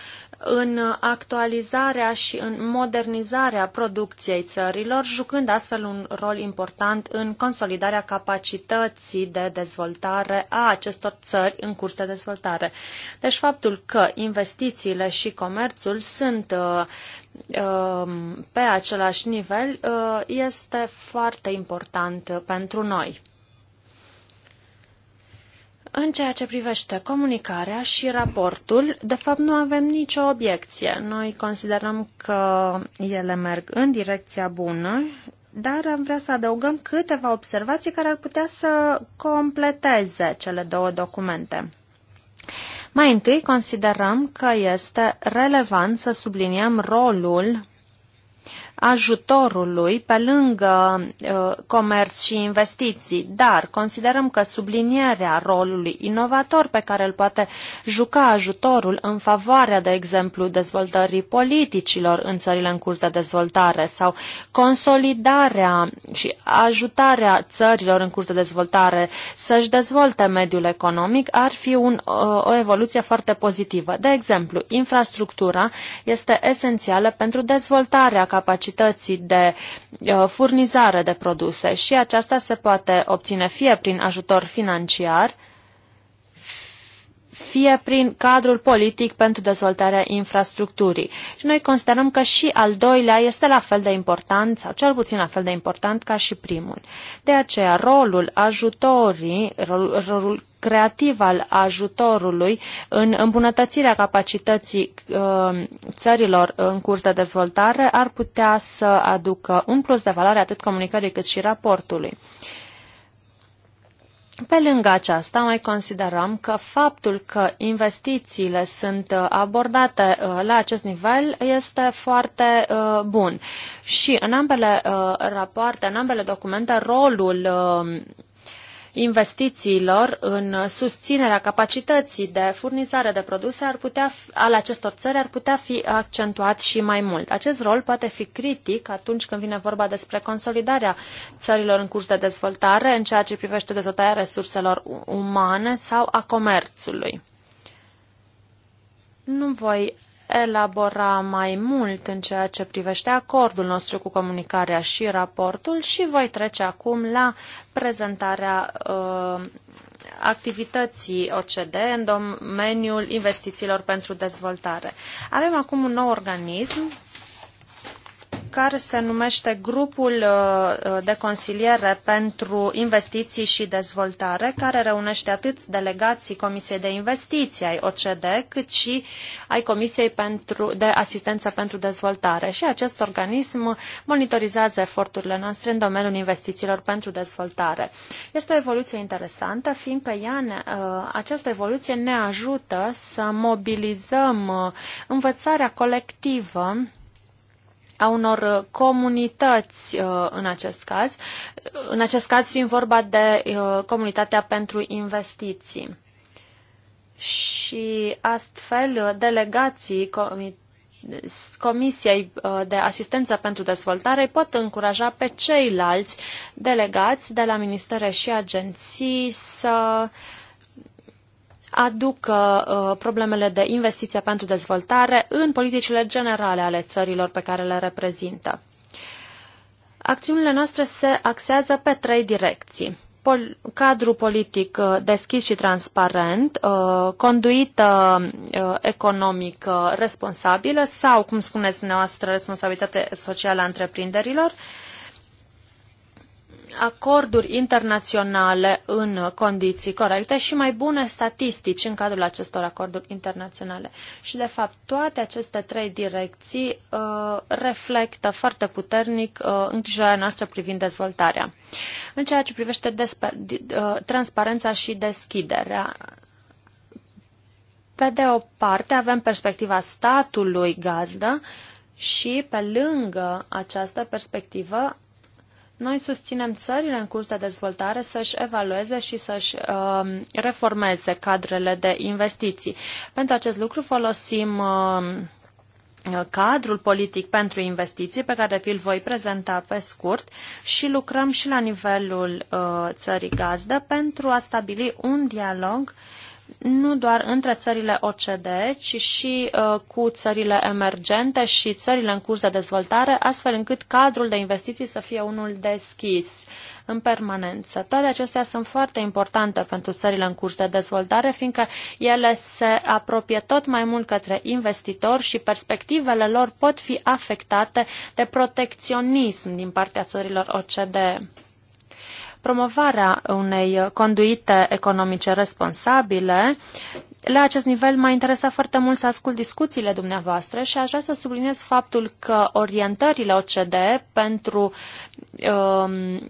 în actualizarea și în modernizarea producției țărilor, jucând astfel un rol important în consolidarea capacității de dezvoltare a acestor țări în curs de dezvoltare dezvoltare. Deci faptul că investițiile și comerțul sunt uh, um, pe același nivel uh, este foarte important pentru noi. În ceea ce privește comunicarea și raportul, de fapt nu avem nicio obiecție. Noi considerăm că ele merg în direcția bună, dar am vrea să adăugăm câteva observații care ar putea să completeze cele două documente. Mai întâi, considerăm că este relevant să subliniem rolul ajutorului pe lângă uh, comerț și investiții, dar considerăm că sublinierea rolului inovator pe care îl poate juca ajutorul în favoarea, de exemplu, dezvoltării politicilor în țările în curs de dezvoltare sau consolidarea și ajutarea țărilor în curs de dezvoltare să-și dezvolte mediul economic ar fi un, uh, o evoluție foarte pozitivă. De exemplu, infrastructura este esențială pentru dezvoltarea capacității capacității de uh, furnizare de produse și aceasta se poate obține fie prin ajutor financiar, fie prin cadrul politic pentru dezvoltarea infrastructurii. Și noi considerăm că și al doilea este la fel de important, sau cel puțin la fel de important ca și primul. De aceea, rolul ajutorii, rolul, rolul creativ al ajutorului în îmbunătățirea capacității uh, țărilor în curs de dezvoltare ar putea să aducă un plus de valoare atât comunicării cât și raportului. Pe lângă aceasta, mai considerăm că faptul că investițiile sunt uh, abordate uh, la acest nivel este foarte uh, bun. Și în ambele rapoarte, în ambele documente, rolul investițiilor în susținerea capacității de furnizare de produse ar putea, al acestor țări ar putea fi accentuat și mai mult. Acest rol poate fi critic atunci când vine vorba despre consolidarea țărilor în curs de dezvoltare în ceea ce privește dezvoltarea resurselor umane sau a comerțului. Nu voi elabora mai mult în ceea ce privește acordul nostru cu comunicarea și raportul și voi trece acum la prezentarea uh, activității OCD în domeniul investițiilor pentru dezvoltare. Avem acum un nou organism care se numește Grupul uh, de Consiliere pentru Investiții și Dezvoltare, care reunește atât delegații Comisiei de Investiții ai OCDE, cât și ai Comisiei pentru, de Asistență pentru Dezvoltare. Și acest organism monitorizează eforturile noastre în domeniul investițiilor pentru dezvoltare. Este o evoluție interesantă, fiindcă ea ne, uh, această evoluție ne ajută să mobilizăm uh, învățarea colectivă a unor uh, comunități uh, în acest caz, în acest caz fiind vorba de uh, comunitatea pentru investiții. Și astfel, delegații Comisiei de Asistență pentru Dezvoltare pot încuraja pe ceilalți delegați de la ministere și agenții să uh, aducă uh, problemele de investiție pentru dezvoltare în politicile generale ale țărilor pe care le reprezintă. Acțiunile noastre se axează pe trei direcții. Pol- cadru politic uh, deschis și transparent, uh, conduită uh, uh responsabilă sau, cum spuneți dumneavoastră, responsabilitate socială a întreprinderilor, uh, acorduri internaționale în condiții corecte și mai bune statistici în cadrul acestor acorduri internaționale. Și, de fapt, toate aceste trei direcții uh, reflectă foarte puternic uh, îngrijorarea noastră privind dezvoltarea. În ceea ce privește uh, transparența și deschiderea, pe de o parte avem perspectiva statului gazdă și, pe lângă această perspectivă, noi susținem țările în curs de dezvoltare să-și evalueze și să-și uh, reformeze cadrele de investiții. Pentru acest lucru folosim uh, cadrul politic pentru investiții pe care vi-l voi prezenta pe scurt și lucrăm și la nivelul uh, țării gazdă pentru a stabili un dialog uh, nu doar între țările OCDE, ci și uh, cu țările emergente și țările în curs de dezvoltare, astfel încât cadrul de investiții să fie unul deschis în permanență. Toate acestea sunt foarte importante pentru țările în curs de dezvoltare, fiindcă ele se apropie tot mai mult către investitori și perspectivele lor pot fi afectate de protecționism din partea țărilor OCDE promovarea unei conduite economice responsabile. La acest nivel m-a interesat foarte mult să ascult discuțiile dumneavoastră și aș vrea să subliniez faptul că orientările OCDE pentru um,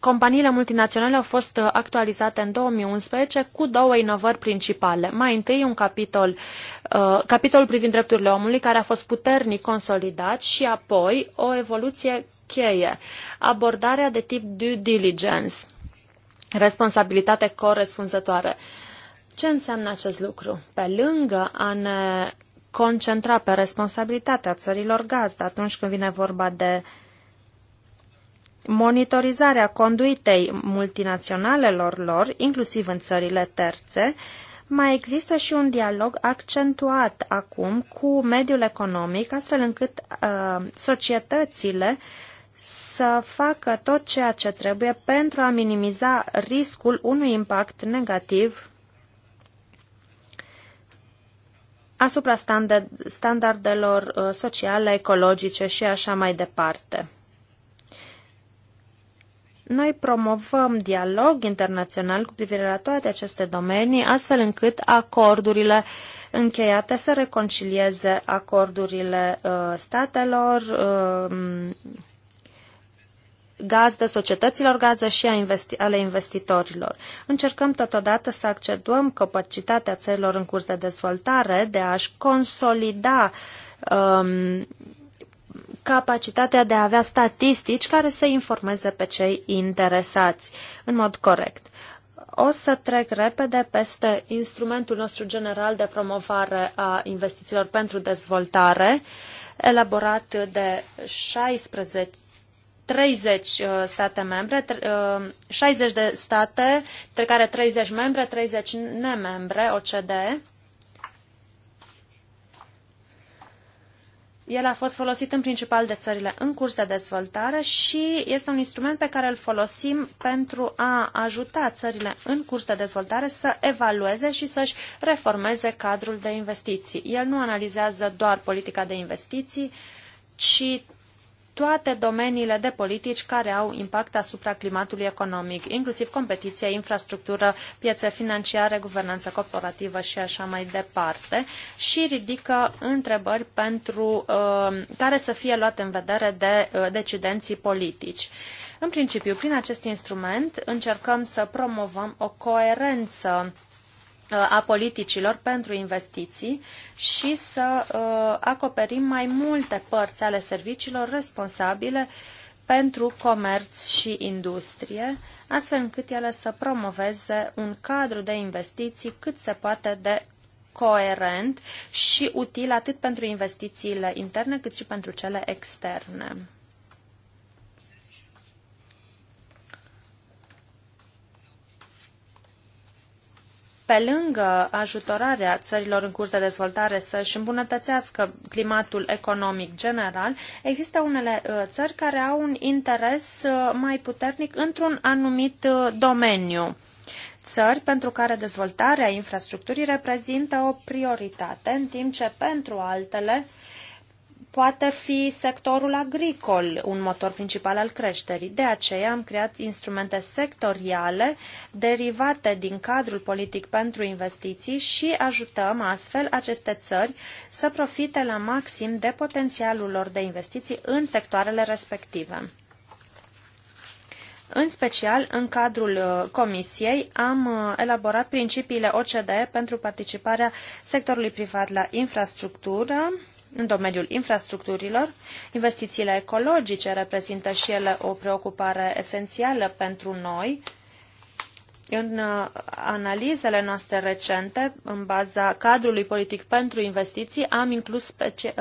Companiile multinaționale au fost actualizate în 2011 cu două inovări principale. Mai întâi un capitol, uh, capitol privind drepturile omului care a fost puternic consolidat și apoi o evoluție cheie. Abordarea de tip due diligence, responsabilitate corespunzătoare. Ce înseamnă acest lucru? Pe lângă a ne concentra pe responsabilitatea țărilor gazdă atunci când vine vorba de monitorizarea conduitei multinaționalelor lor, inclusiv în țările terțe, mai există și un dialog accentuat acum cu mediul economic, astfel încât uh, societățile să facă tot ceea ce trebuie pentru a minimiza riscul unui impact negativ asupra standardelor uh, sociale, ecologice și așa mai departe. Noi promovăm dialog internațional cu privire la toate aceste domenii, astfel încât acordurile încheiate să reconcilieze acordurile uh, statelor, uh, gazdă societăților gază și a investi- ale investitorilor. Încercăm totodată să accentuăm capacitatea țărilor în curs de dezvoltare de a-și consolida um, capacitatea de a avea statistici care să informeze pe cei interesați în mod corect. O să trec repede peste instrumentul nostru general de promovare a investițiilor pentru dezvoltare, elaborat de 16 30 uh, state membre, 60 uh, de state, între care 30 membre, 30 nemembre, OCDE. El a fost folosit în principal de țările în curs de dezvoltare și este un instrument pe care îl folosim pentru a ajuta țările în curs de dezvoltare să evalueze și să-și reformeze cadrul de investiții. El nu analizează doar politica de investiții, ci toate domeniile de politici care au impact asupra climatului economic, inclusiv competiție, infrastructură, piețe financiare, guvernanță corporativă și așa mai departe, și ridică întrebări pentru uh, care să fie luate în vedere de uh, decidenții politici. În principiu, prin acest instrument încercăm să promovăm o coerență a politicilor pentru investiții și să uh, acoperim mai multe părți ale serviciilor responsabile pentru comerț și industrie, astfel încât ele să promoveze un cadru de investiții cât se poate de coerent și util atât pentru investițiile interne cât și pentru cele externe. pe lângă ajutorarea țărilor în curs de dezvoltare să-și îmbunătățească climatul economic general, există unele uh, țări care au un interes uh, mai puternic într-un anumit uh, domeniu. Țări pentru care dezvoltarea infrastructurii reprezintă o prioritate, în timp ce pentru altele uh, poate fi sectorul agricol un motor principal al creșterii. De aceea am creat instrumente sectoriale derivate din cadrul politic pentru investiții și ajutăm astfel aceste țări să profite la maxim de potențialul lor de investiții în sectoarele respective. În special, în cadrul uh, Comisiei, am uh, elaborat principiile OCDE pentru participarea sectorului privat la infrastructură, în domeniul infrastructurilor. Investițiile ecologice reprezintă și ele o preocupare esențială pentru noi. În uh, analizele noastre recente, în baza cadrului politic pentru investiții, am inclus speci uh,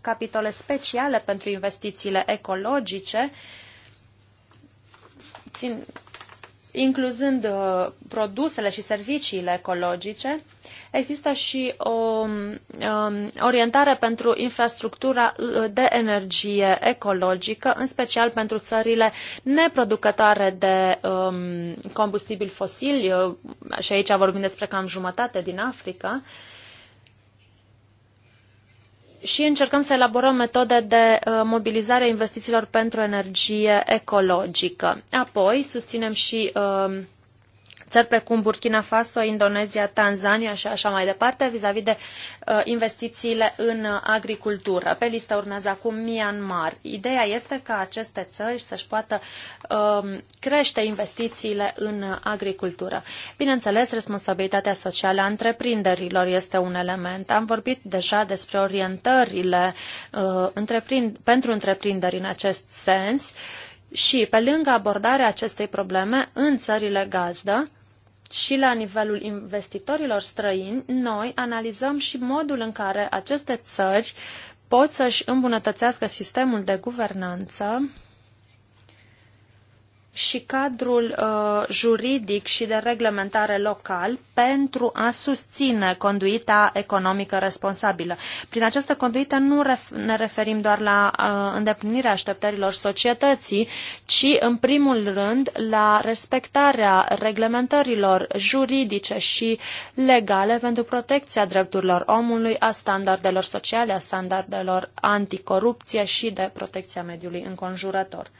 capitole speciale pentru investițiile ecologice, țin, incluzând uh, produsele și serviciile ecologice, există și o um, um, orientare pentru infrastructura uh, de energie ecologică, în special pentru țările neproducătoare de um, combustibili fosili, și aici vorbim despre cam jumătate din Africa, și încercăm să elaborăm metode de uh, mobilizare a investițiilor pentru energie ecologică. Apoi susținem și uh, țări precum Burkina Faso, Indonezia, Tanzania și așa mai departe, vis-a-vis -vis de uh, investițiile în agricultură. Pe listă urmează acum Myanmar. Ideea este ca aceste țări să-și poată um, crește investițiile în agricultură. Bineînțeles, responsabilitatea socială a întreprinderilor este un element. Am vorbit deja despre orientările uh, întreprind, pentru întreprinderi în acest sens și, pe lângă abordarea acestei probleme în țările gazdă, și la nivelul investitorilor străini, noi analizăm și modul în care aceste țări pot să-și îmbunătățească sistemul de guvernanță și cadrul uh, juridic și de reglementare local pentru a susține conduita economică responsabilă. Prin această conduită nu ref- ne referim doar la uh, îndeplinirea așteptărilor societății, ci în primul rând la respectarea reglementărilor juridice și legale pentru protecția drepturilor omului, a standardelor sociale, a standardelor anticorupție și de protecția mediului înconjurător.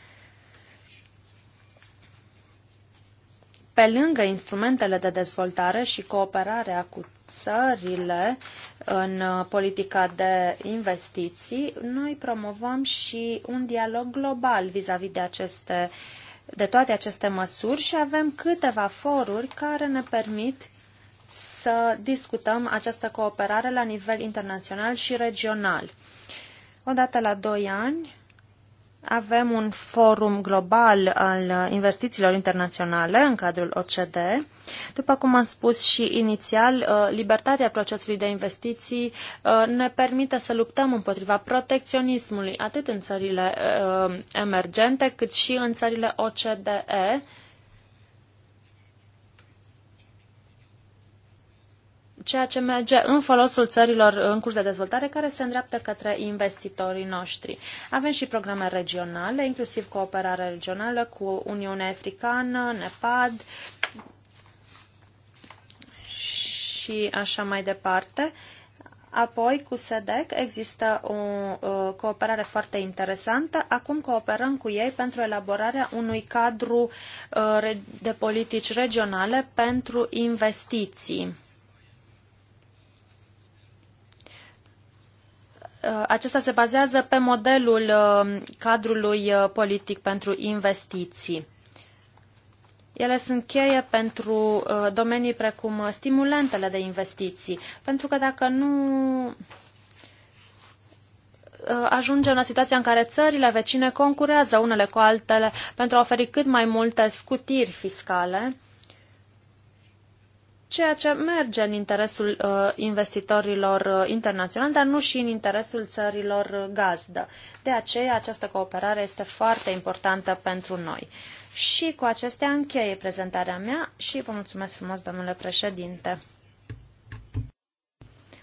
pe lângă instrumentele de dezvoltare și cooperarea cu țările în uh, politica de investiții, noi promovăm și un dialog global vis-a-vis -vis de aceste de toate aceste măsuri și avem câteva foruri care ne permit să discutăm această cooperare la nivel internațional și regional. Odată la doi ani, avem un forum global al investițiilor internaționale în cadrul OCD. După cum am spus și inițial, uh, libertatea procesului de investiții uh, ne permite să luptăm împotriva protecționismului, atât în țările uh, emergente cât și în țările OCDE ceea ce merge în folosul țărilor în curs de dezvoltare care se îndreaptă către investitorii noștri. Avem și programe regionale, inclusiv cooperare regională cu Uniunea Africană, NEPAD și așa mai departe. Apoi, cu SEDEC există o uh, cooperare foarte interesantă. Acum cooperăm cu ei pentru elaborarea unui cadru uh, de politici regionale pentru investiții. Uh, acesta se bazează pe modelul uh, cadrului uh, politic pentru investiții. Ele sunt cheie pentru domenii precum stimulentele de investiții, pentru că dacă nu ajungem la situația în care țările vecine concurează unele cu altele pentru a oferi cât mai multe scutiri fiscale, ceea ce merge în interesul uh, investitorilor uh, internaționali, dar nu și în interesul țărilor uh, gazdă. De aceea, această cooperare este foarte importantă pentru noi. Și cu acestea încheie prezentarea mea și vă mulțumesc frumos, domnule președinte.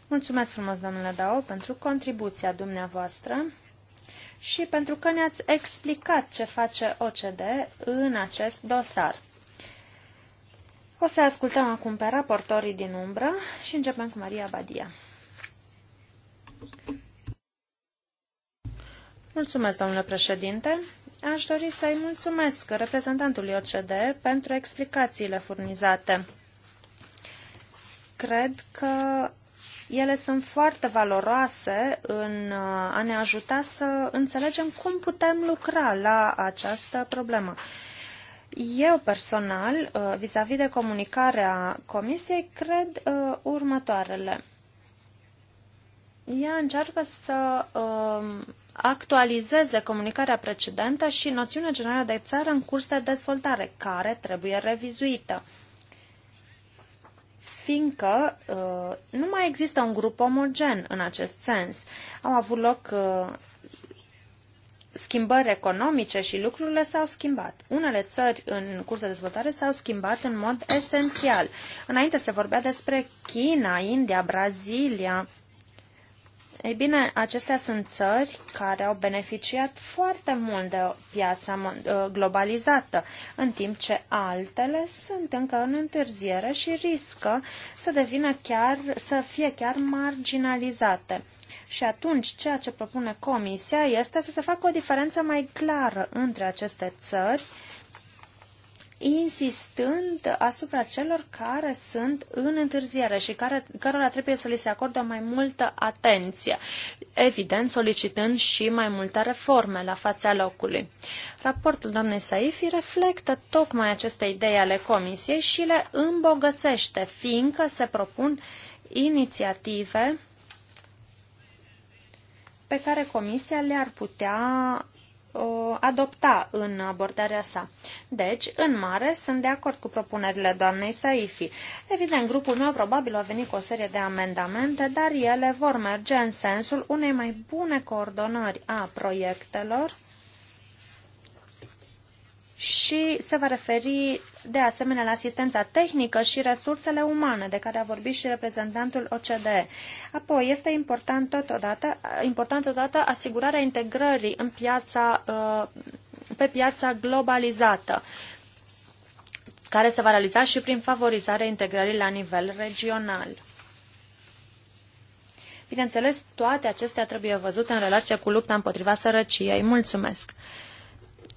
Mulțumesc frumos, domnule Dao, pentru contribuția dumneavoastră și pentru că ne-ați explicat ce face OCD în acest dosar. O să ascultăm acum pe raportorii din umbră și începem cu Maria Badia. Mulțumesc, domnule președinte. Aș dori să-i mulțumesc reprezentantului OCD pentru explicațiile furnizate. Cred că ele sunt foarte valoroase în a ne ajuta să înțelegem cum putem lucra la această problemă. Eu personal, uh, vis-a-vis -vis de comunicarea Comisiei, cred uh, următoarele. Ea încearcă să um, actualizeze comunicarea precedentă și noțiunea generală de țară în curs de dezvoltare, care trebuie revizuită fiindcă uh, nu mai există un grup omogen în acest sens. Au avut loc uh, schimbări economice și lucrurile s-au schimbat. Unele țări în curs de dezvoltare s-au schimbat în mod esențial. Înainte se vorbea despre China, India, Brazilia. Ei bine, acestea sunt țări care au beneficiat foarte mult de piața ă, globalizată, în timp ce altele sunt încă în întârziere și riscă să devină chiar, să fie chiar marginalizate. Și atunci ceea ce propune Comisia este să se facă o diferență mai clară între aceste țări, insistând asupra celor care sunt în întârziere și care, cărora trebuie să li se acorde mai multă atenție, evident solicitând și mai multe reforme la fața locului. Raportul doamnei Saifi reflectă tocmai aceste idei ale Comisiei și le îmbogățește, fiindcă se propun inițiative pe care Comisia le-ar putea uh, adopta în abordarea sa. Deci, în mare, sunt de acord cu propunerile doamnei Saifi. Evident, grupul meu probabil va veni cu o serie de amendamente, dar ele vor merge în sensul unei mai bune coordonări a proiectelor și se va referi de asemenea la asistența tehnică și resursele umane, de care a vorbit și reprezentantul OCDE. Apoi, este important totodată, important totodată asigurarea integrării în piața, uh, pe piața globalizată care se va realiza și prin favorizarea integrării la nivel regional. Bineînțeles, toate acestea trebuie văzute în relație cu lupta împotriva sărăciei. Mulțumesc!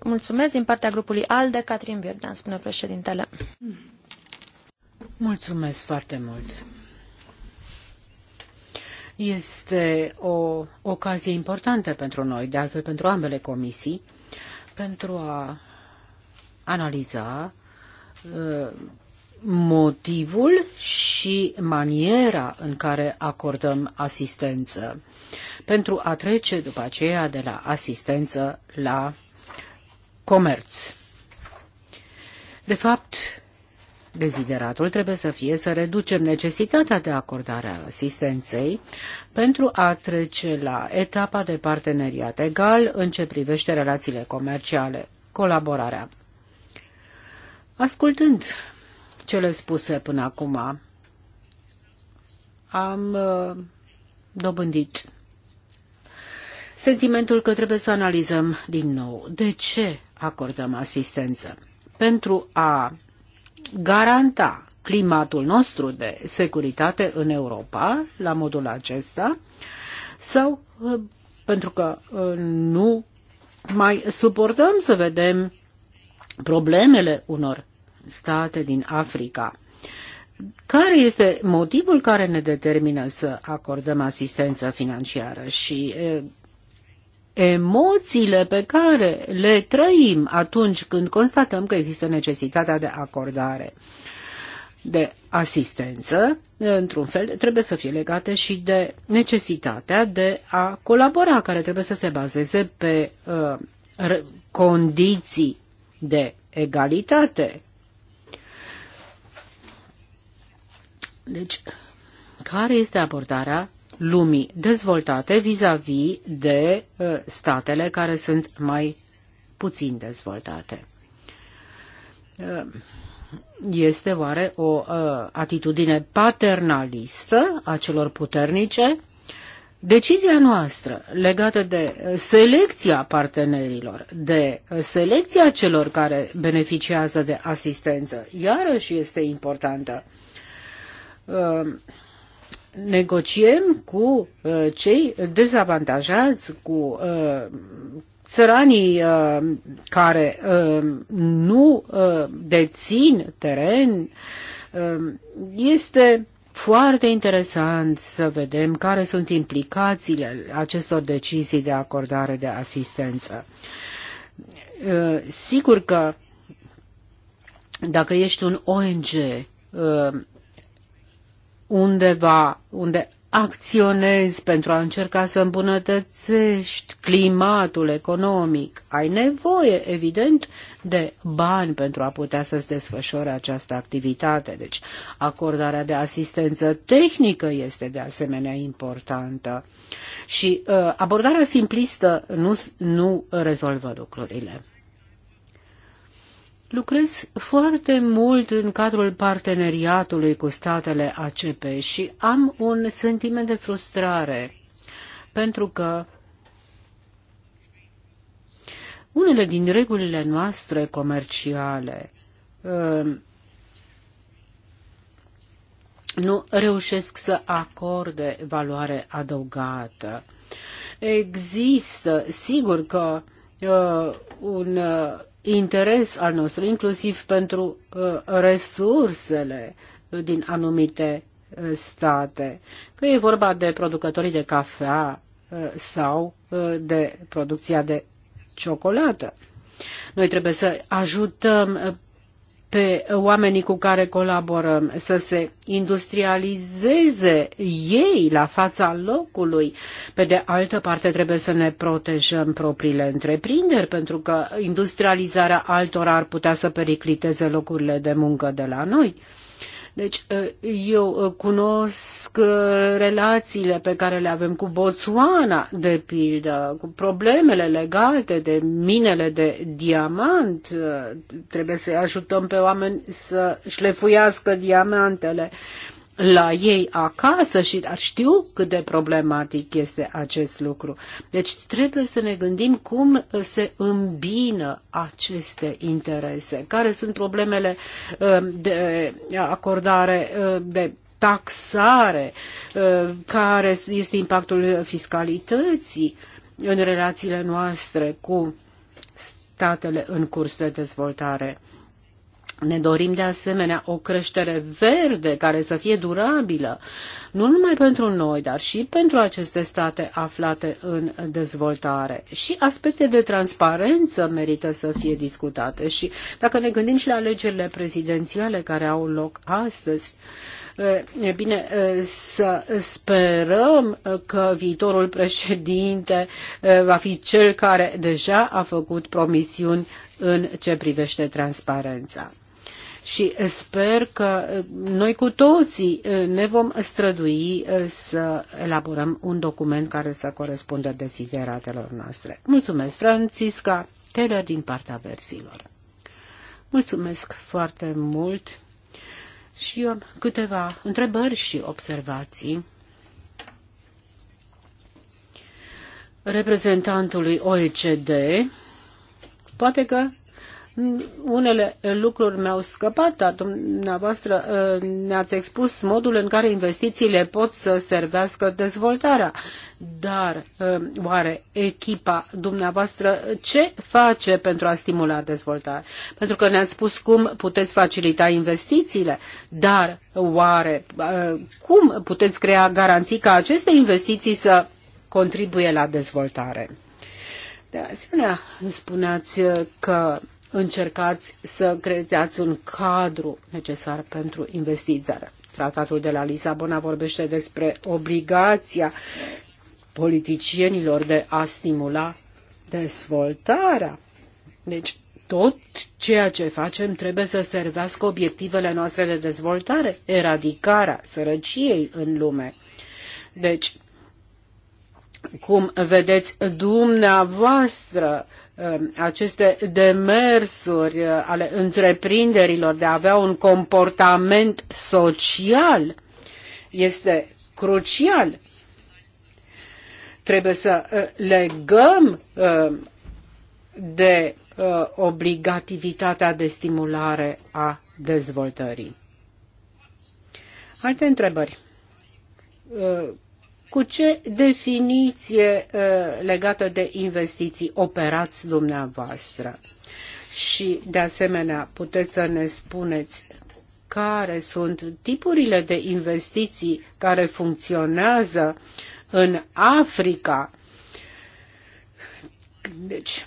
Mulțumesc din partea grupului ALDE, Catrin Birdan, spune președintele. Mulțumesc foarte mult. Este o ocazie importantă pentru noi, de altfel pentru ambele comisii, pentru a analiza uh, motivul și maniera în care acordăm asistență, pentru a trece după aceea de la asistență la comerț. De fapt, Dezideratul trebuie să fie să reducem necesitatea de acordare a asistenței pentru a trece la etapa de parteneriat egal în ce privește relațiile comerciale, colaborarea. Ascultând cele spuse până acum, am uh, dobândit sentimentul că trebuie să analizăm din nou de ce acordăm asistență. Pentru a garanta climatul nostru de securitate în Europa, la modul acesta, sau uh, pentru că uh, nu mai suportăm să vedem problemele unor state din Africa. Care este motivul care ne determină să acordăm asistență financiară? Și uh, emoțiile pe care le trăim atunci când constatăm că există necesitatea de acordare de asistență, într-un fel, trebuie să fie legate și de necesitatea de a colabora, care trebuie să se bazeze pe uh, condiții de egalitate. Deci, care este abordarea lumii dezvoltate vis-a-vis -vis de uh, statele care sunt mai puțin dezvoltate. Uh, este oare o uh, atitudine paternalistă a celor puternice? Decizia noastră legată de selecția partenerilor, de selecția celor care beneficiază de asistență, iarăși este importantă negociem cu uh, cei dezavantajați, cu uh, țăranii uh, care nu dețin teren. Este foarte interesant să vedem care sunt implicațiile acestor decizii de acordare de asistență. Sigur că dacă ești un ONG undeva unde acționezi pentru a încerca să îmbunătățești climatul economic. Ai nevoie, evident, de bani pentru a putea să-ți desfășori această activitate. Deci, acordarea de asistență tehnică este de asemenea importantă. Și uh, abordarea simplistă nu, nu rezolvă lucrurile. Lucrez foarte mult în cadrul parteneriatului cu statele ACP și am un sentiment de frustrare pentru că unele din regulile noastre comerciale um, nu reușesc să acorde valoare adăugată. Există, sigur că uh, un uh, interes al nostru, inclusiv pentru uh, resursele din anumite uh, state, că e vorba de producătorii de cafea uh, sau de producția de ciocolată. Noi trebuie să ajutăm pe oamenii cu care colaborăm, să se industrializeze ei la fața locului. Pe de altă parte, trebuie să ne protejăm propriile întreprinderi, pentru că industrializarea altora ar putea să pericliteze locurile de muncă de la noi. Deci ă, eu ă, cunosc ă, relațiile pe care le avem cu Botswana, de pildă, cu problemele legate de minele de diamant. Trebuie să ajutăm pe oameni să șlefuiască diamantele la ei acasă și dar știu cât de problematic este acest lucru. Deci trebuie să ne gândim cum se îmbină aceste interese, care sunt problemele uh, de acordare uh, de taxare, uh, care este impactul fiscalității în relațiile noastre cu statele în curs de dezvoltare. Ne dorim de asemenea o creștere verde care să fie durabilă, nu numai pentru noi, dar și pentru aceste state aflate în dezvoltare. Și aspecte de transparență merită să fie discutate. Și dacă ne gândim și la alegerile prezidențiale care au loc astăzi, e bine să sperăm că viitorul președinte va fi cel care deja a făcut promisiuni în ce privește transparența și sper că uh, noi cu toții uh, ne vom strădui uh, să elaborăm un document care să corespundă desideratelor noastre. Mulțumesc, Francisca Taylor, din partea versilor. Mulțumesc foarte mult și eu am câteva întrebări și observații. Reprezentantului OECD, poate că unele lucruri mi-au scăpat, dar dumneavoastră ă, ne-ați expus modul în care investițiile pot să servească dezvoltarea. Dar ă, oare echipa dumneavoastră ce face pentru a stimula dezvoltarea? Pentru că ne-ați spus cum puteți facilita investițiile, dar oare ă, cum puteți crea garanții ca aceste investiții să contribuie la dezvoltare? De asemenea, spuneați că încercați să creați un cadru necesar pentru investiția. Tratatul de la Lisabona vorbește despre obligația politicienilor de a stimula dezvoltarea. Deci tot ceea ce facem trebuie să servească obiectivele noastre de dezvoltare, eradicarea sărăciei în lume. Deci, cum vedeți dumneavoastră Um, aceste demersuri uh, ale întreprinderilor de a avea un comportament social este crucial. Trebuie să uh, legăm uh, de obligativitatea de stimulare a dezvoltării. Alte întrebări cu ce definiție uh, legată de investiții operați dumneavoastră? Și, de asemenea, puteți să ne spuneți care sunt tipurile de investiții care funcționează în Africa. Deci,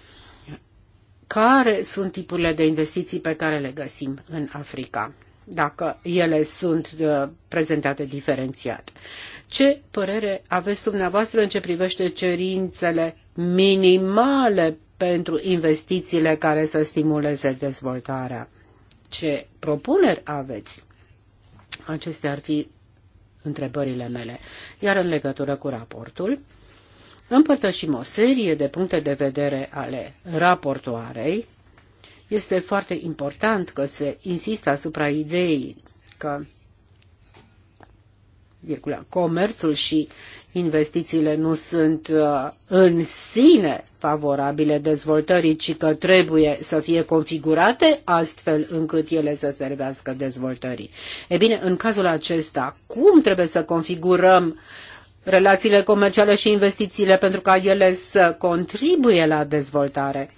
care sunt tipurile de investiții pe care le găsim în Africa? dacă ele sunt uh, prezentate diferențiat. Ce părere aveți dumneavoastră în ce privește cerințele minimale pentru investițiile care să stimuleze dezvoltarea? Ce propuneri aveți? Acestea ar fi întrebările mele. Iar în legătură cu raportul, împărtășim o serie de puncte de vedere ale raportoarei, este foarte important că se insistă asupra ideii că virgula, comerțul și investițiile nu sunt uh, în sine favorabile dezvoltării, ci că trebuie să fie configurate astfel încât ele să servească dezvoltării. E bine, în cazul acesta, cum trebuie să configurăm relațiile comerciale și investițiile pentru ca ele să contribuie la dezvoltare?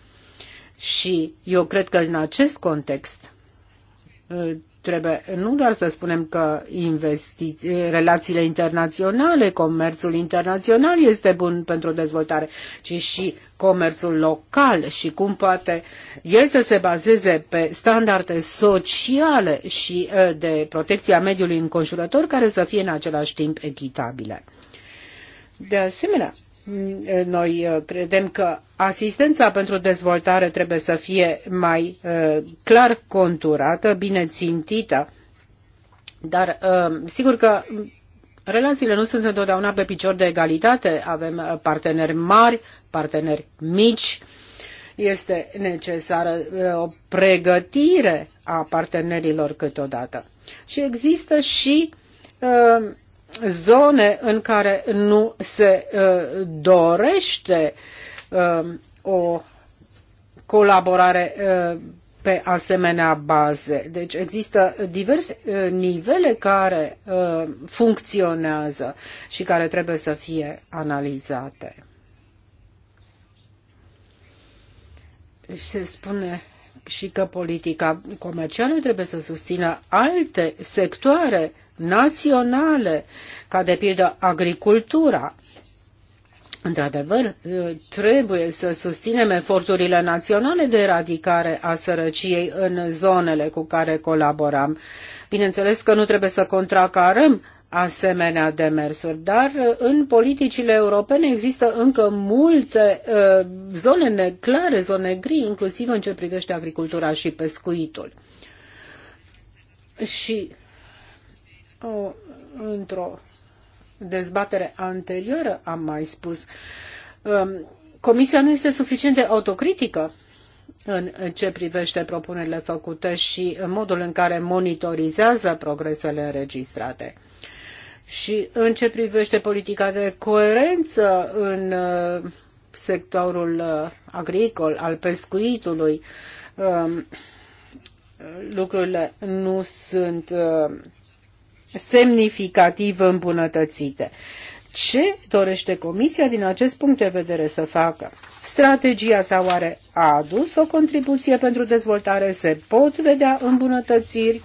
Și eu cred că în acest context ă, trebuie nu doar să spunem că relațiile internaționale, comerțul internațional este bun pentru dezvoltare, ci și comerțul local și cum poate el să se bazeze pe standarde sociale și ă, de protecția mediului înconjurător care să fie în același timp echitabile. De asemenea, noi uh, credem că asistența pentru dezvoltare trebuie să fie mai uh, clar conturată, bine țintită, dar uh, sigur că relațiile nu sunt întotdeauna pe picior de egalitate. Avem parteneri mari, parteneri mici. Este necesară o pregătire a partenerilor câteodată. Și există și zone în care nu se uh, dorește um, o colaborare uh, pe asemenea baze. Deci există diverse uh, nivele care funcționează și care trebuie să fie analizate. Se spune și că politica comercială trebuie să susțină alte sectoare uh, naționale, ca de pildă agricultura. Într-adevăr, ă, trebuie să susținem eforturile naționale de eradicare a sărăciei în zonele cu care colaborăm. Bineînțeles că nu trebuie să contracarăm asemenea demersuri, dar ă, în politicile europene există încă multe uh, zone neclare, zone gri, inclusiv în ce privește agricultura și pescuitul. Și într-o dezbatere anterioară am mai spus, um, Comisia nu este suficient de autocritică în ce privește propunerile făcute și modul în care monitorizează progresele înregistrate. Și în ce privește politica de coerență în uh, sectorul uh, agricol, al pescuitului, um, lucrurile nu sunt uh, semnificativ îmbunătățite. Ce dorește Comisia din acest punct de vedere să facă? Strategia sa oare a adus o contribuție pentru dezvoltare? Se pot vedea îmbunătățiri?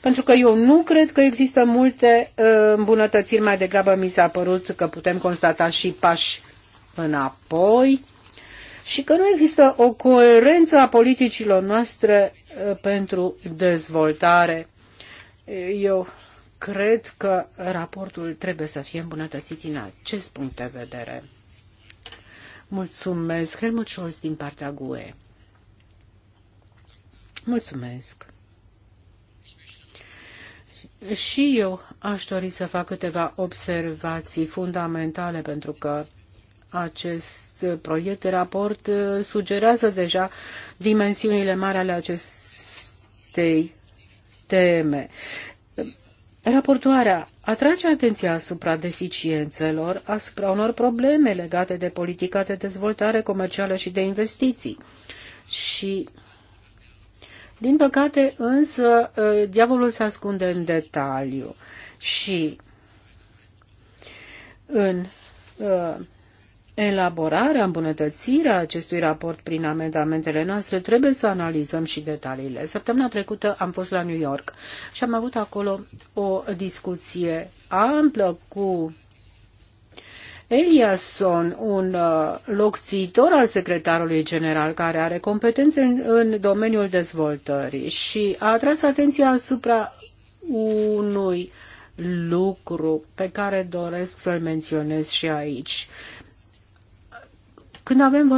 Pentru că eu nu cred că există multe uh, îmbunătățiri, mai degrabă mi s-a părut că putem constata și pași înapoi și că nu există o coerență a politicilor noastre uh, pentru dezvoltare. Eu cred că raportul trebuie să fie îmbunătățit din acest punct de vedere. Mulțumesc, Helmut Scholz din partea GUE. Mulțumesc. Și eu aș dori să fac câteva observații fundamentale pentru că acest proiect de raport uh, sugerează deja dimensiunile mari ale acestei teme. Raportoarea atrage atenția asupra deficiențelor, asupra unor probleme legate de politica de dezvoltare comercială și de investiții. Și, din păcate, însă, ă, diavolul se ascunde în detaliu. Și în uh, elaborarea, îmbunătățirea acestui raport prin amendamentele noastre, trebuie să analizăm și detaliile. Săptămâna trecută am fost la New York și am avut acolo o discuție amplă cu Eliasson, un uh, locțitor al secretarului general care are competențe în, în domeniul dezvoltării și a atras atenția asupra unui lucru pe care doresc să-l menționez și aici. Când avem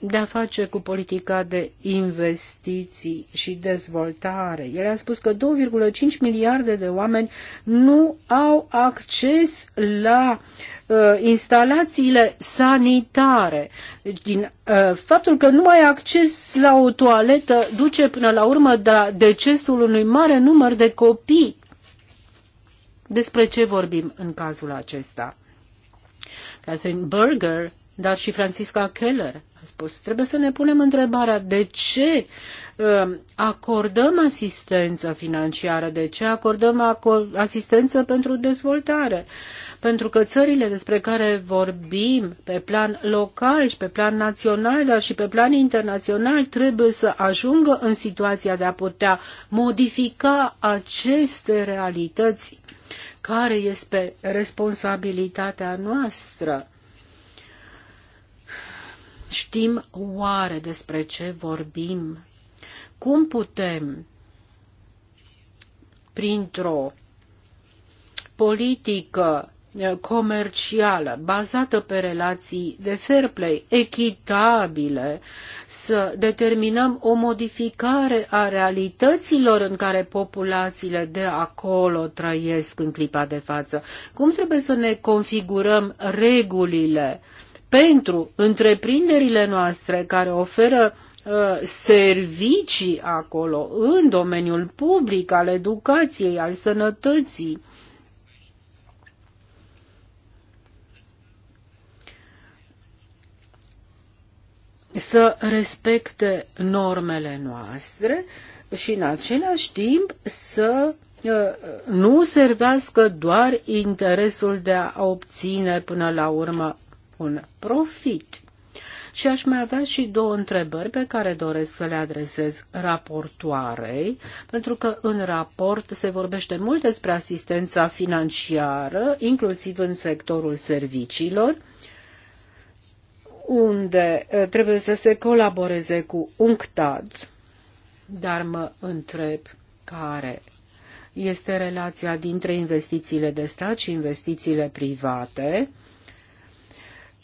de-a face cu politica de investiții și dezvoltare, el a spus că 2,5 miliarde de oameni nu au acces la uh, instalațiile sanitare. Deci, din uh, faptul că nu mai ai acces la o toaletă duce până la urmă de da, decesul unui mare număr de copii. Despre ce vorbim în cazul acesta? Catherine Berger dar și Francisca Keller a spus, trebuie să ne punem întrebarea de ce um, acordăm asistență financiară, de ce acordăm asistență pentru dezvoltare. Pentru că țările despre care vorbim pe plan local și pe plan național, dar și pe plan internațional, trebuie să ajungă în situația de a putea modifica aceste realități care este responsabilitatea noastră Știm oare despre ce vorbim? Cum putem, printr-o politică comercială, bazată pe relații de fair play, echitabile, să determinăm o modificare a realităților în care populațiile de acolo trăiesc în clipa de față. Cum trebuie să ne configurăm regulile pentru întreprinderile noastre care oferă uh, servicii acolo, în domeniul public, al educației, al sănătății. Să respecte normele noastre și în același timp să uh, nu servească doar interesul de a obține până la urmă un profit. Și aș mai avea și două întrebări pe care doresc să le adresez raportoarei, pentru că în raport se vorbește mult despre asistența financiară, inclusiv în sectorul serviciilor, unde trebuie să se colaboreze cu UNCTAD, dar mă întreb care este relația dintre investițiile de stat și investițiile private,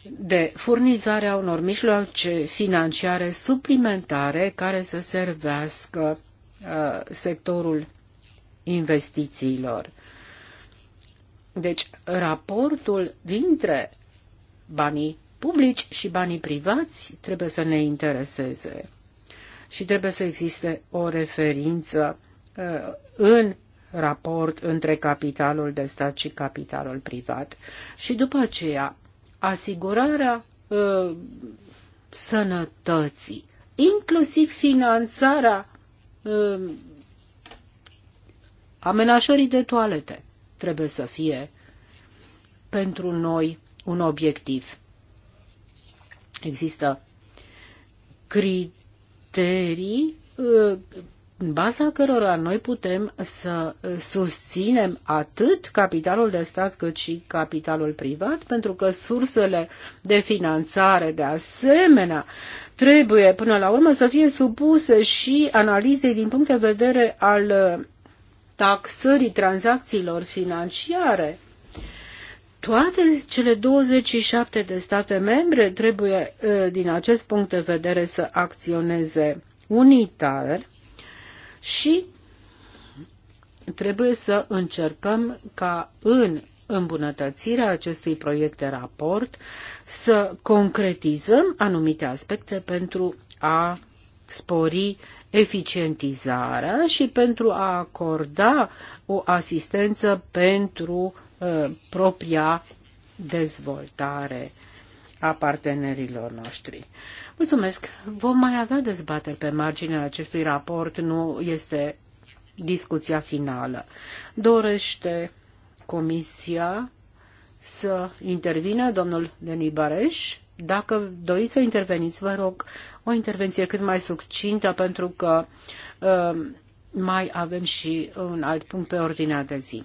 de furnizarea unor mijloace financiare suplimentare care să servească uh, sectorul investițiilor. Deci, raportul dintre banii publici și banii privați trebuie să ne intereseze și trebuie să existe o referință uh, în raport între capitalul de stat și capitalul privat. Și după aceea, asigurarea uh, sănătății, inclusiv finanțarea uh, amenajării de toalete, trebuie să fie pentru noi un obiectiv. Există criterii uh, în baza cărora noi putem să susținem atât capitalul de stat cât și capitalul privat, pentru că sursele de finanțare de asemenea trebuie până la urmă să fie supuse și analizei din punct de vedere al taxării tranzacțiilor financiare. Toate cele 27 de state membre trebuie, eh, din acest punct de vedere, să acționeze unitar și trebuie să încercăm ca în îmbunătățirea acestui proiect de raport să concretizăm anumite aspecte pentru a spori eficientizarea și pentru a acorda o asistență pentru uh, propria dezvoltare a partenerilor noștri. Mulțumesc! Vom mai avea dezbateri pe marginea acestui raport, nu este discuția finală. Dorește Comisia să intervină domnul Denis Bareș? Dacă doriți să interveniți, vă rog o intervenție cât mai succintă, pentru că uh, mai avem și un alt punct pe ordinea de zi.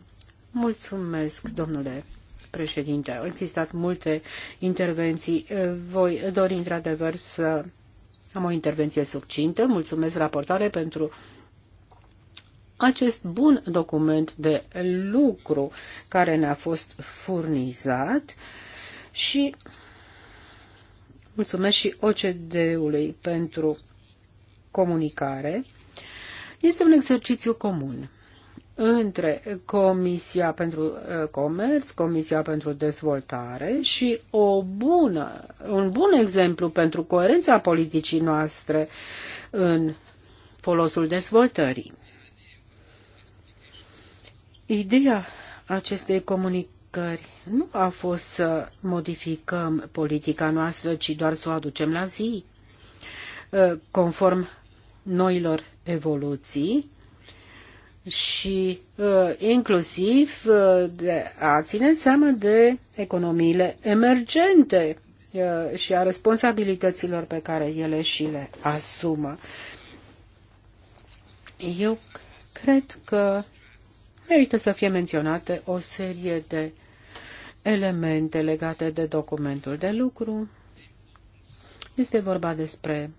Mulțumesc, domnule președinte. Au existat multe intervenții. Voi dori într-adevăr să am o intervenție succintă. Mulțumesc raportare pentru acest bun document de lucru care ne-a fost furnizat și mulțumesc și OCD-ului pentru comunicare. Este un exercițiu comun între Comisia pentru uh, Comerț, Comisia pentru Dezvoltare și o bună, un bun exemplu pentru coerența politicii noastre în folosul dezvoltării. Ideea acestei comunicări nu a fost să modificăm politica noastră, ci doar să o aducem la zi, uh, conform noilor evoluții și uh, inclusiv uh, de a ține seama de economiile emergente uh, și a responsabilităților pe care ele și le asumă. Eu cred că merită să fie menționate o serie de elemente legate de documentul de lucru. Este vorba despre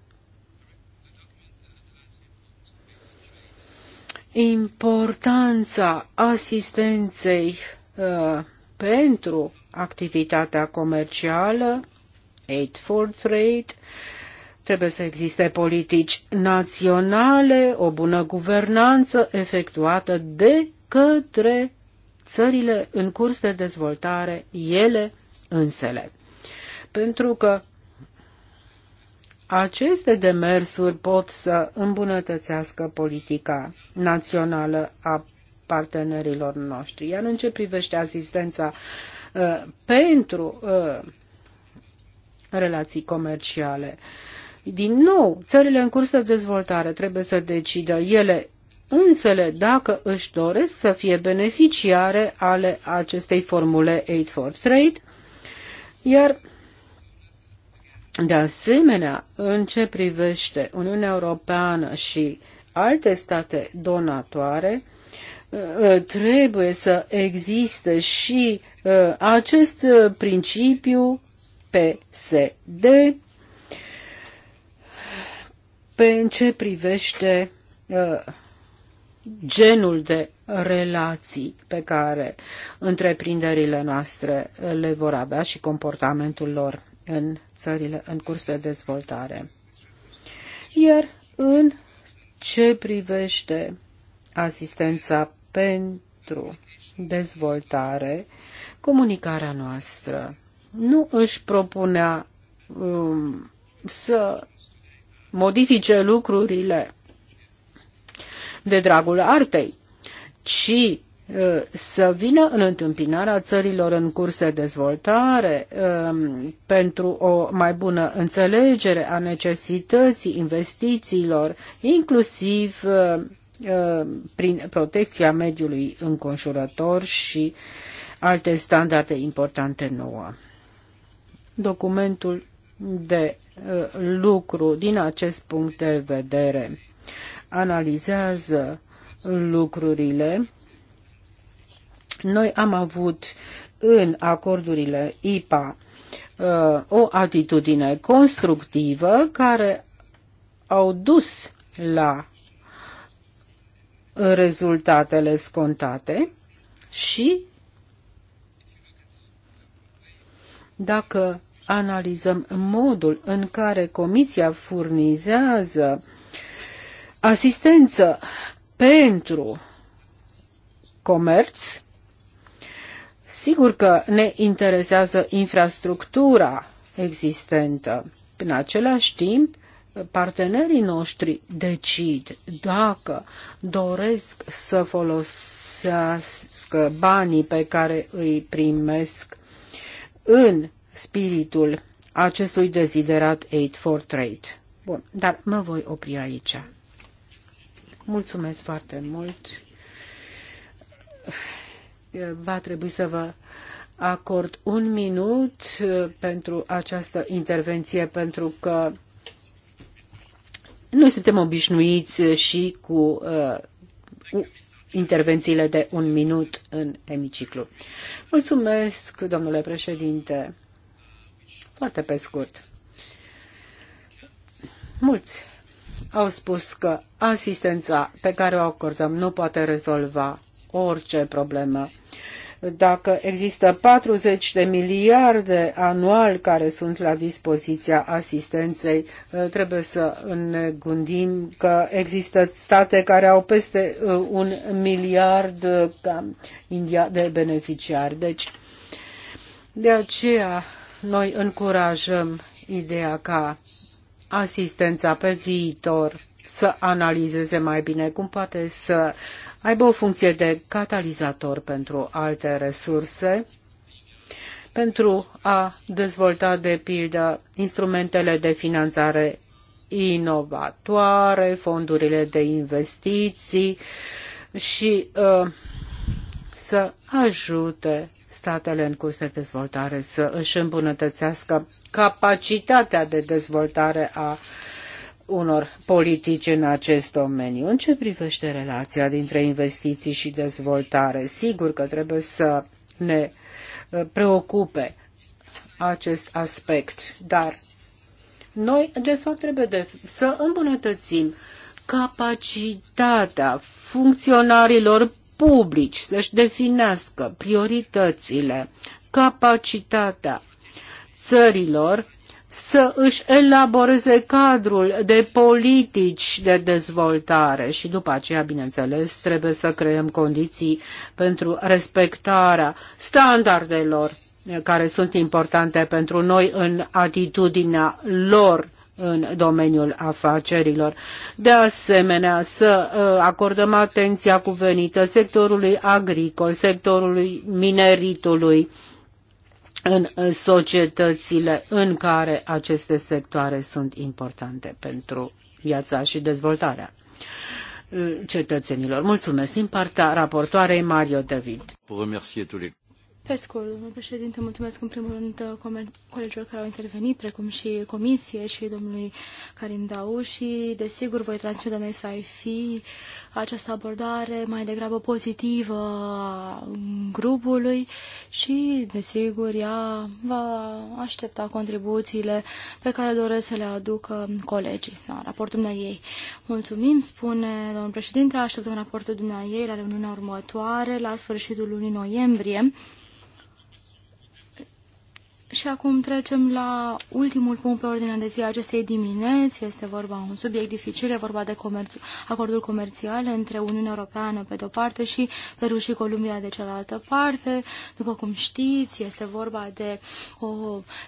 importanța asistenței uh, pentru activitatea comercială, Aid for Trade, trebuie să existe politici naționale, o bună guvernanță efectuată de către țările în curs de dezvoltare, ele însele. Pentru că aceste demersuri pot să îmbunătățească politica națională a partenerilor noștri. Iar în ce privește asistența uh, pentru uh, relații comerciale, din nou, țările în curs de dezvoltare trebuie să decidă ele însele dacă își doresc să fie beneficiare ale acestei formule Aid for Trade, iar de asemenea, în ce privește Uniunea Europeană și alte state donatoare, uh, trebuie să existe și uh, acest uh, principiu PSD pe în ce privește genul de relații pe care întreprinderile noastre le vor avea și comportamentul lor în țările în curs de dezvoltare. Iar în ce privește asistența pentru dezvoltare, comunicarea noastră nu își propunea um, să modifice lucrurile de dragul artei, ci să vină în întâmpinarea țărilor în curs de dezvoltare um, pentru o mai bună înțelegere a necesității investițiilor, inclusiv uh, uh, prin protecția mediului înconjurător și alte standarde importante nouă. Documentul de uh, lucru din acest punct de vedere analizează lucrurile noi am avut în acordurile IPA uh, o atitudine constructivă care au dus la rezultatele scontate și dacă analizăm modul în care Comisia furnizează asistență pentru comerț, Sigur că ne interesează infrastructura existentă. În același timp, partenerii noștri decid dacă doresc să folosească banii pe care îi primesc în spiritul acestui deziderat Aid for Trade. Bun, dar mă voi opri aici. Mulțumesc foarte mult va trebui să vă acord un minut uh, pentru această intervenție, pentru că noi suntem obișnuiți uh, și cu uh, intervențiile de un minut în hemiciclu. Mulțumesc, domnule președinte. Foarte pe scurt. Mulți au spus că asistența pe care o acordăm nu poate rezolva orice problemă. Dacă există 40 de miliarde anual care sunt la dispoziția asistenței, uh, trebuie să ne gândim că există state care au peste uh, un miliard uh, de beneficiari. Deci, de aceea, noi încurajăm ideea ca asistența pe viitor să analizeze mai bine cum poate să aibă o funcție de catalizator pentru alte resurse, pentru a dezvolta, de pildă, instrumentele de finanțare inovatoare, fondurile de investiții și uh, să ajute statele în curs de dezvoltare să își îmbunătățească capacitatea de dezvoltare a unor politici în acest domeniu. În ce privește relația dintre investiții și dezvoltare, sigur că trebuie să ne uh, preocupe acest aspect, dar noi, de fapt, trebuie de, să îmbunătățim capacitatea funcționarilor publici să-și definească prioritățile, capacitatea țărilor să își elaboreze cadrul de politici de dezvoltare și după aceea, bineînțeles, trebuie să creăm condiții pentru respectarea standardelor care sunt importante pentru noi în atitudinea lor în domeniul afacerilor. De asemenea, să uh, acordăm atenția cuvenită sectorului agricol, sectorului mineritului, în societățile în care aceste sectoare sunt importante pentru viața și dezvoltarea uh, cetățenilor. Mulțumesc din partea raportoarei Mario David. Pe scurt, domnul președinte, mulțumesc în primul rând uh, colegilor care au intervenit, precum și comisie și domnului Karim Dau și, desigur, voi transmite doamnei să ai fi această abordare mai degrabă pozitivă a grupului și, desigur, ea va aștepta contribuțiile pe care doresc să le aducă colegii la raportul ei. Mulțumim, spune domnul președinte, așteptăm raportul ei la reuniunea următoare, la sfârșitul lunii noiembrie. Și acum trecem la ultimul punct pe ordinea de zi a acestei dimineți. Este vorba un subiect dificil, e vorba de comerț, acordul comercial între Uniunea Europeană pe de-o parte și Peru și Columbia de cealaltă parte. După cum știți, este vorba de o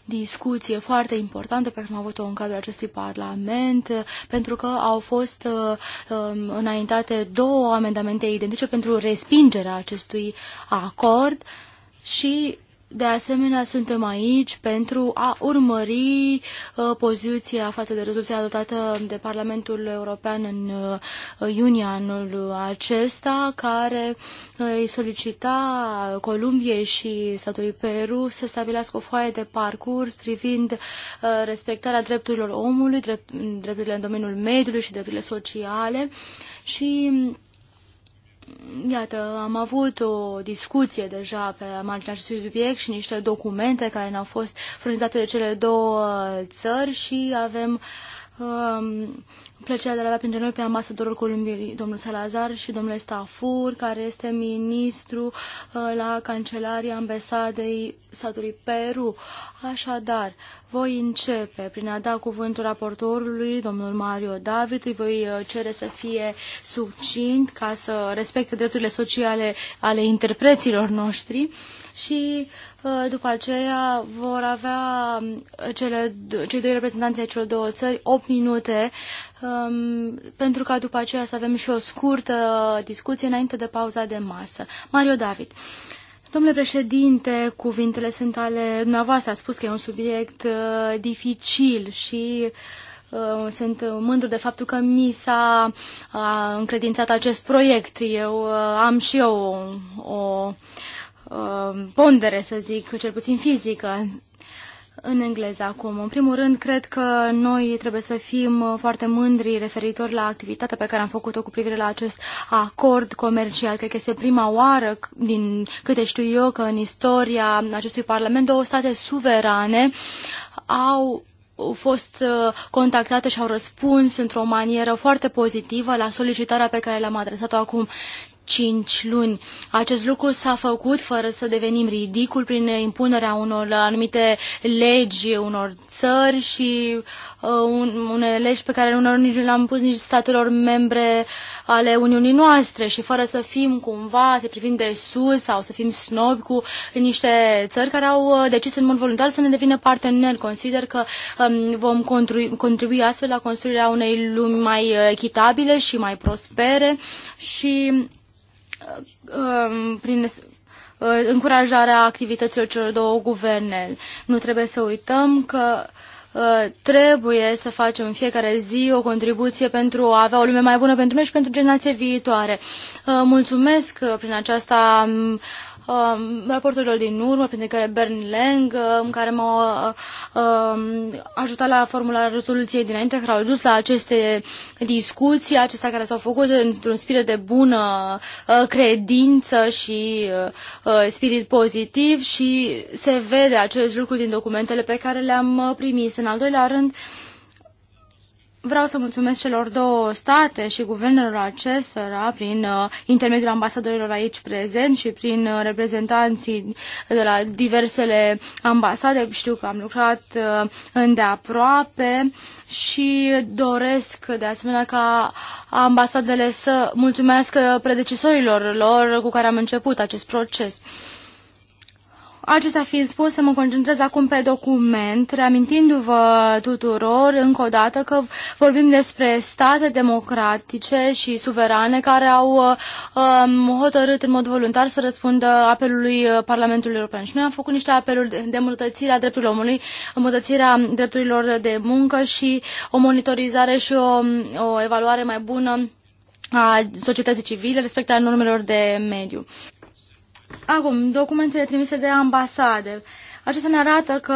discuție foarte importantă pe care am avut-o în cadrul acestui Parlament, pentru că au fost uh, um, înaintate două amendamente identice pentru respingerea acestui acord și de asemenea, suntem aici pentru a urmări uh, poziția față de rezoluția adoptată de Parlamentul European în uh, iunie anul acesta, care uh, îi solicita Columbiei și statului Peru să stabilească o foaie de parcurs privind respectarea drepturilor omului, drepturile în domeniul mediului și drepturile sociale și Iată, am avut o discuție deja pe marginea acestui subiect și niște documente care ne-au fost furnizate de cele două țări și avem uh, um, plăcerea de a avea printre noi pe ambasadorul Columbiei, domnul Salazar și domnul Stafur, care este ministru uh, la Cancelaria Ambasadei statului Peru. Așadar, voi începe prin a da cuvântul raportorului, domnul Mario David, îi voi uh, cere să fie succint ca să respecte drepturile sociale ale interpreților noștri și Ă, după aceea vor avea ă, cele, cei doi reprezentanți ai celor două țări 8 minute um, pentru ca după aceea să avem și o scurtă discuție înainte de pauza de masă. Mario David. Domnule președinte, cuvintele sunt ale dumneavoastră. A spus că e un subiect uh, dificil și uh, sunt mândru de faptul că mi s-a încredințat acest proiect. Eu uh, am și eu o, o Uh, pondere, să zic, cel puțin fizică în engleză acum. În primul rând, cred că noi trebuie să fim foarte mândri referitor la activitatea pe care am făcut-o cu privire la acest acord comercial. Cred că este prima oară, din câte știu eu, că în istoria acestui Parlament două state suverane au fost uh, contactate și au răspuns într-o manieră foarte pozitivă la solicitarea pe care le-am adresat-o acum cinci luni. Acest lucru s-a făcut fără să devenim ridicul prin impunerea unor anumite legi unor țări și uh, un, unele legi pe care unor nici nu le-am pus nici statelor membre ale Uniunii noastre și fără să fim cumva, să privim de sus sau să fim snobi cu niște țări care au uh, decis în mod voluntar să ne devină parteneri. Consider că um, vom contribui, contribui astfel la construirea unei lumi mai uh, echitabile și mai prospere și Uh, prin uh, încurajarea activităților celor două guverne. Nu trebuie să uităm că uh, trebuie să facem în fiecare zi o contribuție pentru a avea o lume mai bună pentru noi și pentru generație viitoare. Mulțumesc prin aceasta um, um, raporturilor din urmă, printre care Bern Lang, uh, în care m-au uh, um, ajutat la formularea rezoluției dinainte, care au dus la aceste discuții, acestea care s-au făcut într-un spirit de bună uh, credință și uh, uh spirit pozitiv și se vede acest lucru din documentele pe care le-am primit În al doilea rând, uh, Vreau să mulțumesc celor două state și guvernelor acestora, prin uh, intermediul ambasadorilor aici prezenți și prin uh, reprezentanții de la diversele ambasade. Știu că am lucrat uh, îndeaproape și doresc de asemenea ca ambasadele să mulțumească predecesorilor lor cu care am început acest proces. Acestea fiind să mă concentrez acum pe document, reamintindu-vă tuturor încă o dată că vorbim despre state democratice și suverane care au um, hotărât în mod voluntar să răspundă apelului uh, Parlamentului European. Și noi am făcut niște apeluri de îmbunătățire a drepturilor omului, îmbunătățirea drepturilor de muncă și o monitorizare și o, o evaluare mai bună a societății civile, respectarea normelor de mediu. Acum, documentele trimise de ambasade. Acestea ne arată că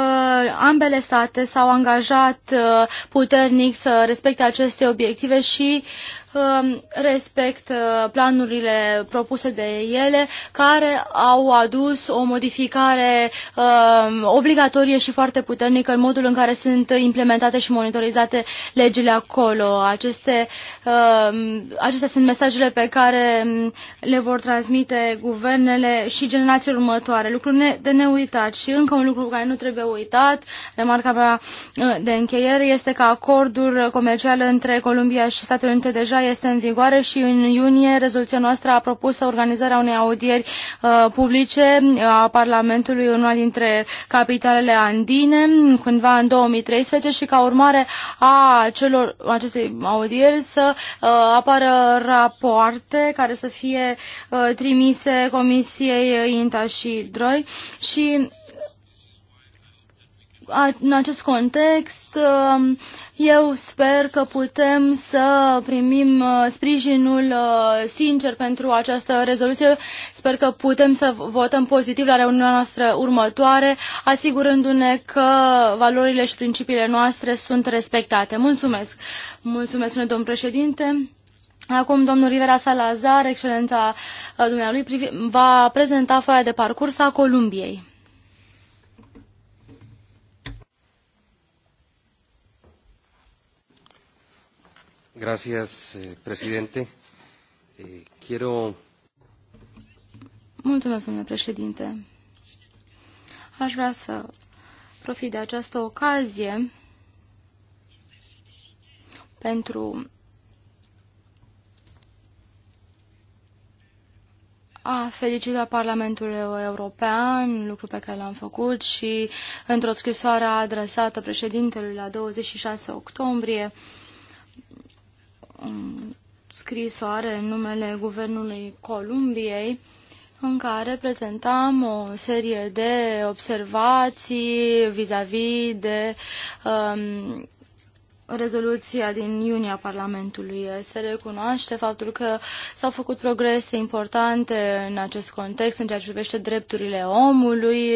ambele state s-au angajat uh, puternic să respecte aceste obiective și uh, Um, respect uh, planurile propuse de ele, care au adus o modificare um, obligatorie și foarte puternică în modul în care sunt implementate și monitorizate legile acolo. Aceste, um, acestea sunt mesajele pe care le vor transmite guvernele și generațiile următoare. Lucruri de neuitat și încă un lucru care nu trebuie uitat, remarca mea uh, de încheiere, este că acordul comercial între Columbia și Statele Unite deja este în vigoare și în iunie rezoluția noastră a propus organizarea unei audieri uh, publice uh, a Parlamentului în una dintre capitalele andine, cândva în 2013 și ca urmare a celor, acestei audieri să uh, apară rapoarte care să fie uh, trimise Comisiei INTA și DROI și în acest context, um, eu sper că putem să primim uh, sprijinul uh, sincer pentru această rezoluție. Sper că putem să votăm pozitiv la reuniunea noastră următoare, asigurându-ne că valorile și principiile noastre sunt respectate. Mulțumesc! Mulțumesc, spune domnul președinte! Acum domnul Rivera Salazar, excelența uh, dumnealui, va prezenta foaia de parcurs a Columbiei. Gracias, eh, presidente. Eh, quiero... Mulțumesc, domnule președinte. Aș vrea să profit de această ocazie pentru a felicita Parlamentul European, lucru pe care l-am făcut și într-o scrisoare adresată președintelui la 26 octombrie, scrisoare în numele Guvernului Columbiei în care prezentam o serie de observații vis-a-vis -vis de um, rezoluția din iunie a Parlamentului. Se recunoaște faptul că s-au făcut progrese importante în acest context, în ceea ce privește drepturile omului,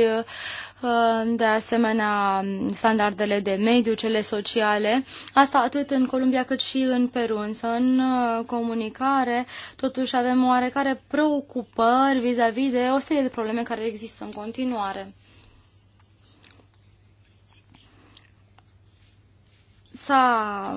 Uh, de asemenea standardele de mediu, cele sociale, asta atât în Columbia cât și în Peru, însă în uh, comunicare totuși avem oarecare preocupări vis-a-vis -vis de o serie de probleme care există în continuare. S-a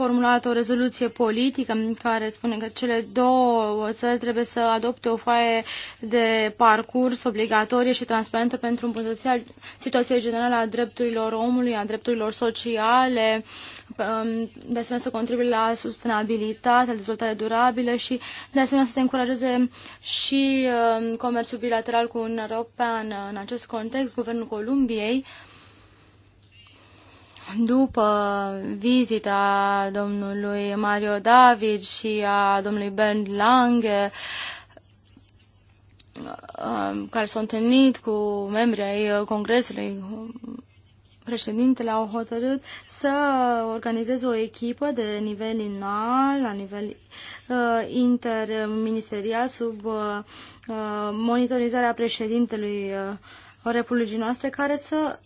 formulat o rezoluție politică în care spune că cele două țări trebuie să adopte o foaie de parcurs obligatorie și transparentă pentru îmbunătățirea situației generale a drepturilor omului, a drepturilor sociale, um, de asemenea să contribuie la sustenabilitate, la dezvoltare durabilă și de asemenea să se încurajeze și um, comerțul bilateral cu Uniunea Europeană. În acest context, Guvernul Columbiei după vizita domnului Mario David și a domnului Bernd Lange, uh, care s-au întâlnit cu membrii ai Congresului, președintele au hotărât să organizeze o echipă de nivel înalt, la nivel uh, interministerial, sub uh, uh monitorizarea președintelui uh, Republicii noastre, care să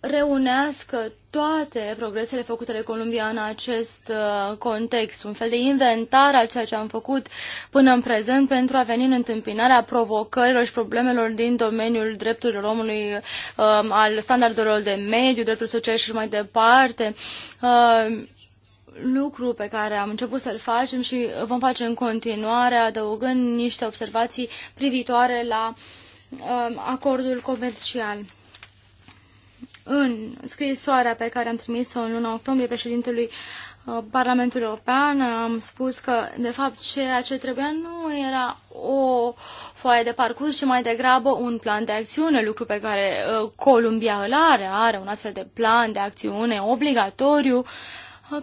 reunească toate progresele făcute de Columbia în acest uh, context, un fel de inventar al ceea ce am făcut până în prezent pentru a veni în întâmpinarea provocărilor și problemelor din domeniul drepturilor omului, uh, al standardelor de mediu, drepturi sociale și mai departe uh, lucru pe care am început să-l facem și vom face în continuare, adăugând niște observații privitoare la acordul comercial. În scrisoarea pe care am trimis-o în luna octombrie președintelui uh, Parlamentul European, am spus că, de fapt, ceea ce trebuia nu era o foaie de parcurs, ci mai degrabă un plan de acțiune, lucru pe care uh, Columbia îl are, are un astfel de plan de acțiune obligatoriu uh,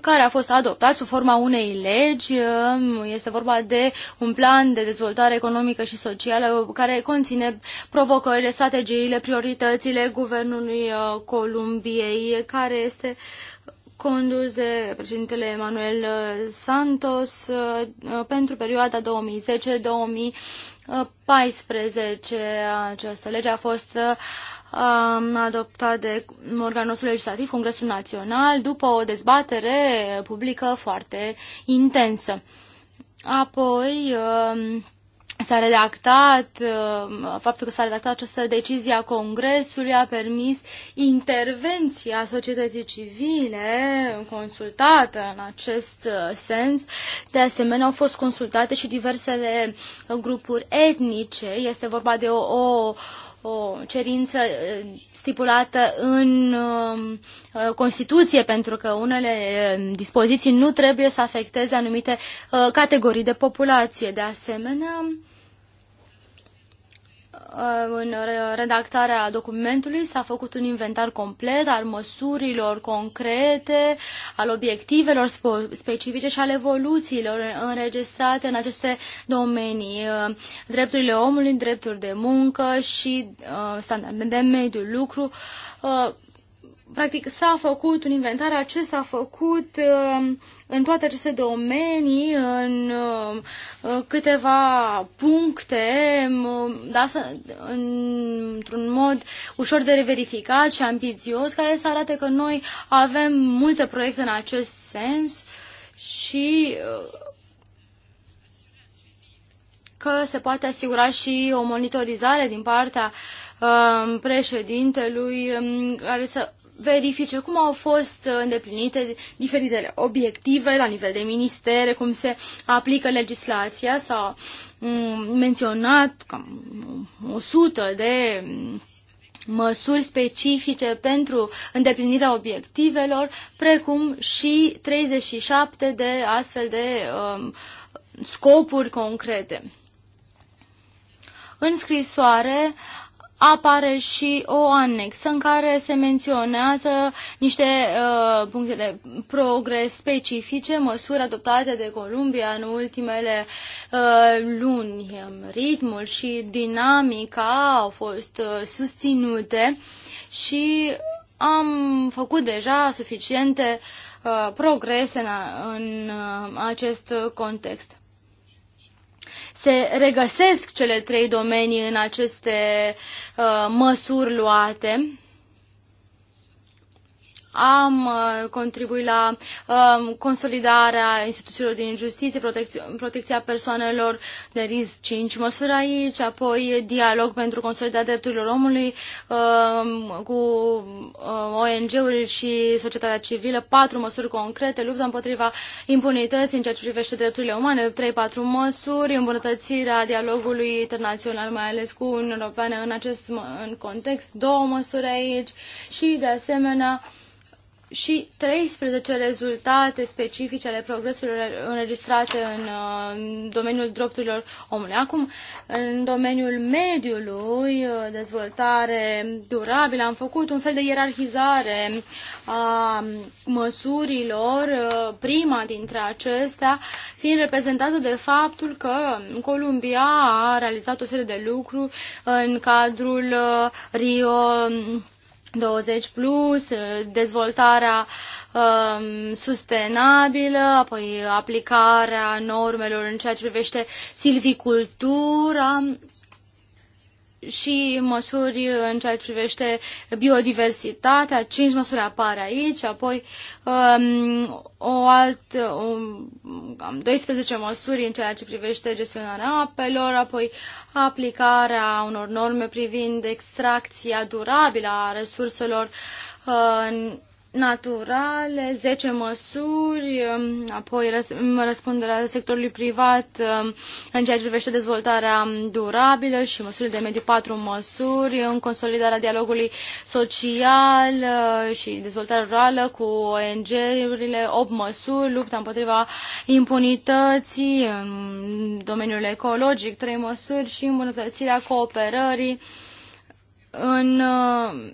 care a fost adoptat sub forma unei legi. Um, este vorba de un plan de dezvoltare economică și socială care conține provocările, strategiile, prioritățile guvernului uh, Columbiei, care este condus de președintele Emanuel uh, Santos uh, pentru perioada 2010-2014. Această lege a fost uh, adoptat de organul nostru legislativ, Congresul Național, după o dezbatere publică foarte intensă. Apoi um, s-a redactat, um, faptul că s-a redactat această decizie a Congresului a permis intervenția societății civile consultată în acest uh, sens. De asemenea, au fost consultate și diversele grupuri etnice. Este vorba de o, o o cerință eh, stipulată în eh, Constituție, pentru că unele eh, dispoziții nu trebuie să afecteze anumite categorii de populație. De asemenea, Uh, în redactarea documentului s-a făcut un inventar complet al măsurilor concrete, al obiectivelor specifice și al evoluțiilor înregistrate în aceste domenii, uh, drepturile omului, drepturi de muncă și uh, standarde de mediu, lucru practic s-a făcut un inventar a ce s-a făcut um, în toate aceste domenii, în um, uh, câteva puncte, um, da, într-un mod ușor de reverificat și ambițios, care să arate că noi avem multe proiecte în acest sens și uh, că se poate asigura și o monitorizare din partea președintelui care să verifice cum au fost uh, îndeplinite diferitele obiective la nivel de ministere, cum se aplică legislația. S-a mm, menționat cam 100 de mm, măsuri specifice pentru îndeplinirea obiectivelor, precum și 37 de astfel de um, scopuri concrete. În scrisoare, uh, apare și o anexă în care se menționează niște uh, puncte de progres specifice, măsuri adoptate de Columbia în ultimele uh, luni. Ritmul și dinamica au fost uh, susținute și am făcut deja suficiente uh, progrese în, în uh, acest context se regăsesc cele trei domenii în aceste uh, măsuri luate am uh, contribuit la um, consolidarea instituțiilor din justiție, protecția, protecția persoanelor de risc 5 măsuri aici, apoi dialog pentru consolidarea drepturilor omului um, cu um, ONG-uri și societatea civilă, patru măsuri concrete, lupta împotriva impunității în ceea ce privește drepturile umane, 3-4 măsuri, îmbunătățirea dialogului internațional, mai ales cu Uniunea Europeană în acest în context, două măsuri aici și de asemenea și 13 rezultate specifice ale progreselor înregistrate uh, în domeniul drepturilor omului. Acum, în domeniul mediului, uh, dezvoltare durabilă, am făcut un fel de ierarhizare a măsurilor, uh, prima dintre acestea fiind reprezentată de faptul că Columbia a realizat o serie de lucruri în cadrul Rio 20 plus, eh, dezvoltarea um, sustenabilă, apoi aplicarea normelor în ceea ce privește silvicultura, și măsuri în ceea ce privește biodiversitatea, cinci măsuri apare aici, apoi um, o alt, um, 12 măsuri în ceea ce privește gestionarea apelor, apoi aplicarea unor norme privind extracția durabilă a resurselor uh, naturale, 10 măsuri, um, apoi răspunderea sectorului privat um, în ceea ce privește dezvoltarea um, durabilă și măsuri de mediu 4 măsuri, în consolidarea dialogului social uh, și dezvoltarea rurală cu ONG-urile, 8 măsuri, lupta împotriva impunității, în domeniul ecologic 3 măsuri și îmbunătățirea cooperării în uh,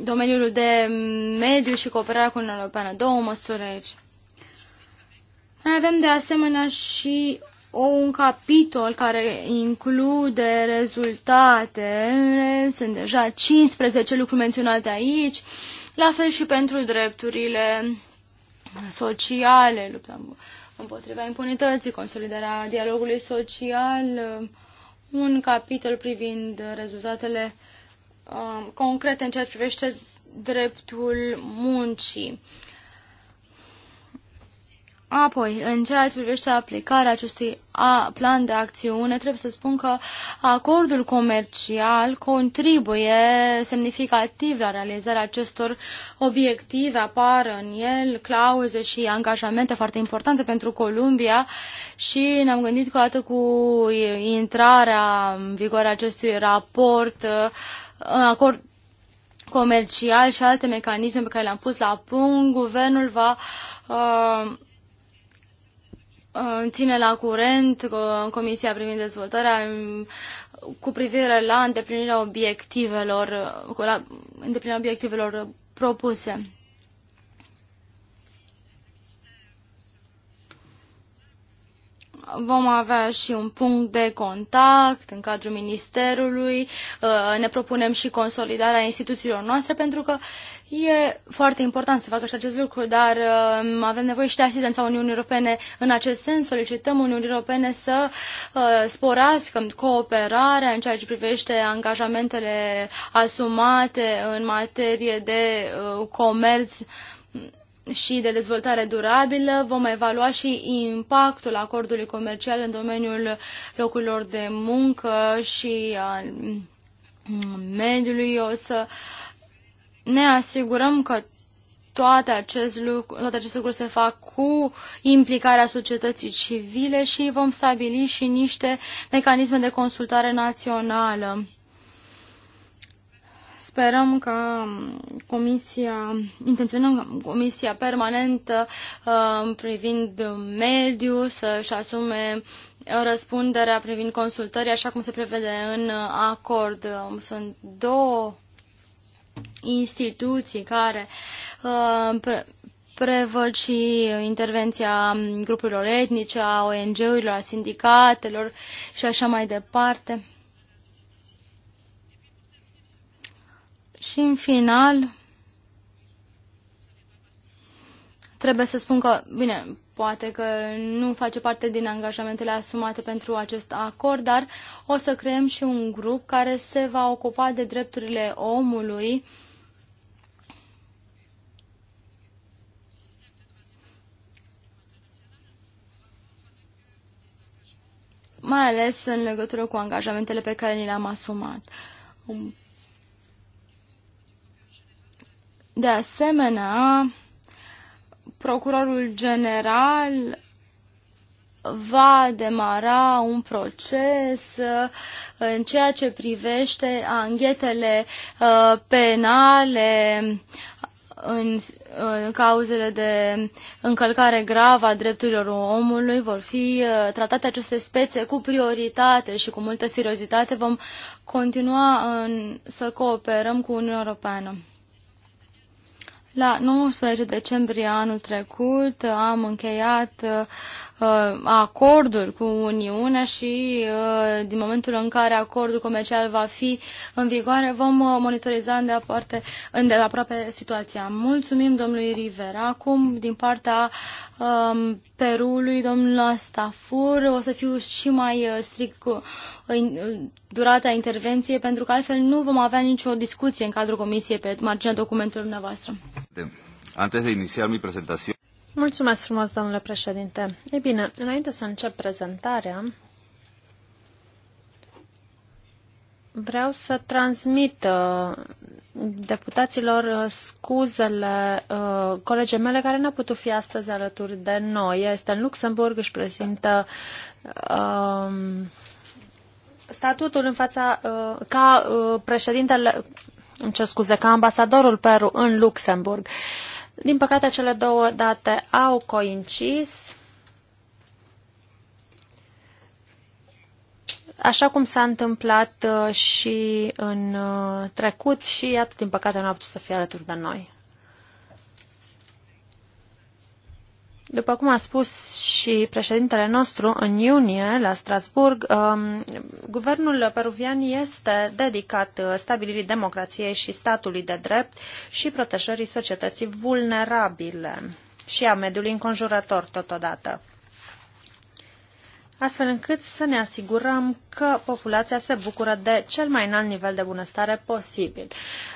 domeniul de mediu și cooperarea cu Uniunea Europeană. Două măsuri aici. Mai avem de asemenea și o, un capitol care include rezultate. Sunt deja 15 lucruri menționate aici. La fel și pentru drepturile sociale, lupta împotriva impunității, consolidarea dialogului social, un capitol privind rezultatele uh, Um, concrete în ceea ce privește dreptul muncii. Apoi, în ceea ce privește aplicarea acestui plan de acțiune, trebuie să spun că acordul comercial contribuie semnificativ la realizarea acestor obiective. Apar în el clauze și angajamente foarte importante pentru Columbia și ne-am gândit că odată cu intrarea în vigoare acestui raport, uh, acord comercial și alte mecanisme pe care le-am pus la punct, guvernul va uh, uh ține la curent uh, Comisia privind dezvoltarea um, cu privire la îndeplinirea obiectivelor, uh, la îndeplinirea obiectivelor propuse. Vom avea și un punct de contact în cadrul Ministerului, uh, ne propunem și consolidarea instituțiilor noastre, pentru că e foarte important să facă și acest lucru, dar uh, avem nevoie și de asistența Uniunii Europene. În acest sens, solicităm Uniunii Europene să uh, sporească cooperarea în ceea ce privește angajamentele asumate în materie de comerț și de dezvoltare durabilă. Vom evalua și impactul acordului comercial în domeniul locurilor de muncă și al mediului. O să ne asigurăm că toate, acest lucru, toate aceste lucruri se fac cu implicarea societății civile și vom stabili și niște mecanisme de consultare națională. Sperăm că Comisia, intenționăm Comisia permanentă uh, privind mediul să-și asume uh, răspunderea privind consultării, așa cum se prevede în uh, acord. Um, sunt două instituții care prevăd și intervenția grupurilor etnice, a ONG-urilor, a sindicatelor și așa mai departe. Și în final, trebuie să spun că, bine, poate că nu face parte din angajamentele asumate pentru acest acord, dar o să creăm și un grup care se va ocupa de drepturile omului mai ales în legătură cu angajamentele pe care ni le-am asumat. De asemenea, procurorul general va demara un proces uh, în ceea ce privește anghetele uh, penale în, în uh, cauzele de încălcare gravă a drepturilor omului vor fi tratate aceste spețe cu prioritate și cu multă seriozitate. Vom continua în, să cooperăm cu Uniunea Europeană. La 19 decembrie anul trecut am încheiat uh, acordul cu Uniunea și uh, din momentul în care acordul comercial va fi în vigoare vom uh, monitoriza îndeaproape, îndeaproape situația. Mulțumim domnului Rivera. Acum, din partea uh, Perului, domnul Stafur, o să fiu și mai uh, strict cu durata intervenției, pentru că altfel nu vom avea nicio discuție în cadrul comisiei pe marginea documentului dumneavoastră. Antes de iniciar mi presentación... Mulțumesc frumos, domnule președinte. Ei bine, înainte să încep prezentarea, vreau să transmit uh, deputaților uh, scuzele uh, colegii mele care n-a putut fi astăzi alături de noi. Este în Luxemburg, își prezintă um, statutul în fața, uh, ca uh, președintele, îmi cer scuze, ca ambasadorul Peru în Luxemburg. Din păcate, cele două date au coincis. Așa cum s-a întâmplat uh, și în trecut și iată, din păcate, nu a putut să fie alături de noi. După cum a spus și președintele nostru, în iunie, la Strasburg, um, guvernul peruvian este dedicat uh, stabilirii democrației și statului de drept și protejării societății vulnerabile și a mediului înconjurător totodată astfel încât să ne asigurăm că populația se bucură de cel mai înalt nivel de bunăstare posibil.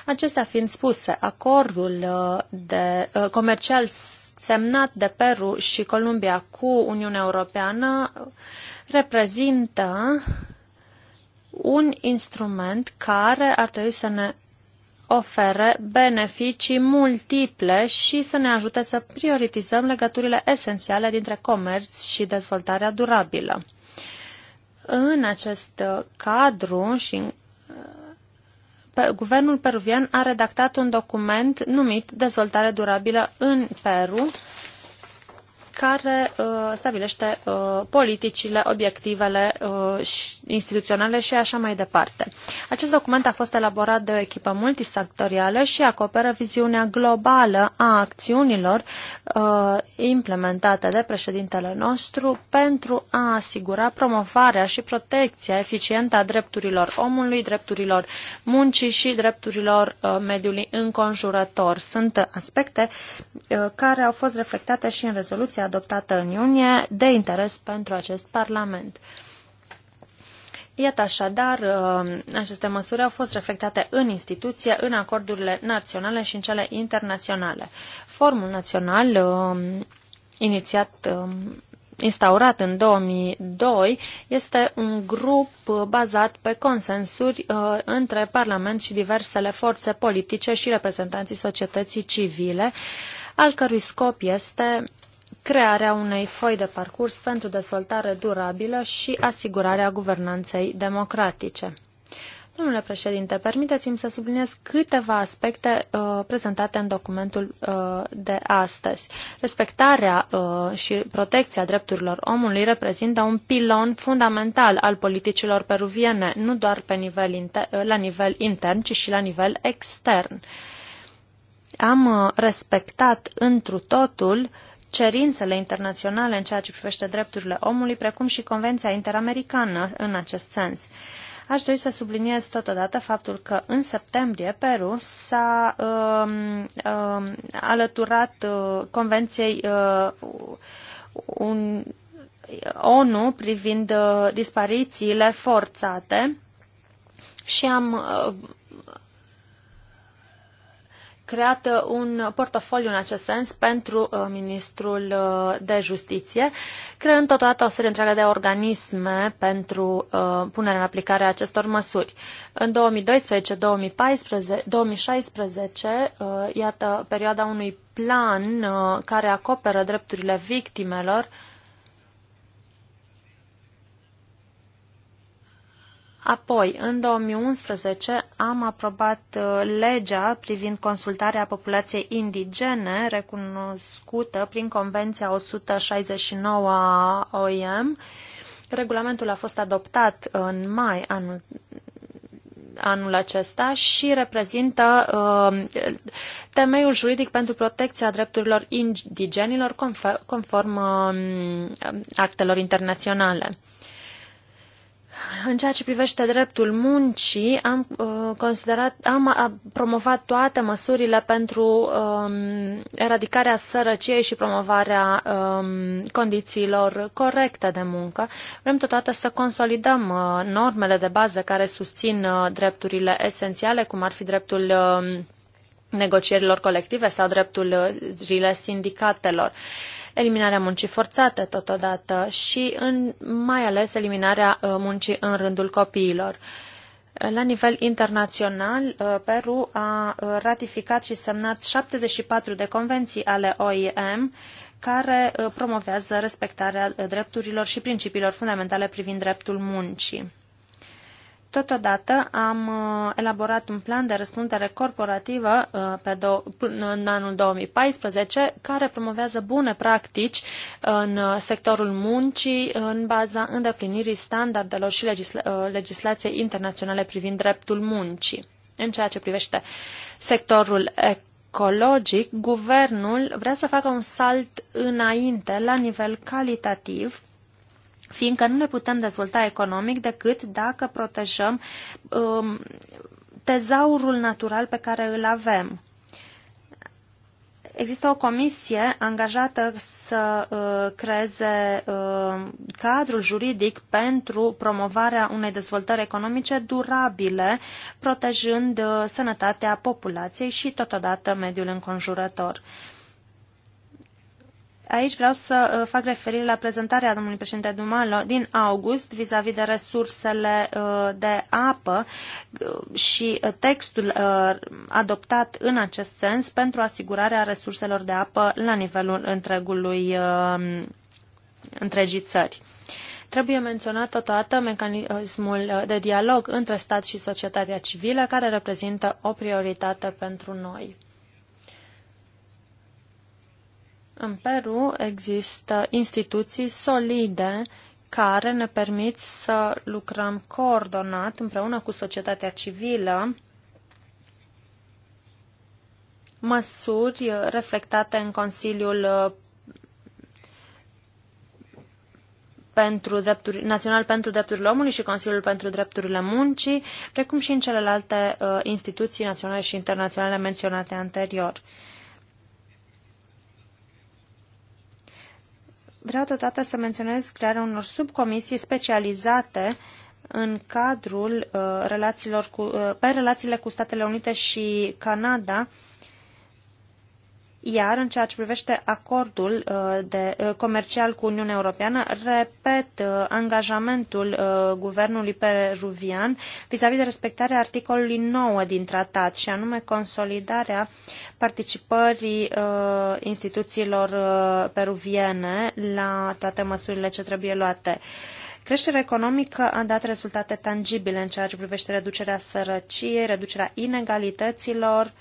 Acestea fiind spuse, acordul uh, de, uh, comercial semnat de Peru și Columbia cu Uniunea Europeană reprezintă un instrument care ar trebui să ne ofere beneficii multiple și să ne ajute să prioritizăm legăturile esențiale dintre comerț și dezvoltarea durabilă. În acest cadru și guvernul peruvian a redactat un document numit Dezvoltare durabilă în Peru, care uh, stabilește uh, politicile, obiectivele uh, instituționale și așa mai departe. Acest document a fost elaborat de o echipă multisectorială și acoperă viziunea globală a acțiunilor uh, implementate de președintele nostru pentru a asigura promovarea și protecția eficientă a drepturilor omului, drepturilor muncii și drepturilor uh, mediului înconjurător. Sunt aspecte uh, care au fost reflectate și în rezoluția adoptată în iunie de interes pentru acest Parlament. Iată așadar, uh, aceste măsuri au fost reflectate în instituție, în acordurile naționale și în cele internaționale. Formul național uh, inițiat um, instaurat în 2002, este un grup uh, bazat pe consensuri uh, între Parlament și diversele forțe politice și reprezentanții societății civile, al cărui scop este crearea unei foi de parcurs pentru dezvoltare durabilă și asigurarea guvernanței democratice. Domnule președinte, permiteți-mi să subliniez câteva aspecte uh, prezentate în documentul uh, de astăzi. Respectarea uh, și protecția drepturilor omului reprezintă un pilon fundamental al politicilor peruviene, nu doar pe nivel uh, la nivel intern, ci și la nivel extern. Am uh, respectat întru totul uh, cerințele internaționale în ceea ce privește drepturile omului, precum și Convenția Interamericană în acest sens. Aș dori să subliniez totodată faptul că în septembrie Peru s-a um, um, alăturat uh, Convenției uh, un, ONU privind uh, disparițiile forțate și am uh, creat un portofoliu în acest sens pentru uh, ministrul uh, de justiție, creând totodată o serie întreagă de organisme pentru uh, punerea în aplicare a acestor măsuri. În 2012, 2016, iată perioada unui plan care acoperă drepturile victimelor Apoi, în 2011, am aprobat uh, legea privind consultarea populației indigene, recunoscută prin Convenția 169 a OIM. Regulamentul a fost adoptat în mai anul anul acesta și reprezintă uh, temeiul juridic pentru protecția drepturilor indigenilor conform, uh, actelor internaționale. În ceea ce privește dreptul muncii, am, uh, considerat, am a, promovat toate măsurile pentru um, eradicarea sărăciei și promovarea um, condițiilor corecte de muncă. Vrem totodată să consolidăm uh, normele de bază care susțin uh, drepturile esențiale, cum ar fi dreptul uh, negocierilor colective sau drepturile sindicatelor. Uh, eliminarea muncii forțate totodată și în, mai ales eliminarea uh, muncii în rândul copiilor. La nivel internațional, uh, Peru a uh, ratificat și semnat 74 de convenții ale OIM care promovează respectarea drepturilor și principiilor fundamentale privind dreptul muncii. Totodată am uh, elaborat un plan de răspundere corporativă uh, pe do- în anul 2014 care promovează bune practici în uh, sectorul muncii în baza îndeplinirii standardelor și legisla- legislației internaționale privind dreptul muncii. În ceea ce privește sectorul ecologic, guvernul vrea să facă un salt înainte la nivel calitativ fiindcă nu ne putem dezvolta economic decât dacă protejăm um, tezaurul natural pe care îl avem. Există o comisie angajată să uh, creeze uh, cadrul juridic pentru promovarea unei dezvoltări economice durabile, protejând uh, sănătatea populației și totodată mediul înconjurător. Uh, Aici vreau să uh, fac referire la prezentarea domnului președinte Dumalo din august vis-a-vis de resursele uh, de apă uh, și textul adoptat în acest sens pentru asigurarea resurselor de apă la nivelul întregului, um, întregii țări. Trebuie menționat totodată mecanismul de dialog între stat și societatea civilă, care reprezintă o prioritate pentru noi. În Peru există instituții solide care ne permit să lucrăm coordonat împreună cu societatea civilă măsuri reflectate în Consiliul uh, pentru drepturi, Național pentru Drepturile Omului și Consiliul pentru Drepturile Muncii, precum și în celelalte uh, instituții naționale și internaționale menționate anterior. Vreau totodată să menționez crearea unor subcomisii specializate în cadrul uh, relațiilor cu, uh, pe relațiile cu Statele Unite și Canada iar în ceea ce privește acordul uh, de, uh, comercial cu Uniunea Europeană, repet uh, angajamentul guvernului peruvian vis-a-vis de respectarea articolului 9 din tratat și anume consolidarea participării instituțiilor peruviene la toate măsurile ce trebuie luate. Creșterea economică a dat rezultate tangibile în ceea ce privește reducerea sărăciei, reducerea inegalităților,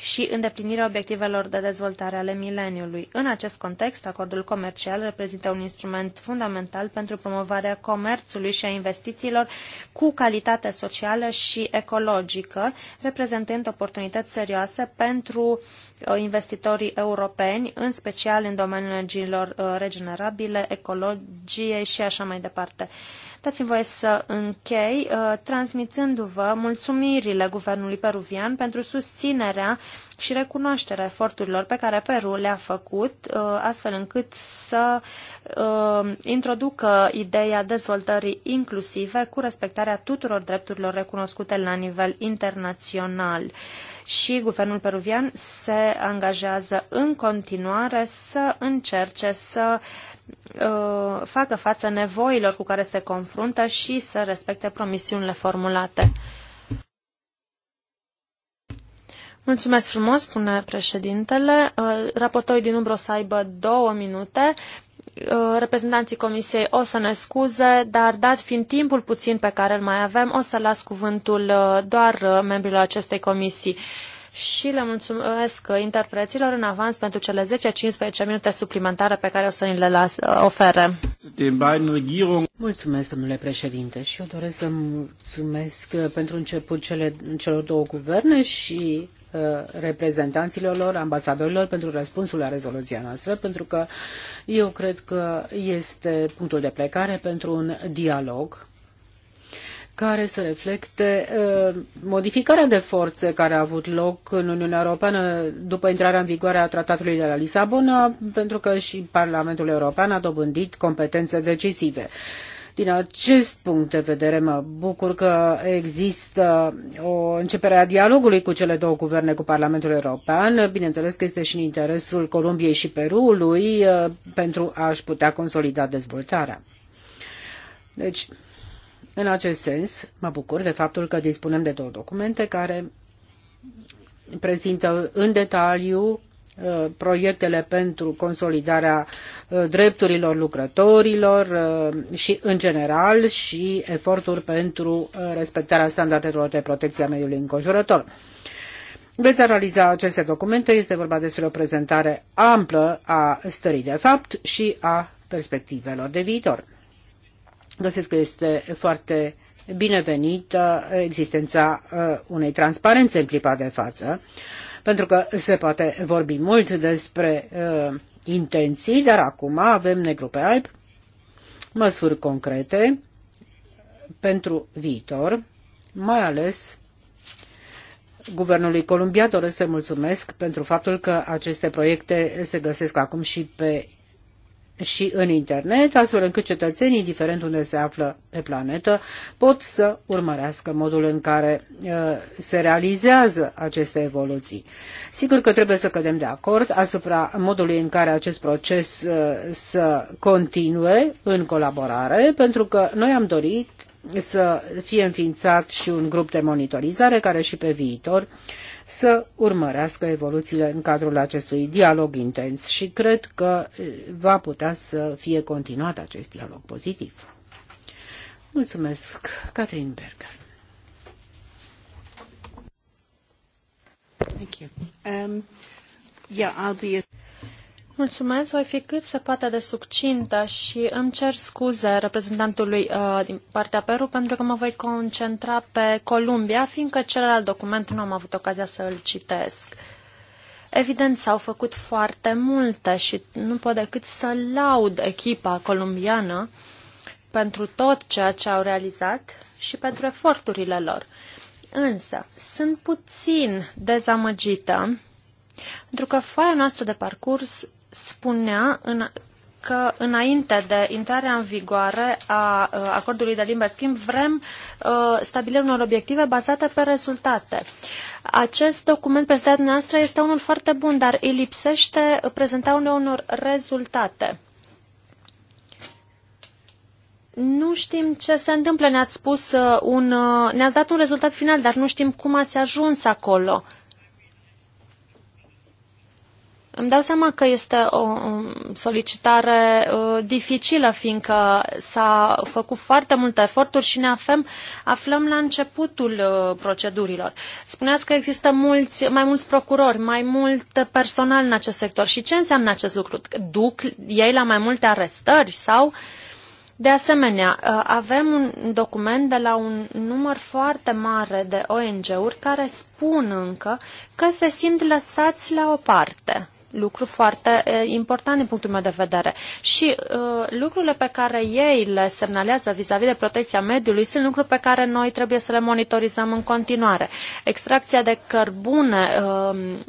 și îndeplinirea obiectivelor de dezvoltare ale mileniului. În acest context, acordul comercial reprezintă un instrument fundamental pentru promovarea comerțului și a investițiilor cu calitate socială și ecologică, reprezentând oportunități serioase pentru uh, investitorii europeni, în special în domeniul energiilor uh, regenerabile, ecologiei și așa mai departe. Dați-mi voie să închei uh, transmitându-vă mulțumirile guvernului peruvian pentru susținerea și recunoașterea eforturilor pe care Peru le-a făcut, uh, astfel încât să uh, introducă ideea dezvoltării inclusive cu respectarea tuturor drepturilor recunoscute la nivel internațional și guvernul peruvian se angajează în continuare să încerce să uh, facă față nevoilor cu care se confruntă și să respecte promisiunile formulate. Mulțumesc frumos, spune președintele. Uh, raportorii din umbră o să aibă două minute Uh, reprezentanții Comisiei o să ne scuze, dar dat fiind timpul puțin pe care îl mai avem, o să las cuvântul uh, doar uh, membrilor acestei comisii. Și le mulțumesc interpreților în avans pentru cele 10-15 minute suplimentare pe care o să ni le las, ofere. Mulțumesc, domnule președinte, și eu doresc să mulțumesc pentru început cele, celor două guverne și Uh, reprezentanților lor, ambasadorilor, pentru răspunsul la rezoluția noastră, pentru că eu cred că este punctul de plecare pentru un dialog care să reflecte uh, modificarea de forțe care a avut loc în Uniunea Europeană după intrarea în vigoare a Tratatului de la Lisabona, pentru că și Parlamentul European a dobândit competențe decisive. Uh, din acest punct de vedere, mă bucur că există o începere a dialogului cu cele două guverne, cu Parlamentul European. Bineînțeles că este și în interesul Columbiei și Perului uh, pentru a-și putea consolida dezvoltarea. Deci, în acest sens, mă bucur de faptul că dispunem de două documente care prezintă în detaliu Uh, proiectele pentru consolidarea uh, drepturilor lucrătorilor uh, și, în general, și eforturi pentru respectarea standardelor de protecție a mediului înconjurător. Veți analiza aceste documente, este vorba despre o prezentare amplă a stării de fapt și a perspectivelor de viitor. Găsesc că este foarte binevenită existența unei transparențe în clipa de față pentru că se poate vorbi mult despre uh, intenții, dar acum avem negru pe alb, măsuri concrete pentru viitor, mai ales Guvernului Columbia doresc să mulțumesc pentru faptul că aceste proiecte se găsesc acum și pe și în internet, astfel încât cetățenii, indiferent unde se află pe planetă, pot să urmărească modul în care uh, se realizează aceste evoluții. Sigur că trebuie să cădem de acord asupra modului în care acest proces uh, să continue în colaborare, pentru că noi am dorit să fie înființat și un grup de monitorizare care și pe viitor uh, să urmărească evoluțiile în cadrul acestui dialog intens și cred că va putea să fie continuat acest dialog pozitiv. Mulțumesc, Catherine Berger. Thank you. Um, yeah, I'll be Mulțumesc, voi fi cât se poate de succintă și îmi cer scuze reprezentantului uh, din partea Peru pentru că mă voi concentra pe Columbia, fiindcă celălalt document nu am avut ocazia să îl citesc. Evident, s-au făcut foarte multe și nu pot decât să laud echipa columbiană pentru tot ceea ce au realizat și pentru eforturile lor. Însă, sunt puțin dezamăgită pentru că foaia noastră de parcurs spunea în, că înainte de intrarea în vigoare a uh, acordului de liber schimb vrem uh, stabilirea unor obiective bazate pe rezultate. Acest document prezentat noastră este unul foarte bun, dar îi lipsește prezentarea unor rezultate. Nu știm ce se întâmplă. Ne-ați spus uh, un, ne-ați dat un rezultat final, dar nu știm cum ați ajuns acolo. Uh, îmi dau seama că este o solicitare uh, dificilă, fiindcă s-a făcut foarte multe eforturi și ne aflăm, aflăm la începutul uh, procedurilor. Spuneați că există mulți, mai mulți procurori, mai mult personal în acest sector. Și ce înseamnă acest lucru? Duc ei la mai multe arestări sau... De asemenea, uh, avem un document de la un număr foarte mare de ONG-uri care spun încă că se simt lăsați la o parte lucru foarte important din punctul meu de vedere. Și uh, lucrurile pe care ei le semnalează vis-a-vis -vis de protecția mediului sunt lucruri pe care noi trebuie să le monitorizăm în continuare. Extracția de cărbune. Uh,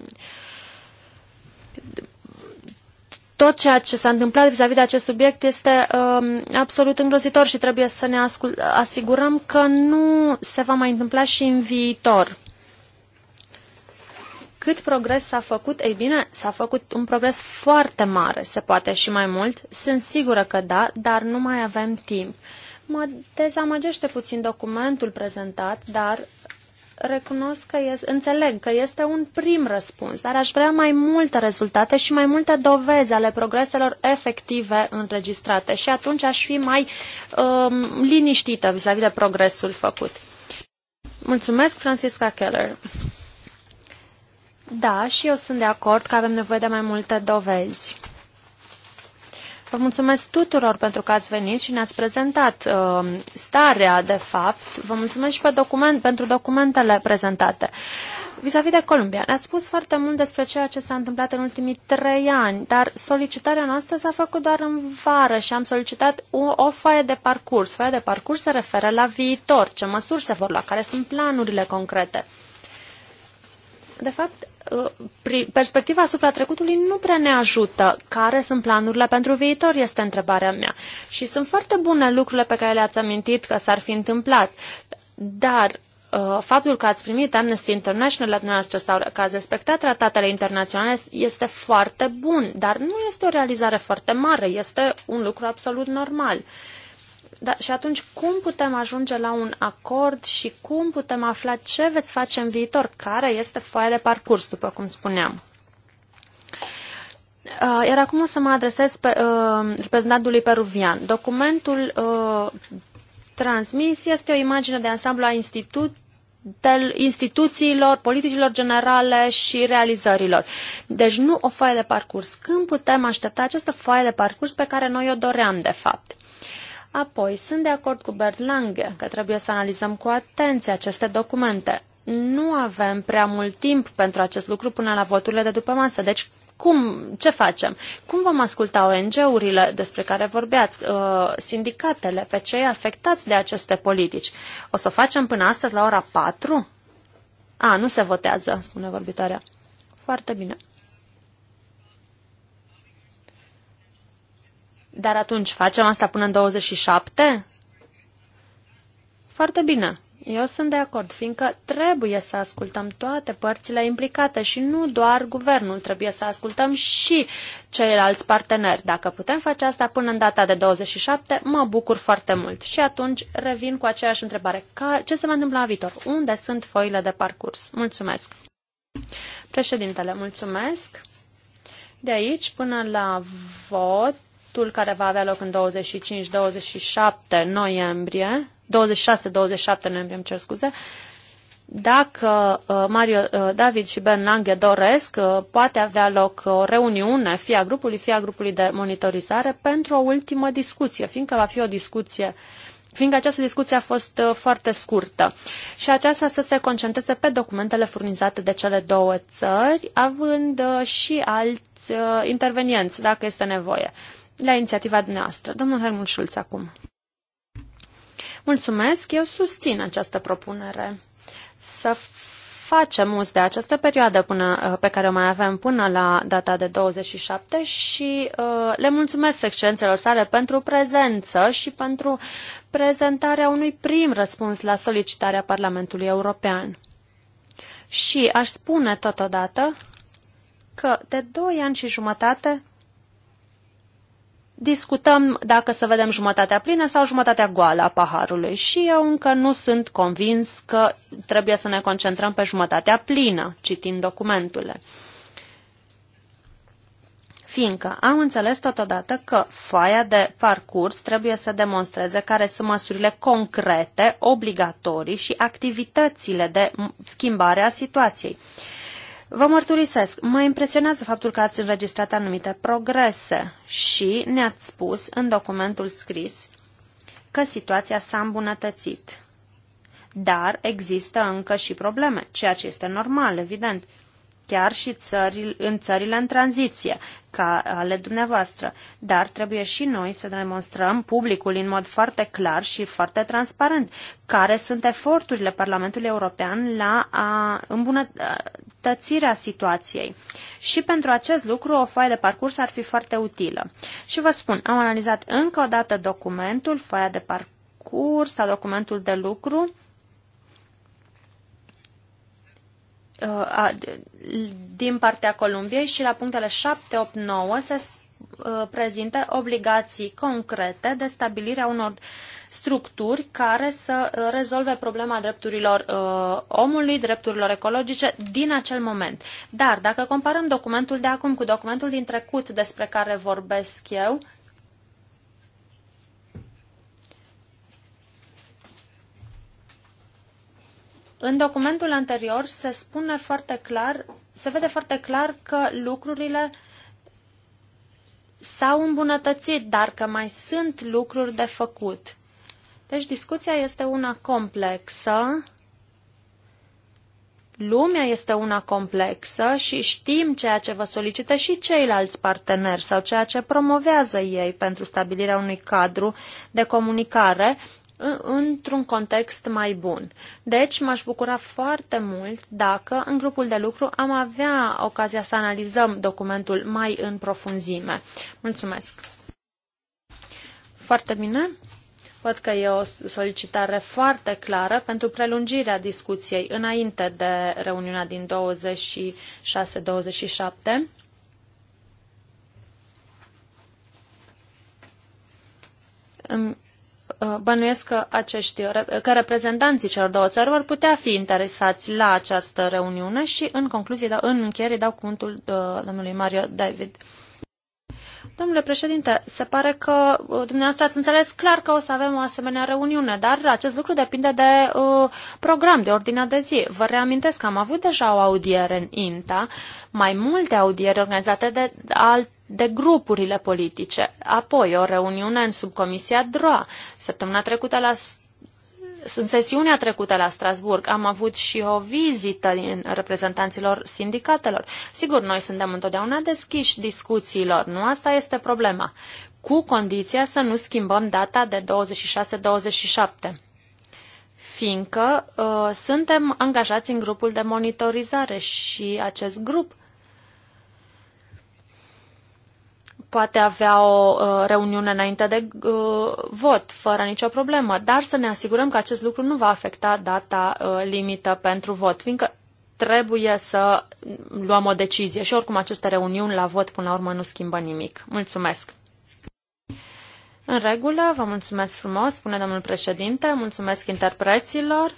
tot ceea ce s-a întâmplat vis-a-vis -vis de acest subiect este uh, absolut îngrozitor și trebuie să ne asigurăm că nu se va mai întâmpla și în viitor. Cât progres s-a făcut? Ei bine, s-a făcut un progres foarte mare, se poate și mai mult. Sunt sigură că da, dar nu mai avem timp. Mă dezamăgește puțin documentul prezentat, dar recunosc că este, înțeleg că este un prim răspuns, dar aș vrea mai multe rezultate și mai multe dovezi ale progreselor efective înregistrate și atunci aș fi mai um, liniștită vis-a-vis -vis de progresul făcut. Mulțumesc, Francisca Keller. Da, și eu sunt de acord că avem nevoie de mai multe dovezi. Vă mulțumesc tuturor pentru că ați venit și ne-ați prezentat uh, starea, de fapt. Vă mulțumesc și pe document, pentru documentele prezentate. Vis-a-vis de Columbia, ne-ați spus foarte mult despre ceea ce s-a întâmplat în ultimii trei ani, dar solicitarea noastră s-a făcut doar în vară și am solicitat o, o foaie de parcurs. Foaia de parcurs se referă la viitor, ce măsuri se vor lua, care sunt planurile concrete. De fapt, perspectiva asupra trecutului nu prea ne ajută. Care sunt planurile pentru viitor, este întrebarea mea. Și sunt foarte bune lucrurile pe care le-ați amintit că s-ar fi întâmplat. Dar uh, faptul că ați primit Amnesty International la dumneavoastră sau că ați respectat tratatele internaționale este foarte bun, dar nu este o realizare foarte mare, este un lucru absolut normal. Uh, da, și atunci cum putem ajunge la un acord și cum putem afla ce veți face în viitor, care este foaia de parcurs, după cum spuneam. Uh, iar acum o să mă adresez pe, uh, reprezentantului peruvian. Documentul uh, transmis este o imagine de ansamblu a institut, del instituțiilor, politicilor generale și realizărilor. Deci nu o foaie de parcurs. Când putem aștepta această foaie de parcurs pe care noi o doream, de fapt? Apoi, sunt de acord cu Bert Lange că trebuie să analizăm cu atenție aceste documente. Nu avem prea mult timp pentru acest lucru până la voturile de după masă, deci cum, ce facem? Cum vom asculta ONG-urile despre care vorbeați, uh, sindicatele, pe cei afectați de aceste politici? O să o facem până astăzi la ora 4? A, nu se votează, spune vorbitoarea. Foarte bine. Dar atunci, facem asta până în 27? Foarte bine. Eu sunt de acord, fiindcă trebuie să ascultăm toate părțile implicate și nu doar guvernul, trebuie să ascultăm și ceilalți parteneri. Dacă putem face asta până în data de 27, mă bucur foarte mult. Și atunci revin cu aceeași întrebare. Ce se va întâmpla în viitor? Unde sunt foile de parcurs? Mulțumesc. Președintele, mulțumesc. De aici până la vot votul care va avea loc în 25-27 noiembrie, 26-27 noiembrie, îmi cer scuze, dacă uh, Mario uh, David și Ben Lange doresc, uh, poate avea loc o reuniune, fie a grupului, fie a grupului de monitorizare, pentru o ultimă discuție, fiindcă va fi o discuție fiindcă această discuție a fost foarte scurtă și aceasta să se concentreze pe documentele furnizate de cele două țări, având și alți intervenienți, dacă este nevoie la inițiativa dumneavoastră, Domnul Helmut Schulz acum. Mulțumesc, eu susțin această propunere. Să facem uz de această perioadă până, uh, pe care o mai avem până la data de 27 și uh, le mulțumesc excelențelor sale pentru prezență și pentru prezentarea unui prim răspuns la solicitarea Parlamentului European. Și aș spune totodată că de 2 ani și jumătate discutăm dacă să vedem jumătatea plină sau jumătatea goală a paharului și eu încă nu sunt convins că trebuie să ne concentrăm pe jumătatea plină, citind documentele. Fiindcă am înțeles totodată că foaia de parcurs trebuie să demonstreze care sunt măsurile concrete, obligatorii și activitățile de schimbare a situației. Vă mărturisesc, mă impresionează faptul că ați înregistrat anumite progrese și ne-ați spus în documentul scris că situația s-a îmbunătățit. Dar există încă și probleme, ceea ce este normal, evident chiar și țări, în țările în tranziție, ca ale dumneavoastră. Dar trebuie și noi să demonstrăm publicul în mod foarte clar și foarte transparent care sunt eforturile Parlamentului European la a îmbunătățirea situației. Și pentru acest lucru o foaie de parcurs ar fi foarte utilă. Și vă spun, am analizat încă o dată documentul, foaia de parcurs sau documentul de lucru din partea Columbiei și la punctele 7, 8, 9 se prezintă obligații concrete de stabilirea unor structuri care să rezolve problema drepturilor uh, omului, drepturilor ecologice din acel moment. Dar dacă comparăm documentul de acum cu documentul din trecut despre care vorbesc eu, În documentul anterior se spune foarte clar, se vede foarte clar că lucrurile s-au îmbunătățit, dar că mai sunt lucruri de făcut. Deci discuția este una complexă, lumea este una complexă și știm ceea ce vă solicită și ceilalți parteneri sau ceea ce promovează ei pentru stabilirea unui cadru de comunicare într-un context mai bun. Deci m-aș bucura foarte mult dacă în grupul de lucru am avea ocazia să analizăm documentul mai în profunzime. Mulțumesc! Foarte bine! Văd că e o solicitare foarte clară pentru prelungirea discuției înainte de reuniunea din 26-27. Îmi Uh, bănuiesc că acești, că reprezentanții celor două țări vor putea fi interesați la această reuniune și în concluzie, da, în încheiere, dau cuvântul uh, domnului Mario David. Domnule președinte, se pare că uh, dumneavoastră ați înțeles clar că o să avem o asemenea reuniune, dar acest lucru depinde de uh, program, de ordinea de zi. Vă reamintesc că am avut deja o audiere în INTA, mai multe audiere organizate de alt de grupurile politice. Apoi o reuniune în subcomisia DROA. Săptămâna trecută la în sesiunea trecută la Strasburg am avut și o vizită din reprezentanților sindicatelor. Sigur, noi suntem întotdeauna deschiși discuțiilor, nu asta este problema, cu condiția să nu schimbăm data de 26-27 fiindcă uh, suntem angajați în grupul de monitorizare și acest grup poate avea o uh, reuniune înainte de uh, vot, fără nicio problemă, dar să ne asigurăm că acest lucru nu va afecta data uh, limită pentru vot, fiindcă trebuie să luăm o decizie și oricum aceste reuniuni la vot până la urmă nu schimbă nimic. Mulțumesc! În regulă, vă mulțumesc frumos, spune domnul președinte, mulțumesc interpreților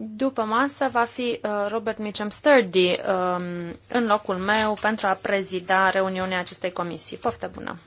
după masă va fi uh, Robert Mitchum Sturdy um, în locul meu pentru a prezida reuniunea acestei comisii. Poftă bună!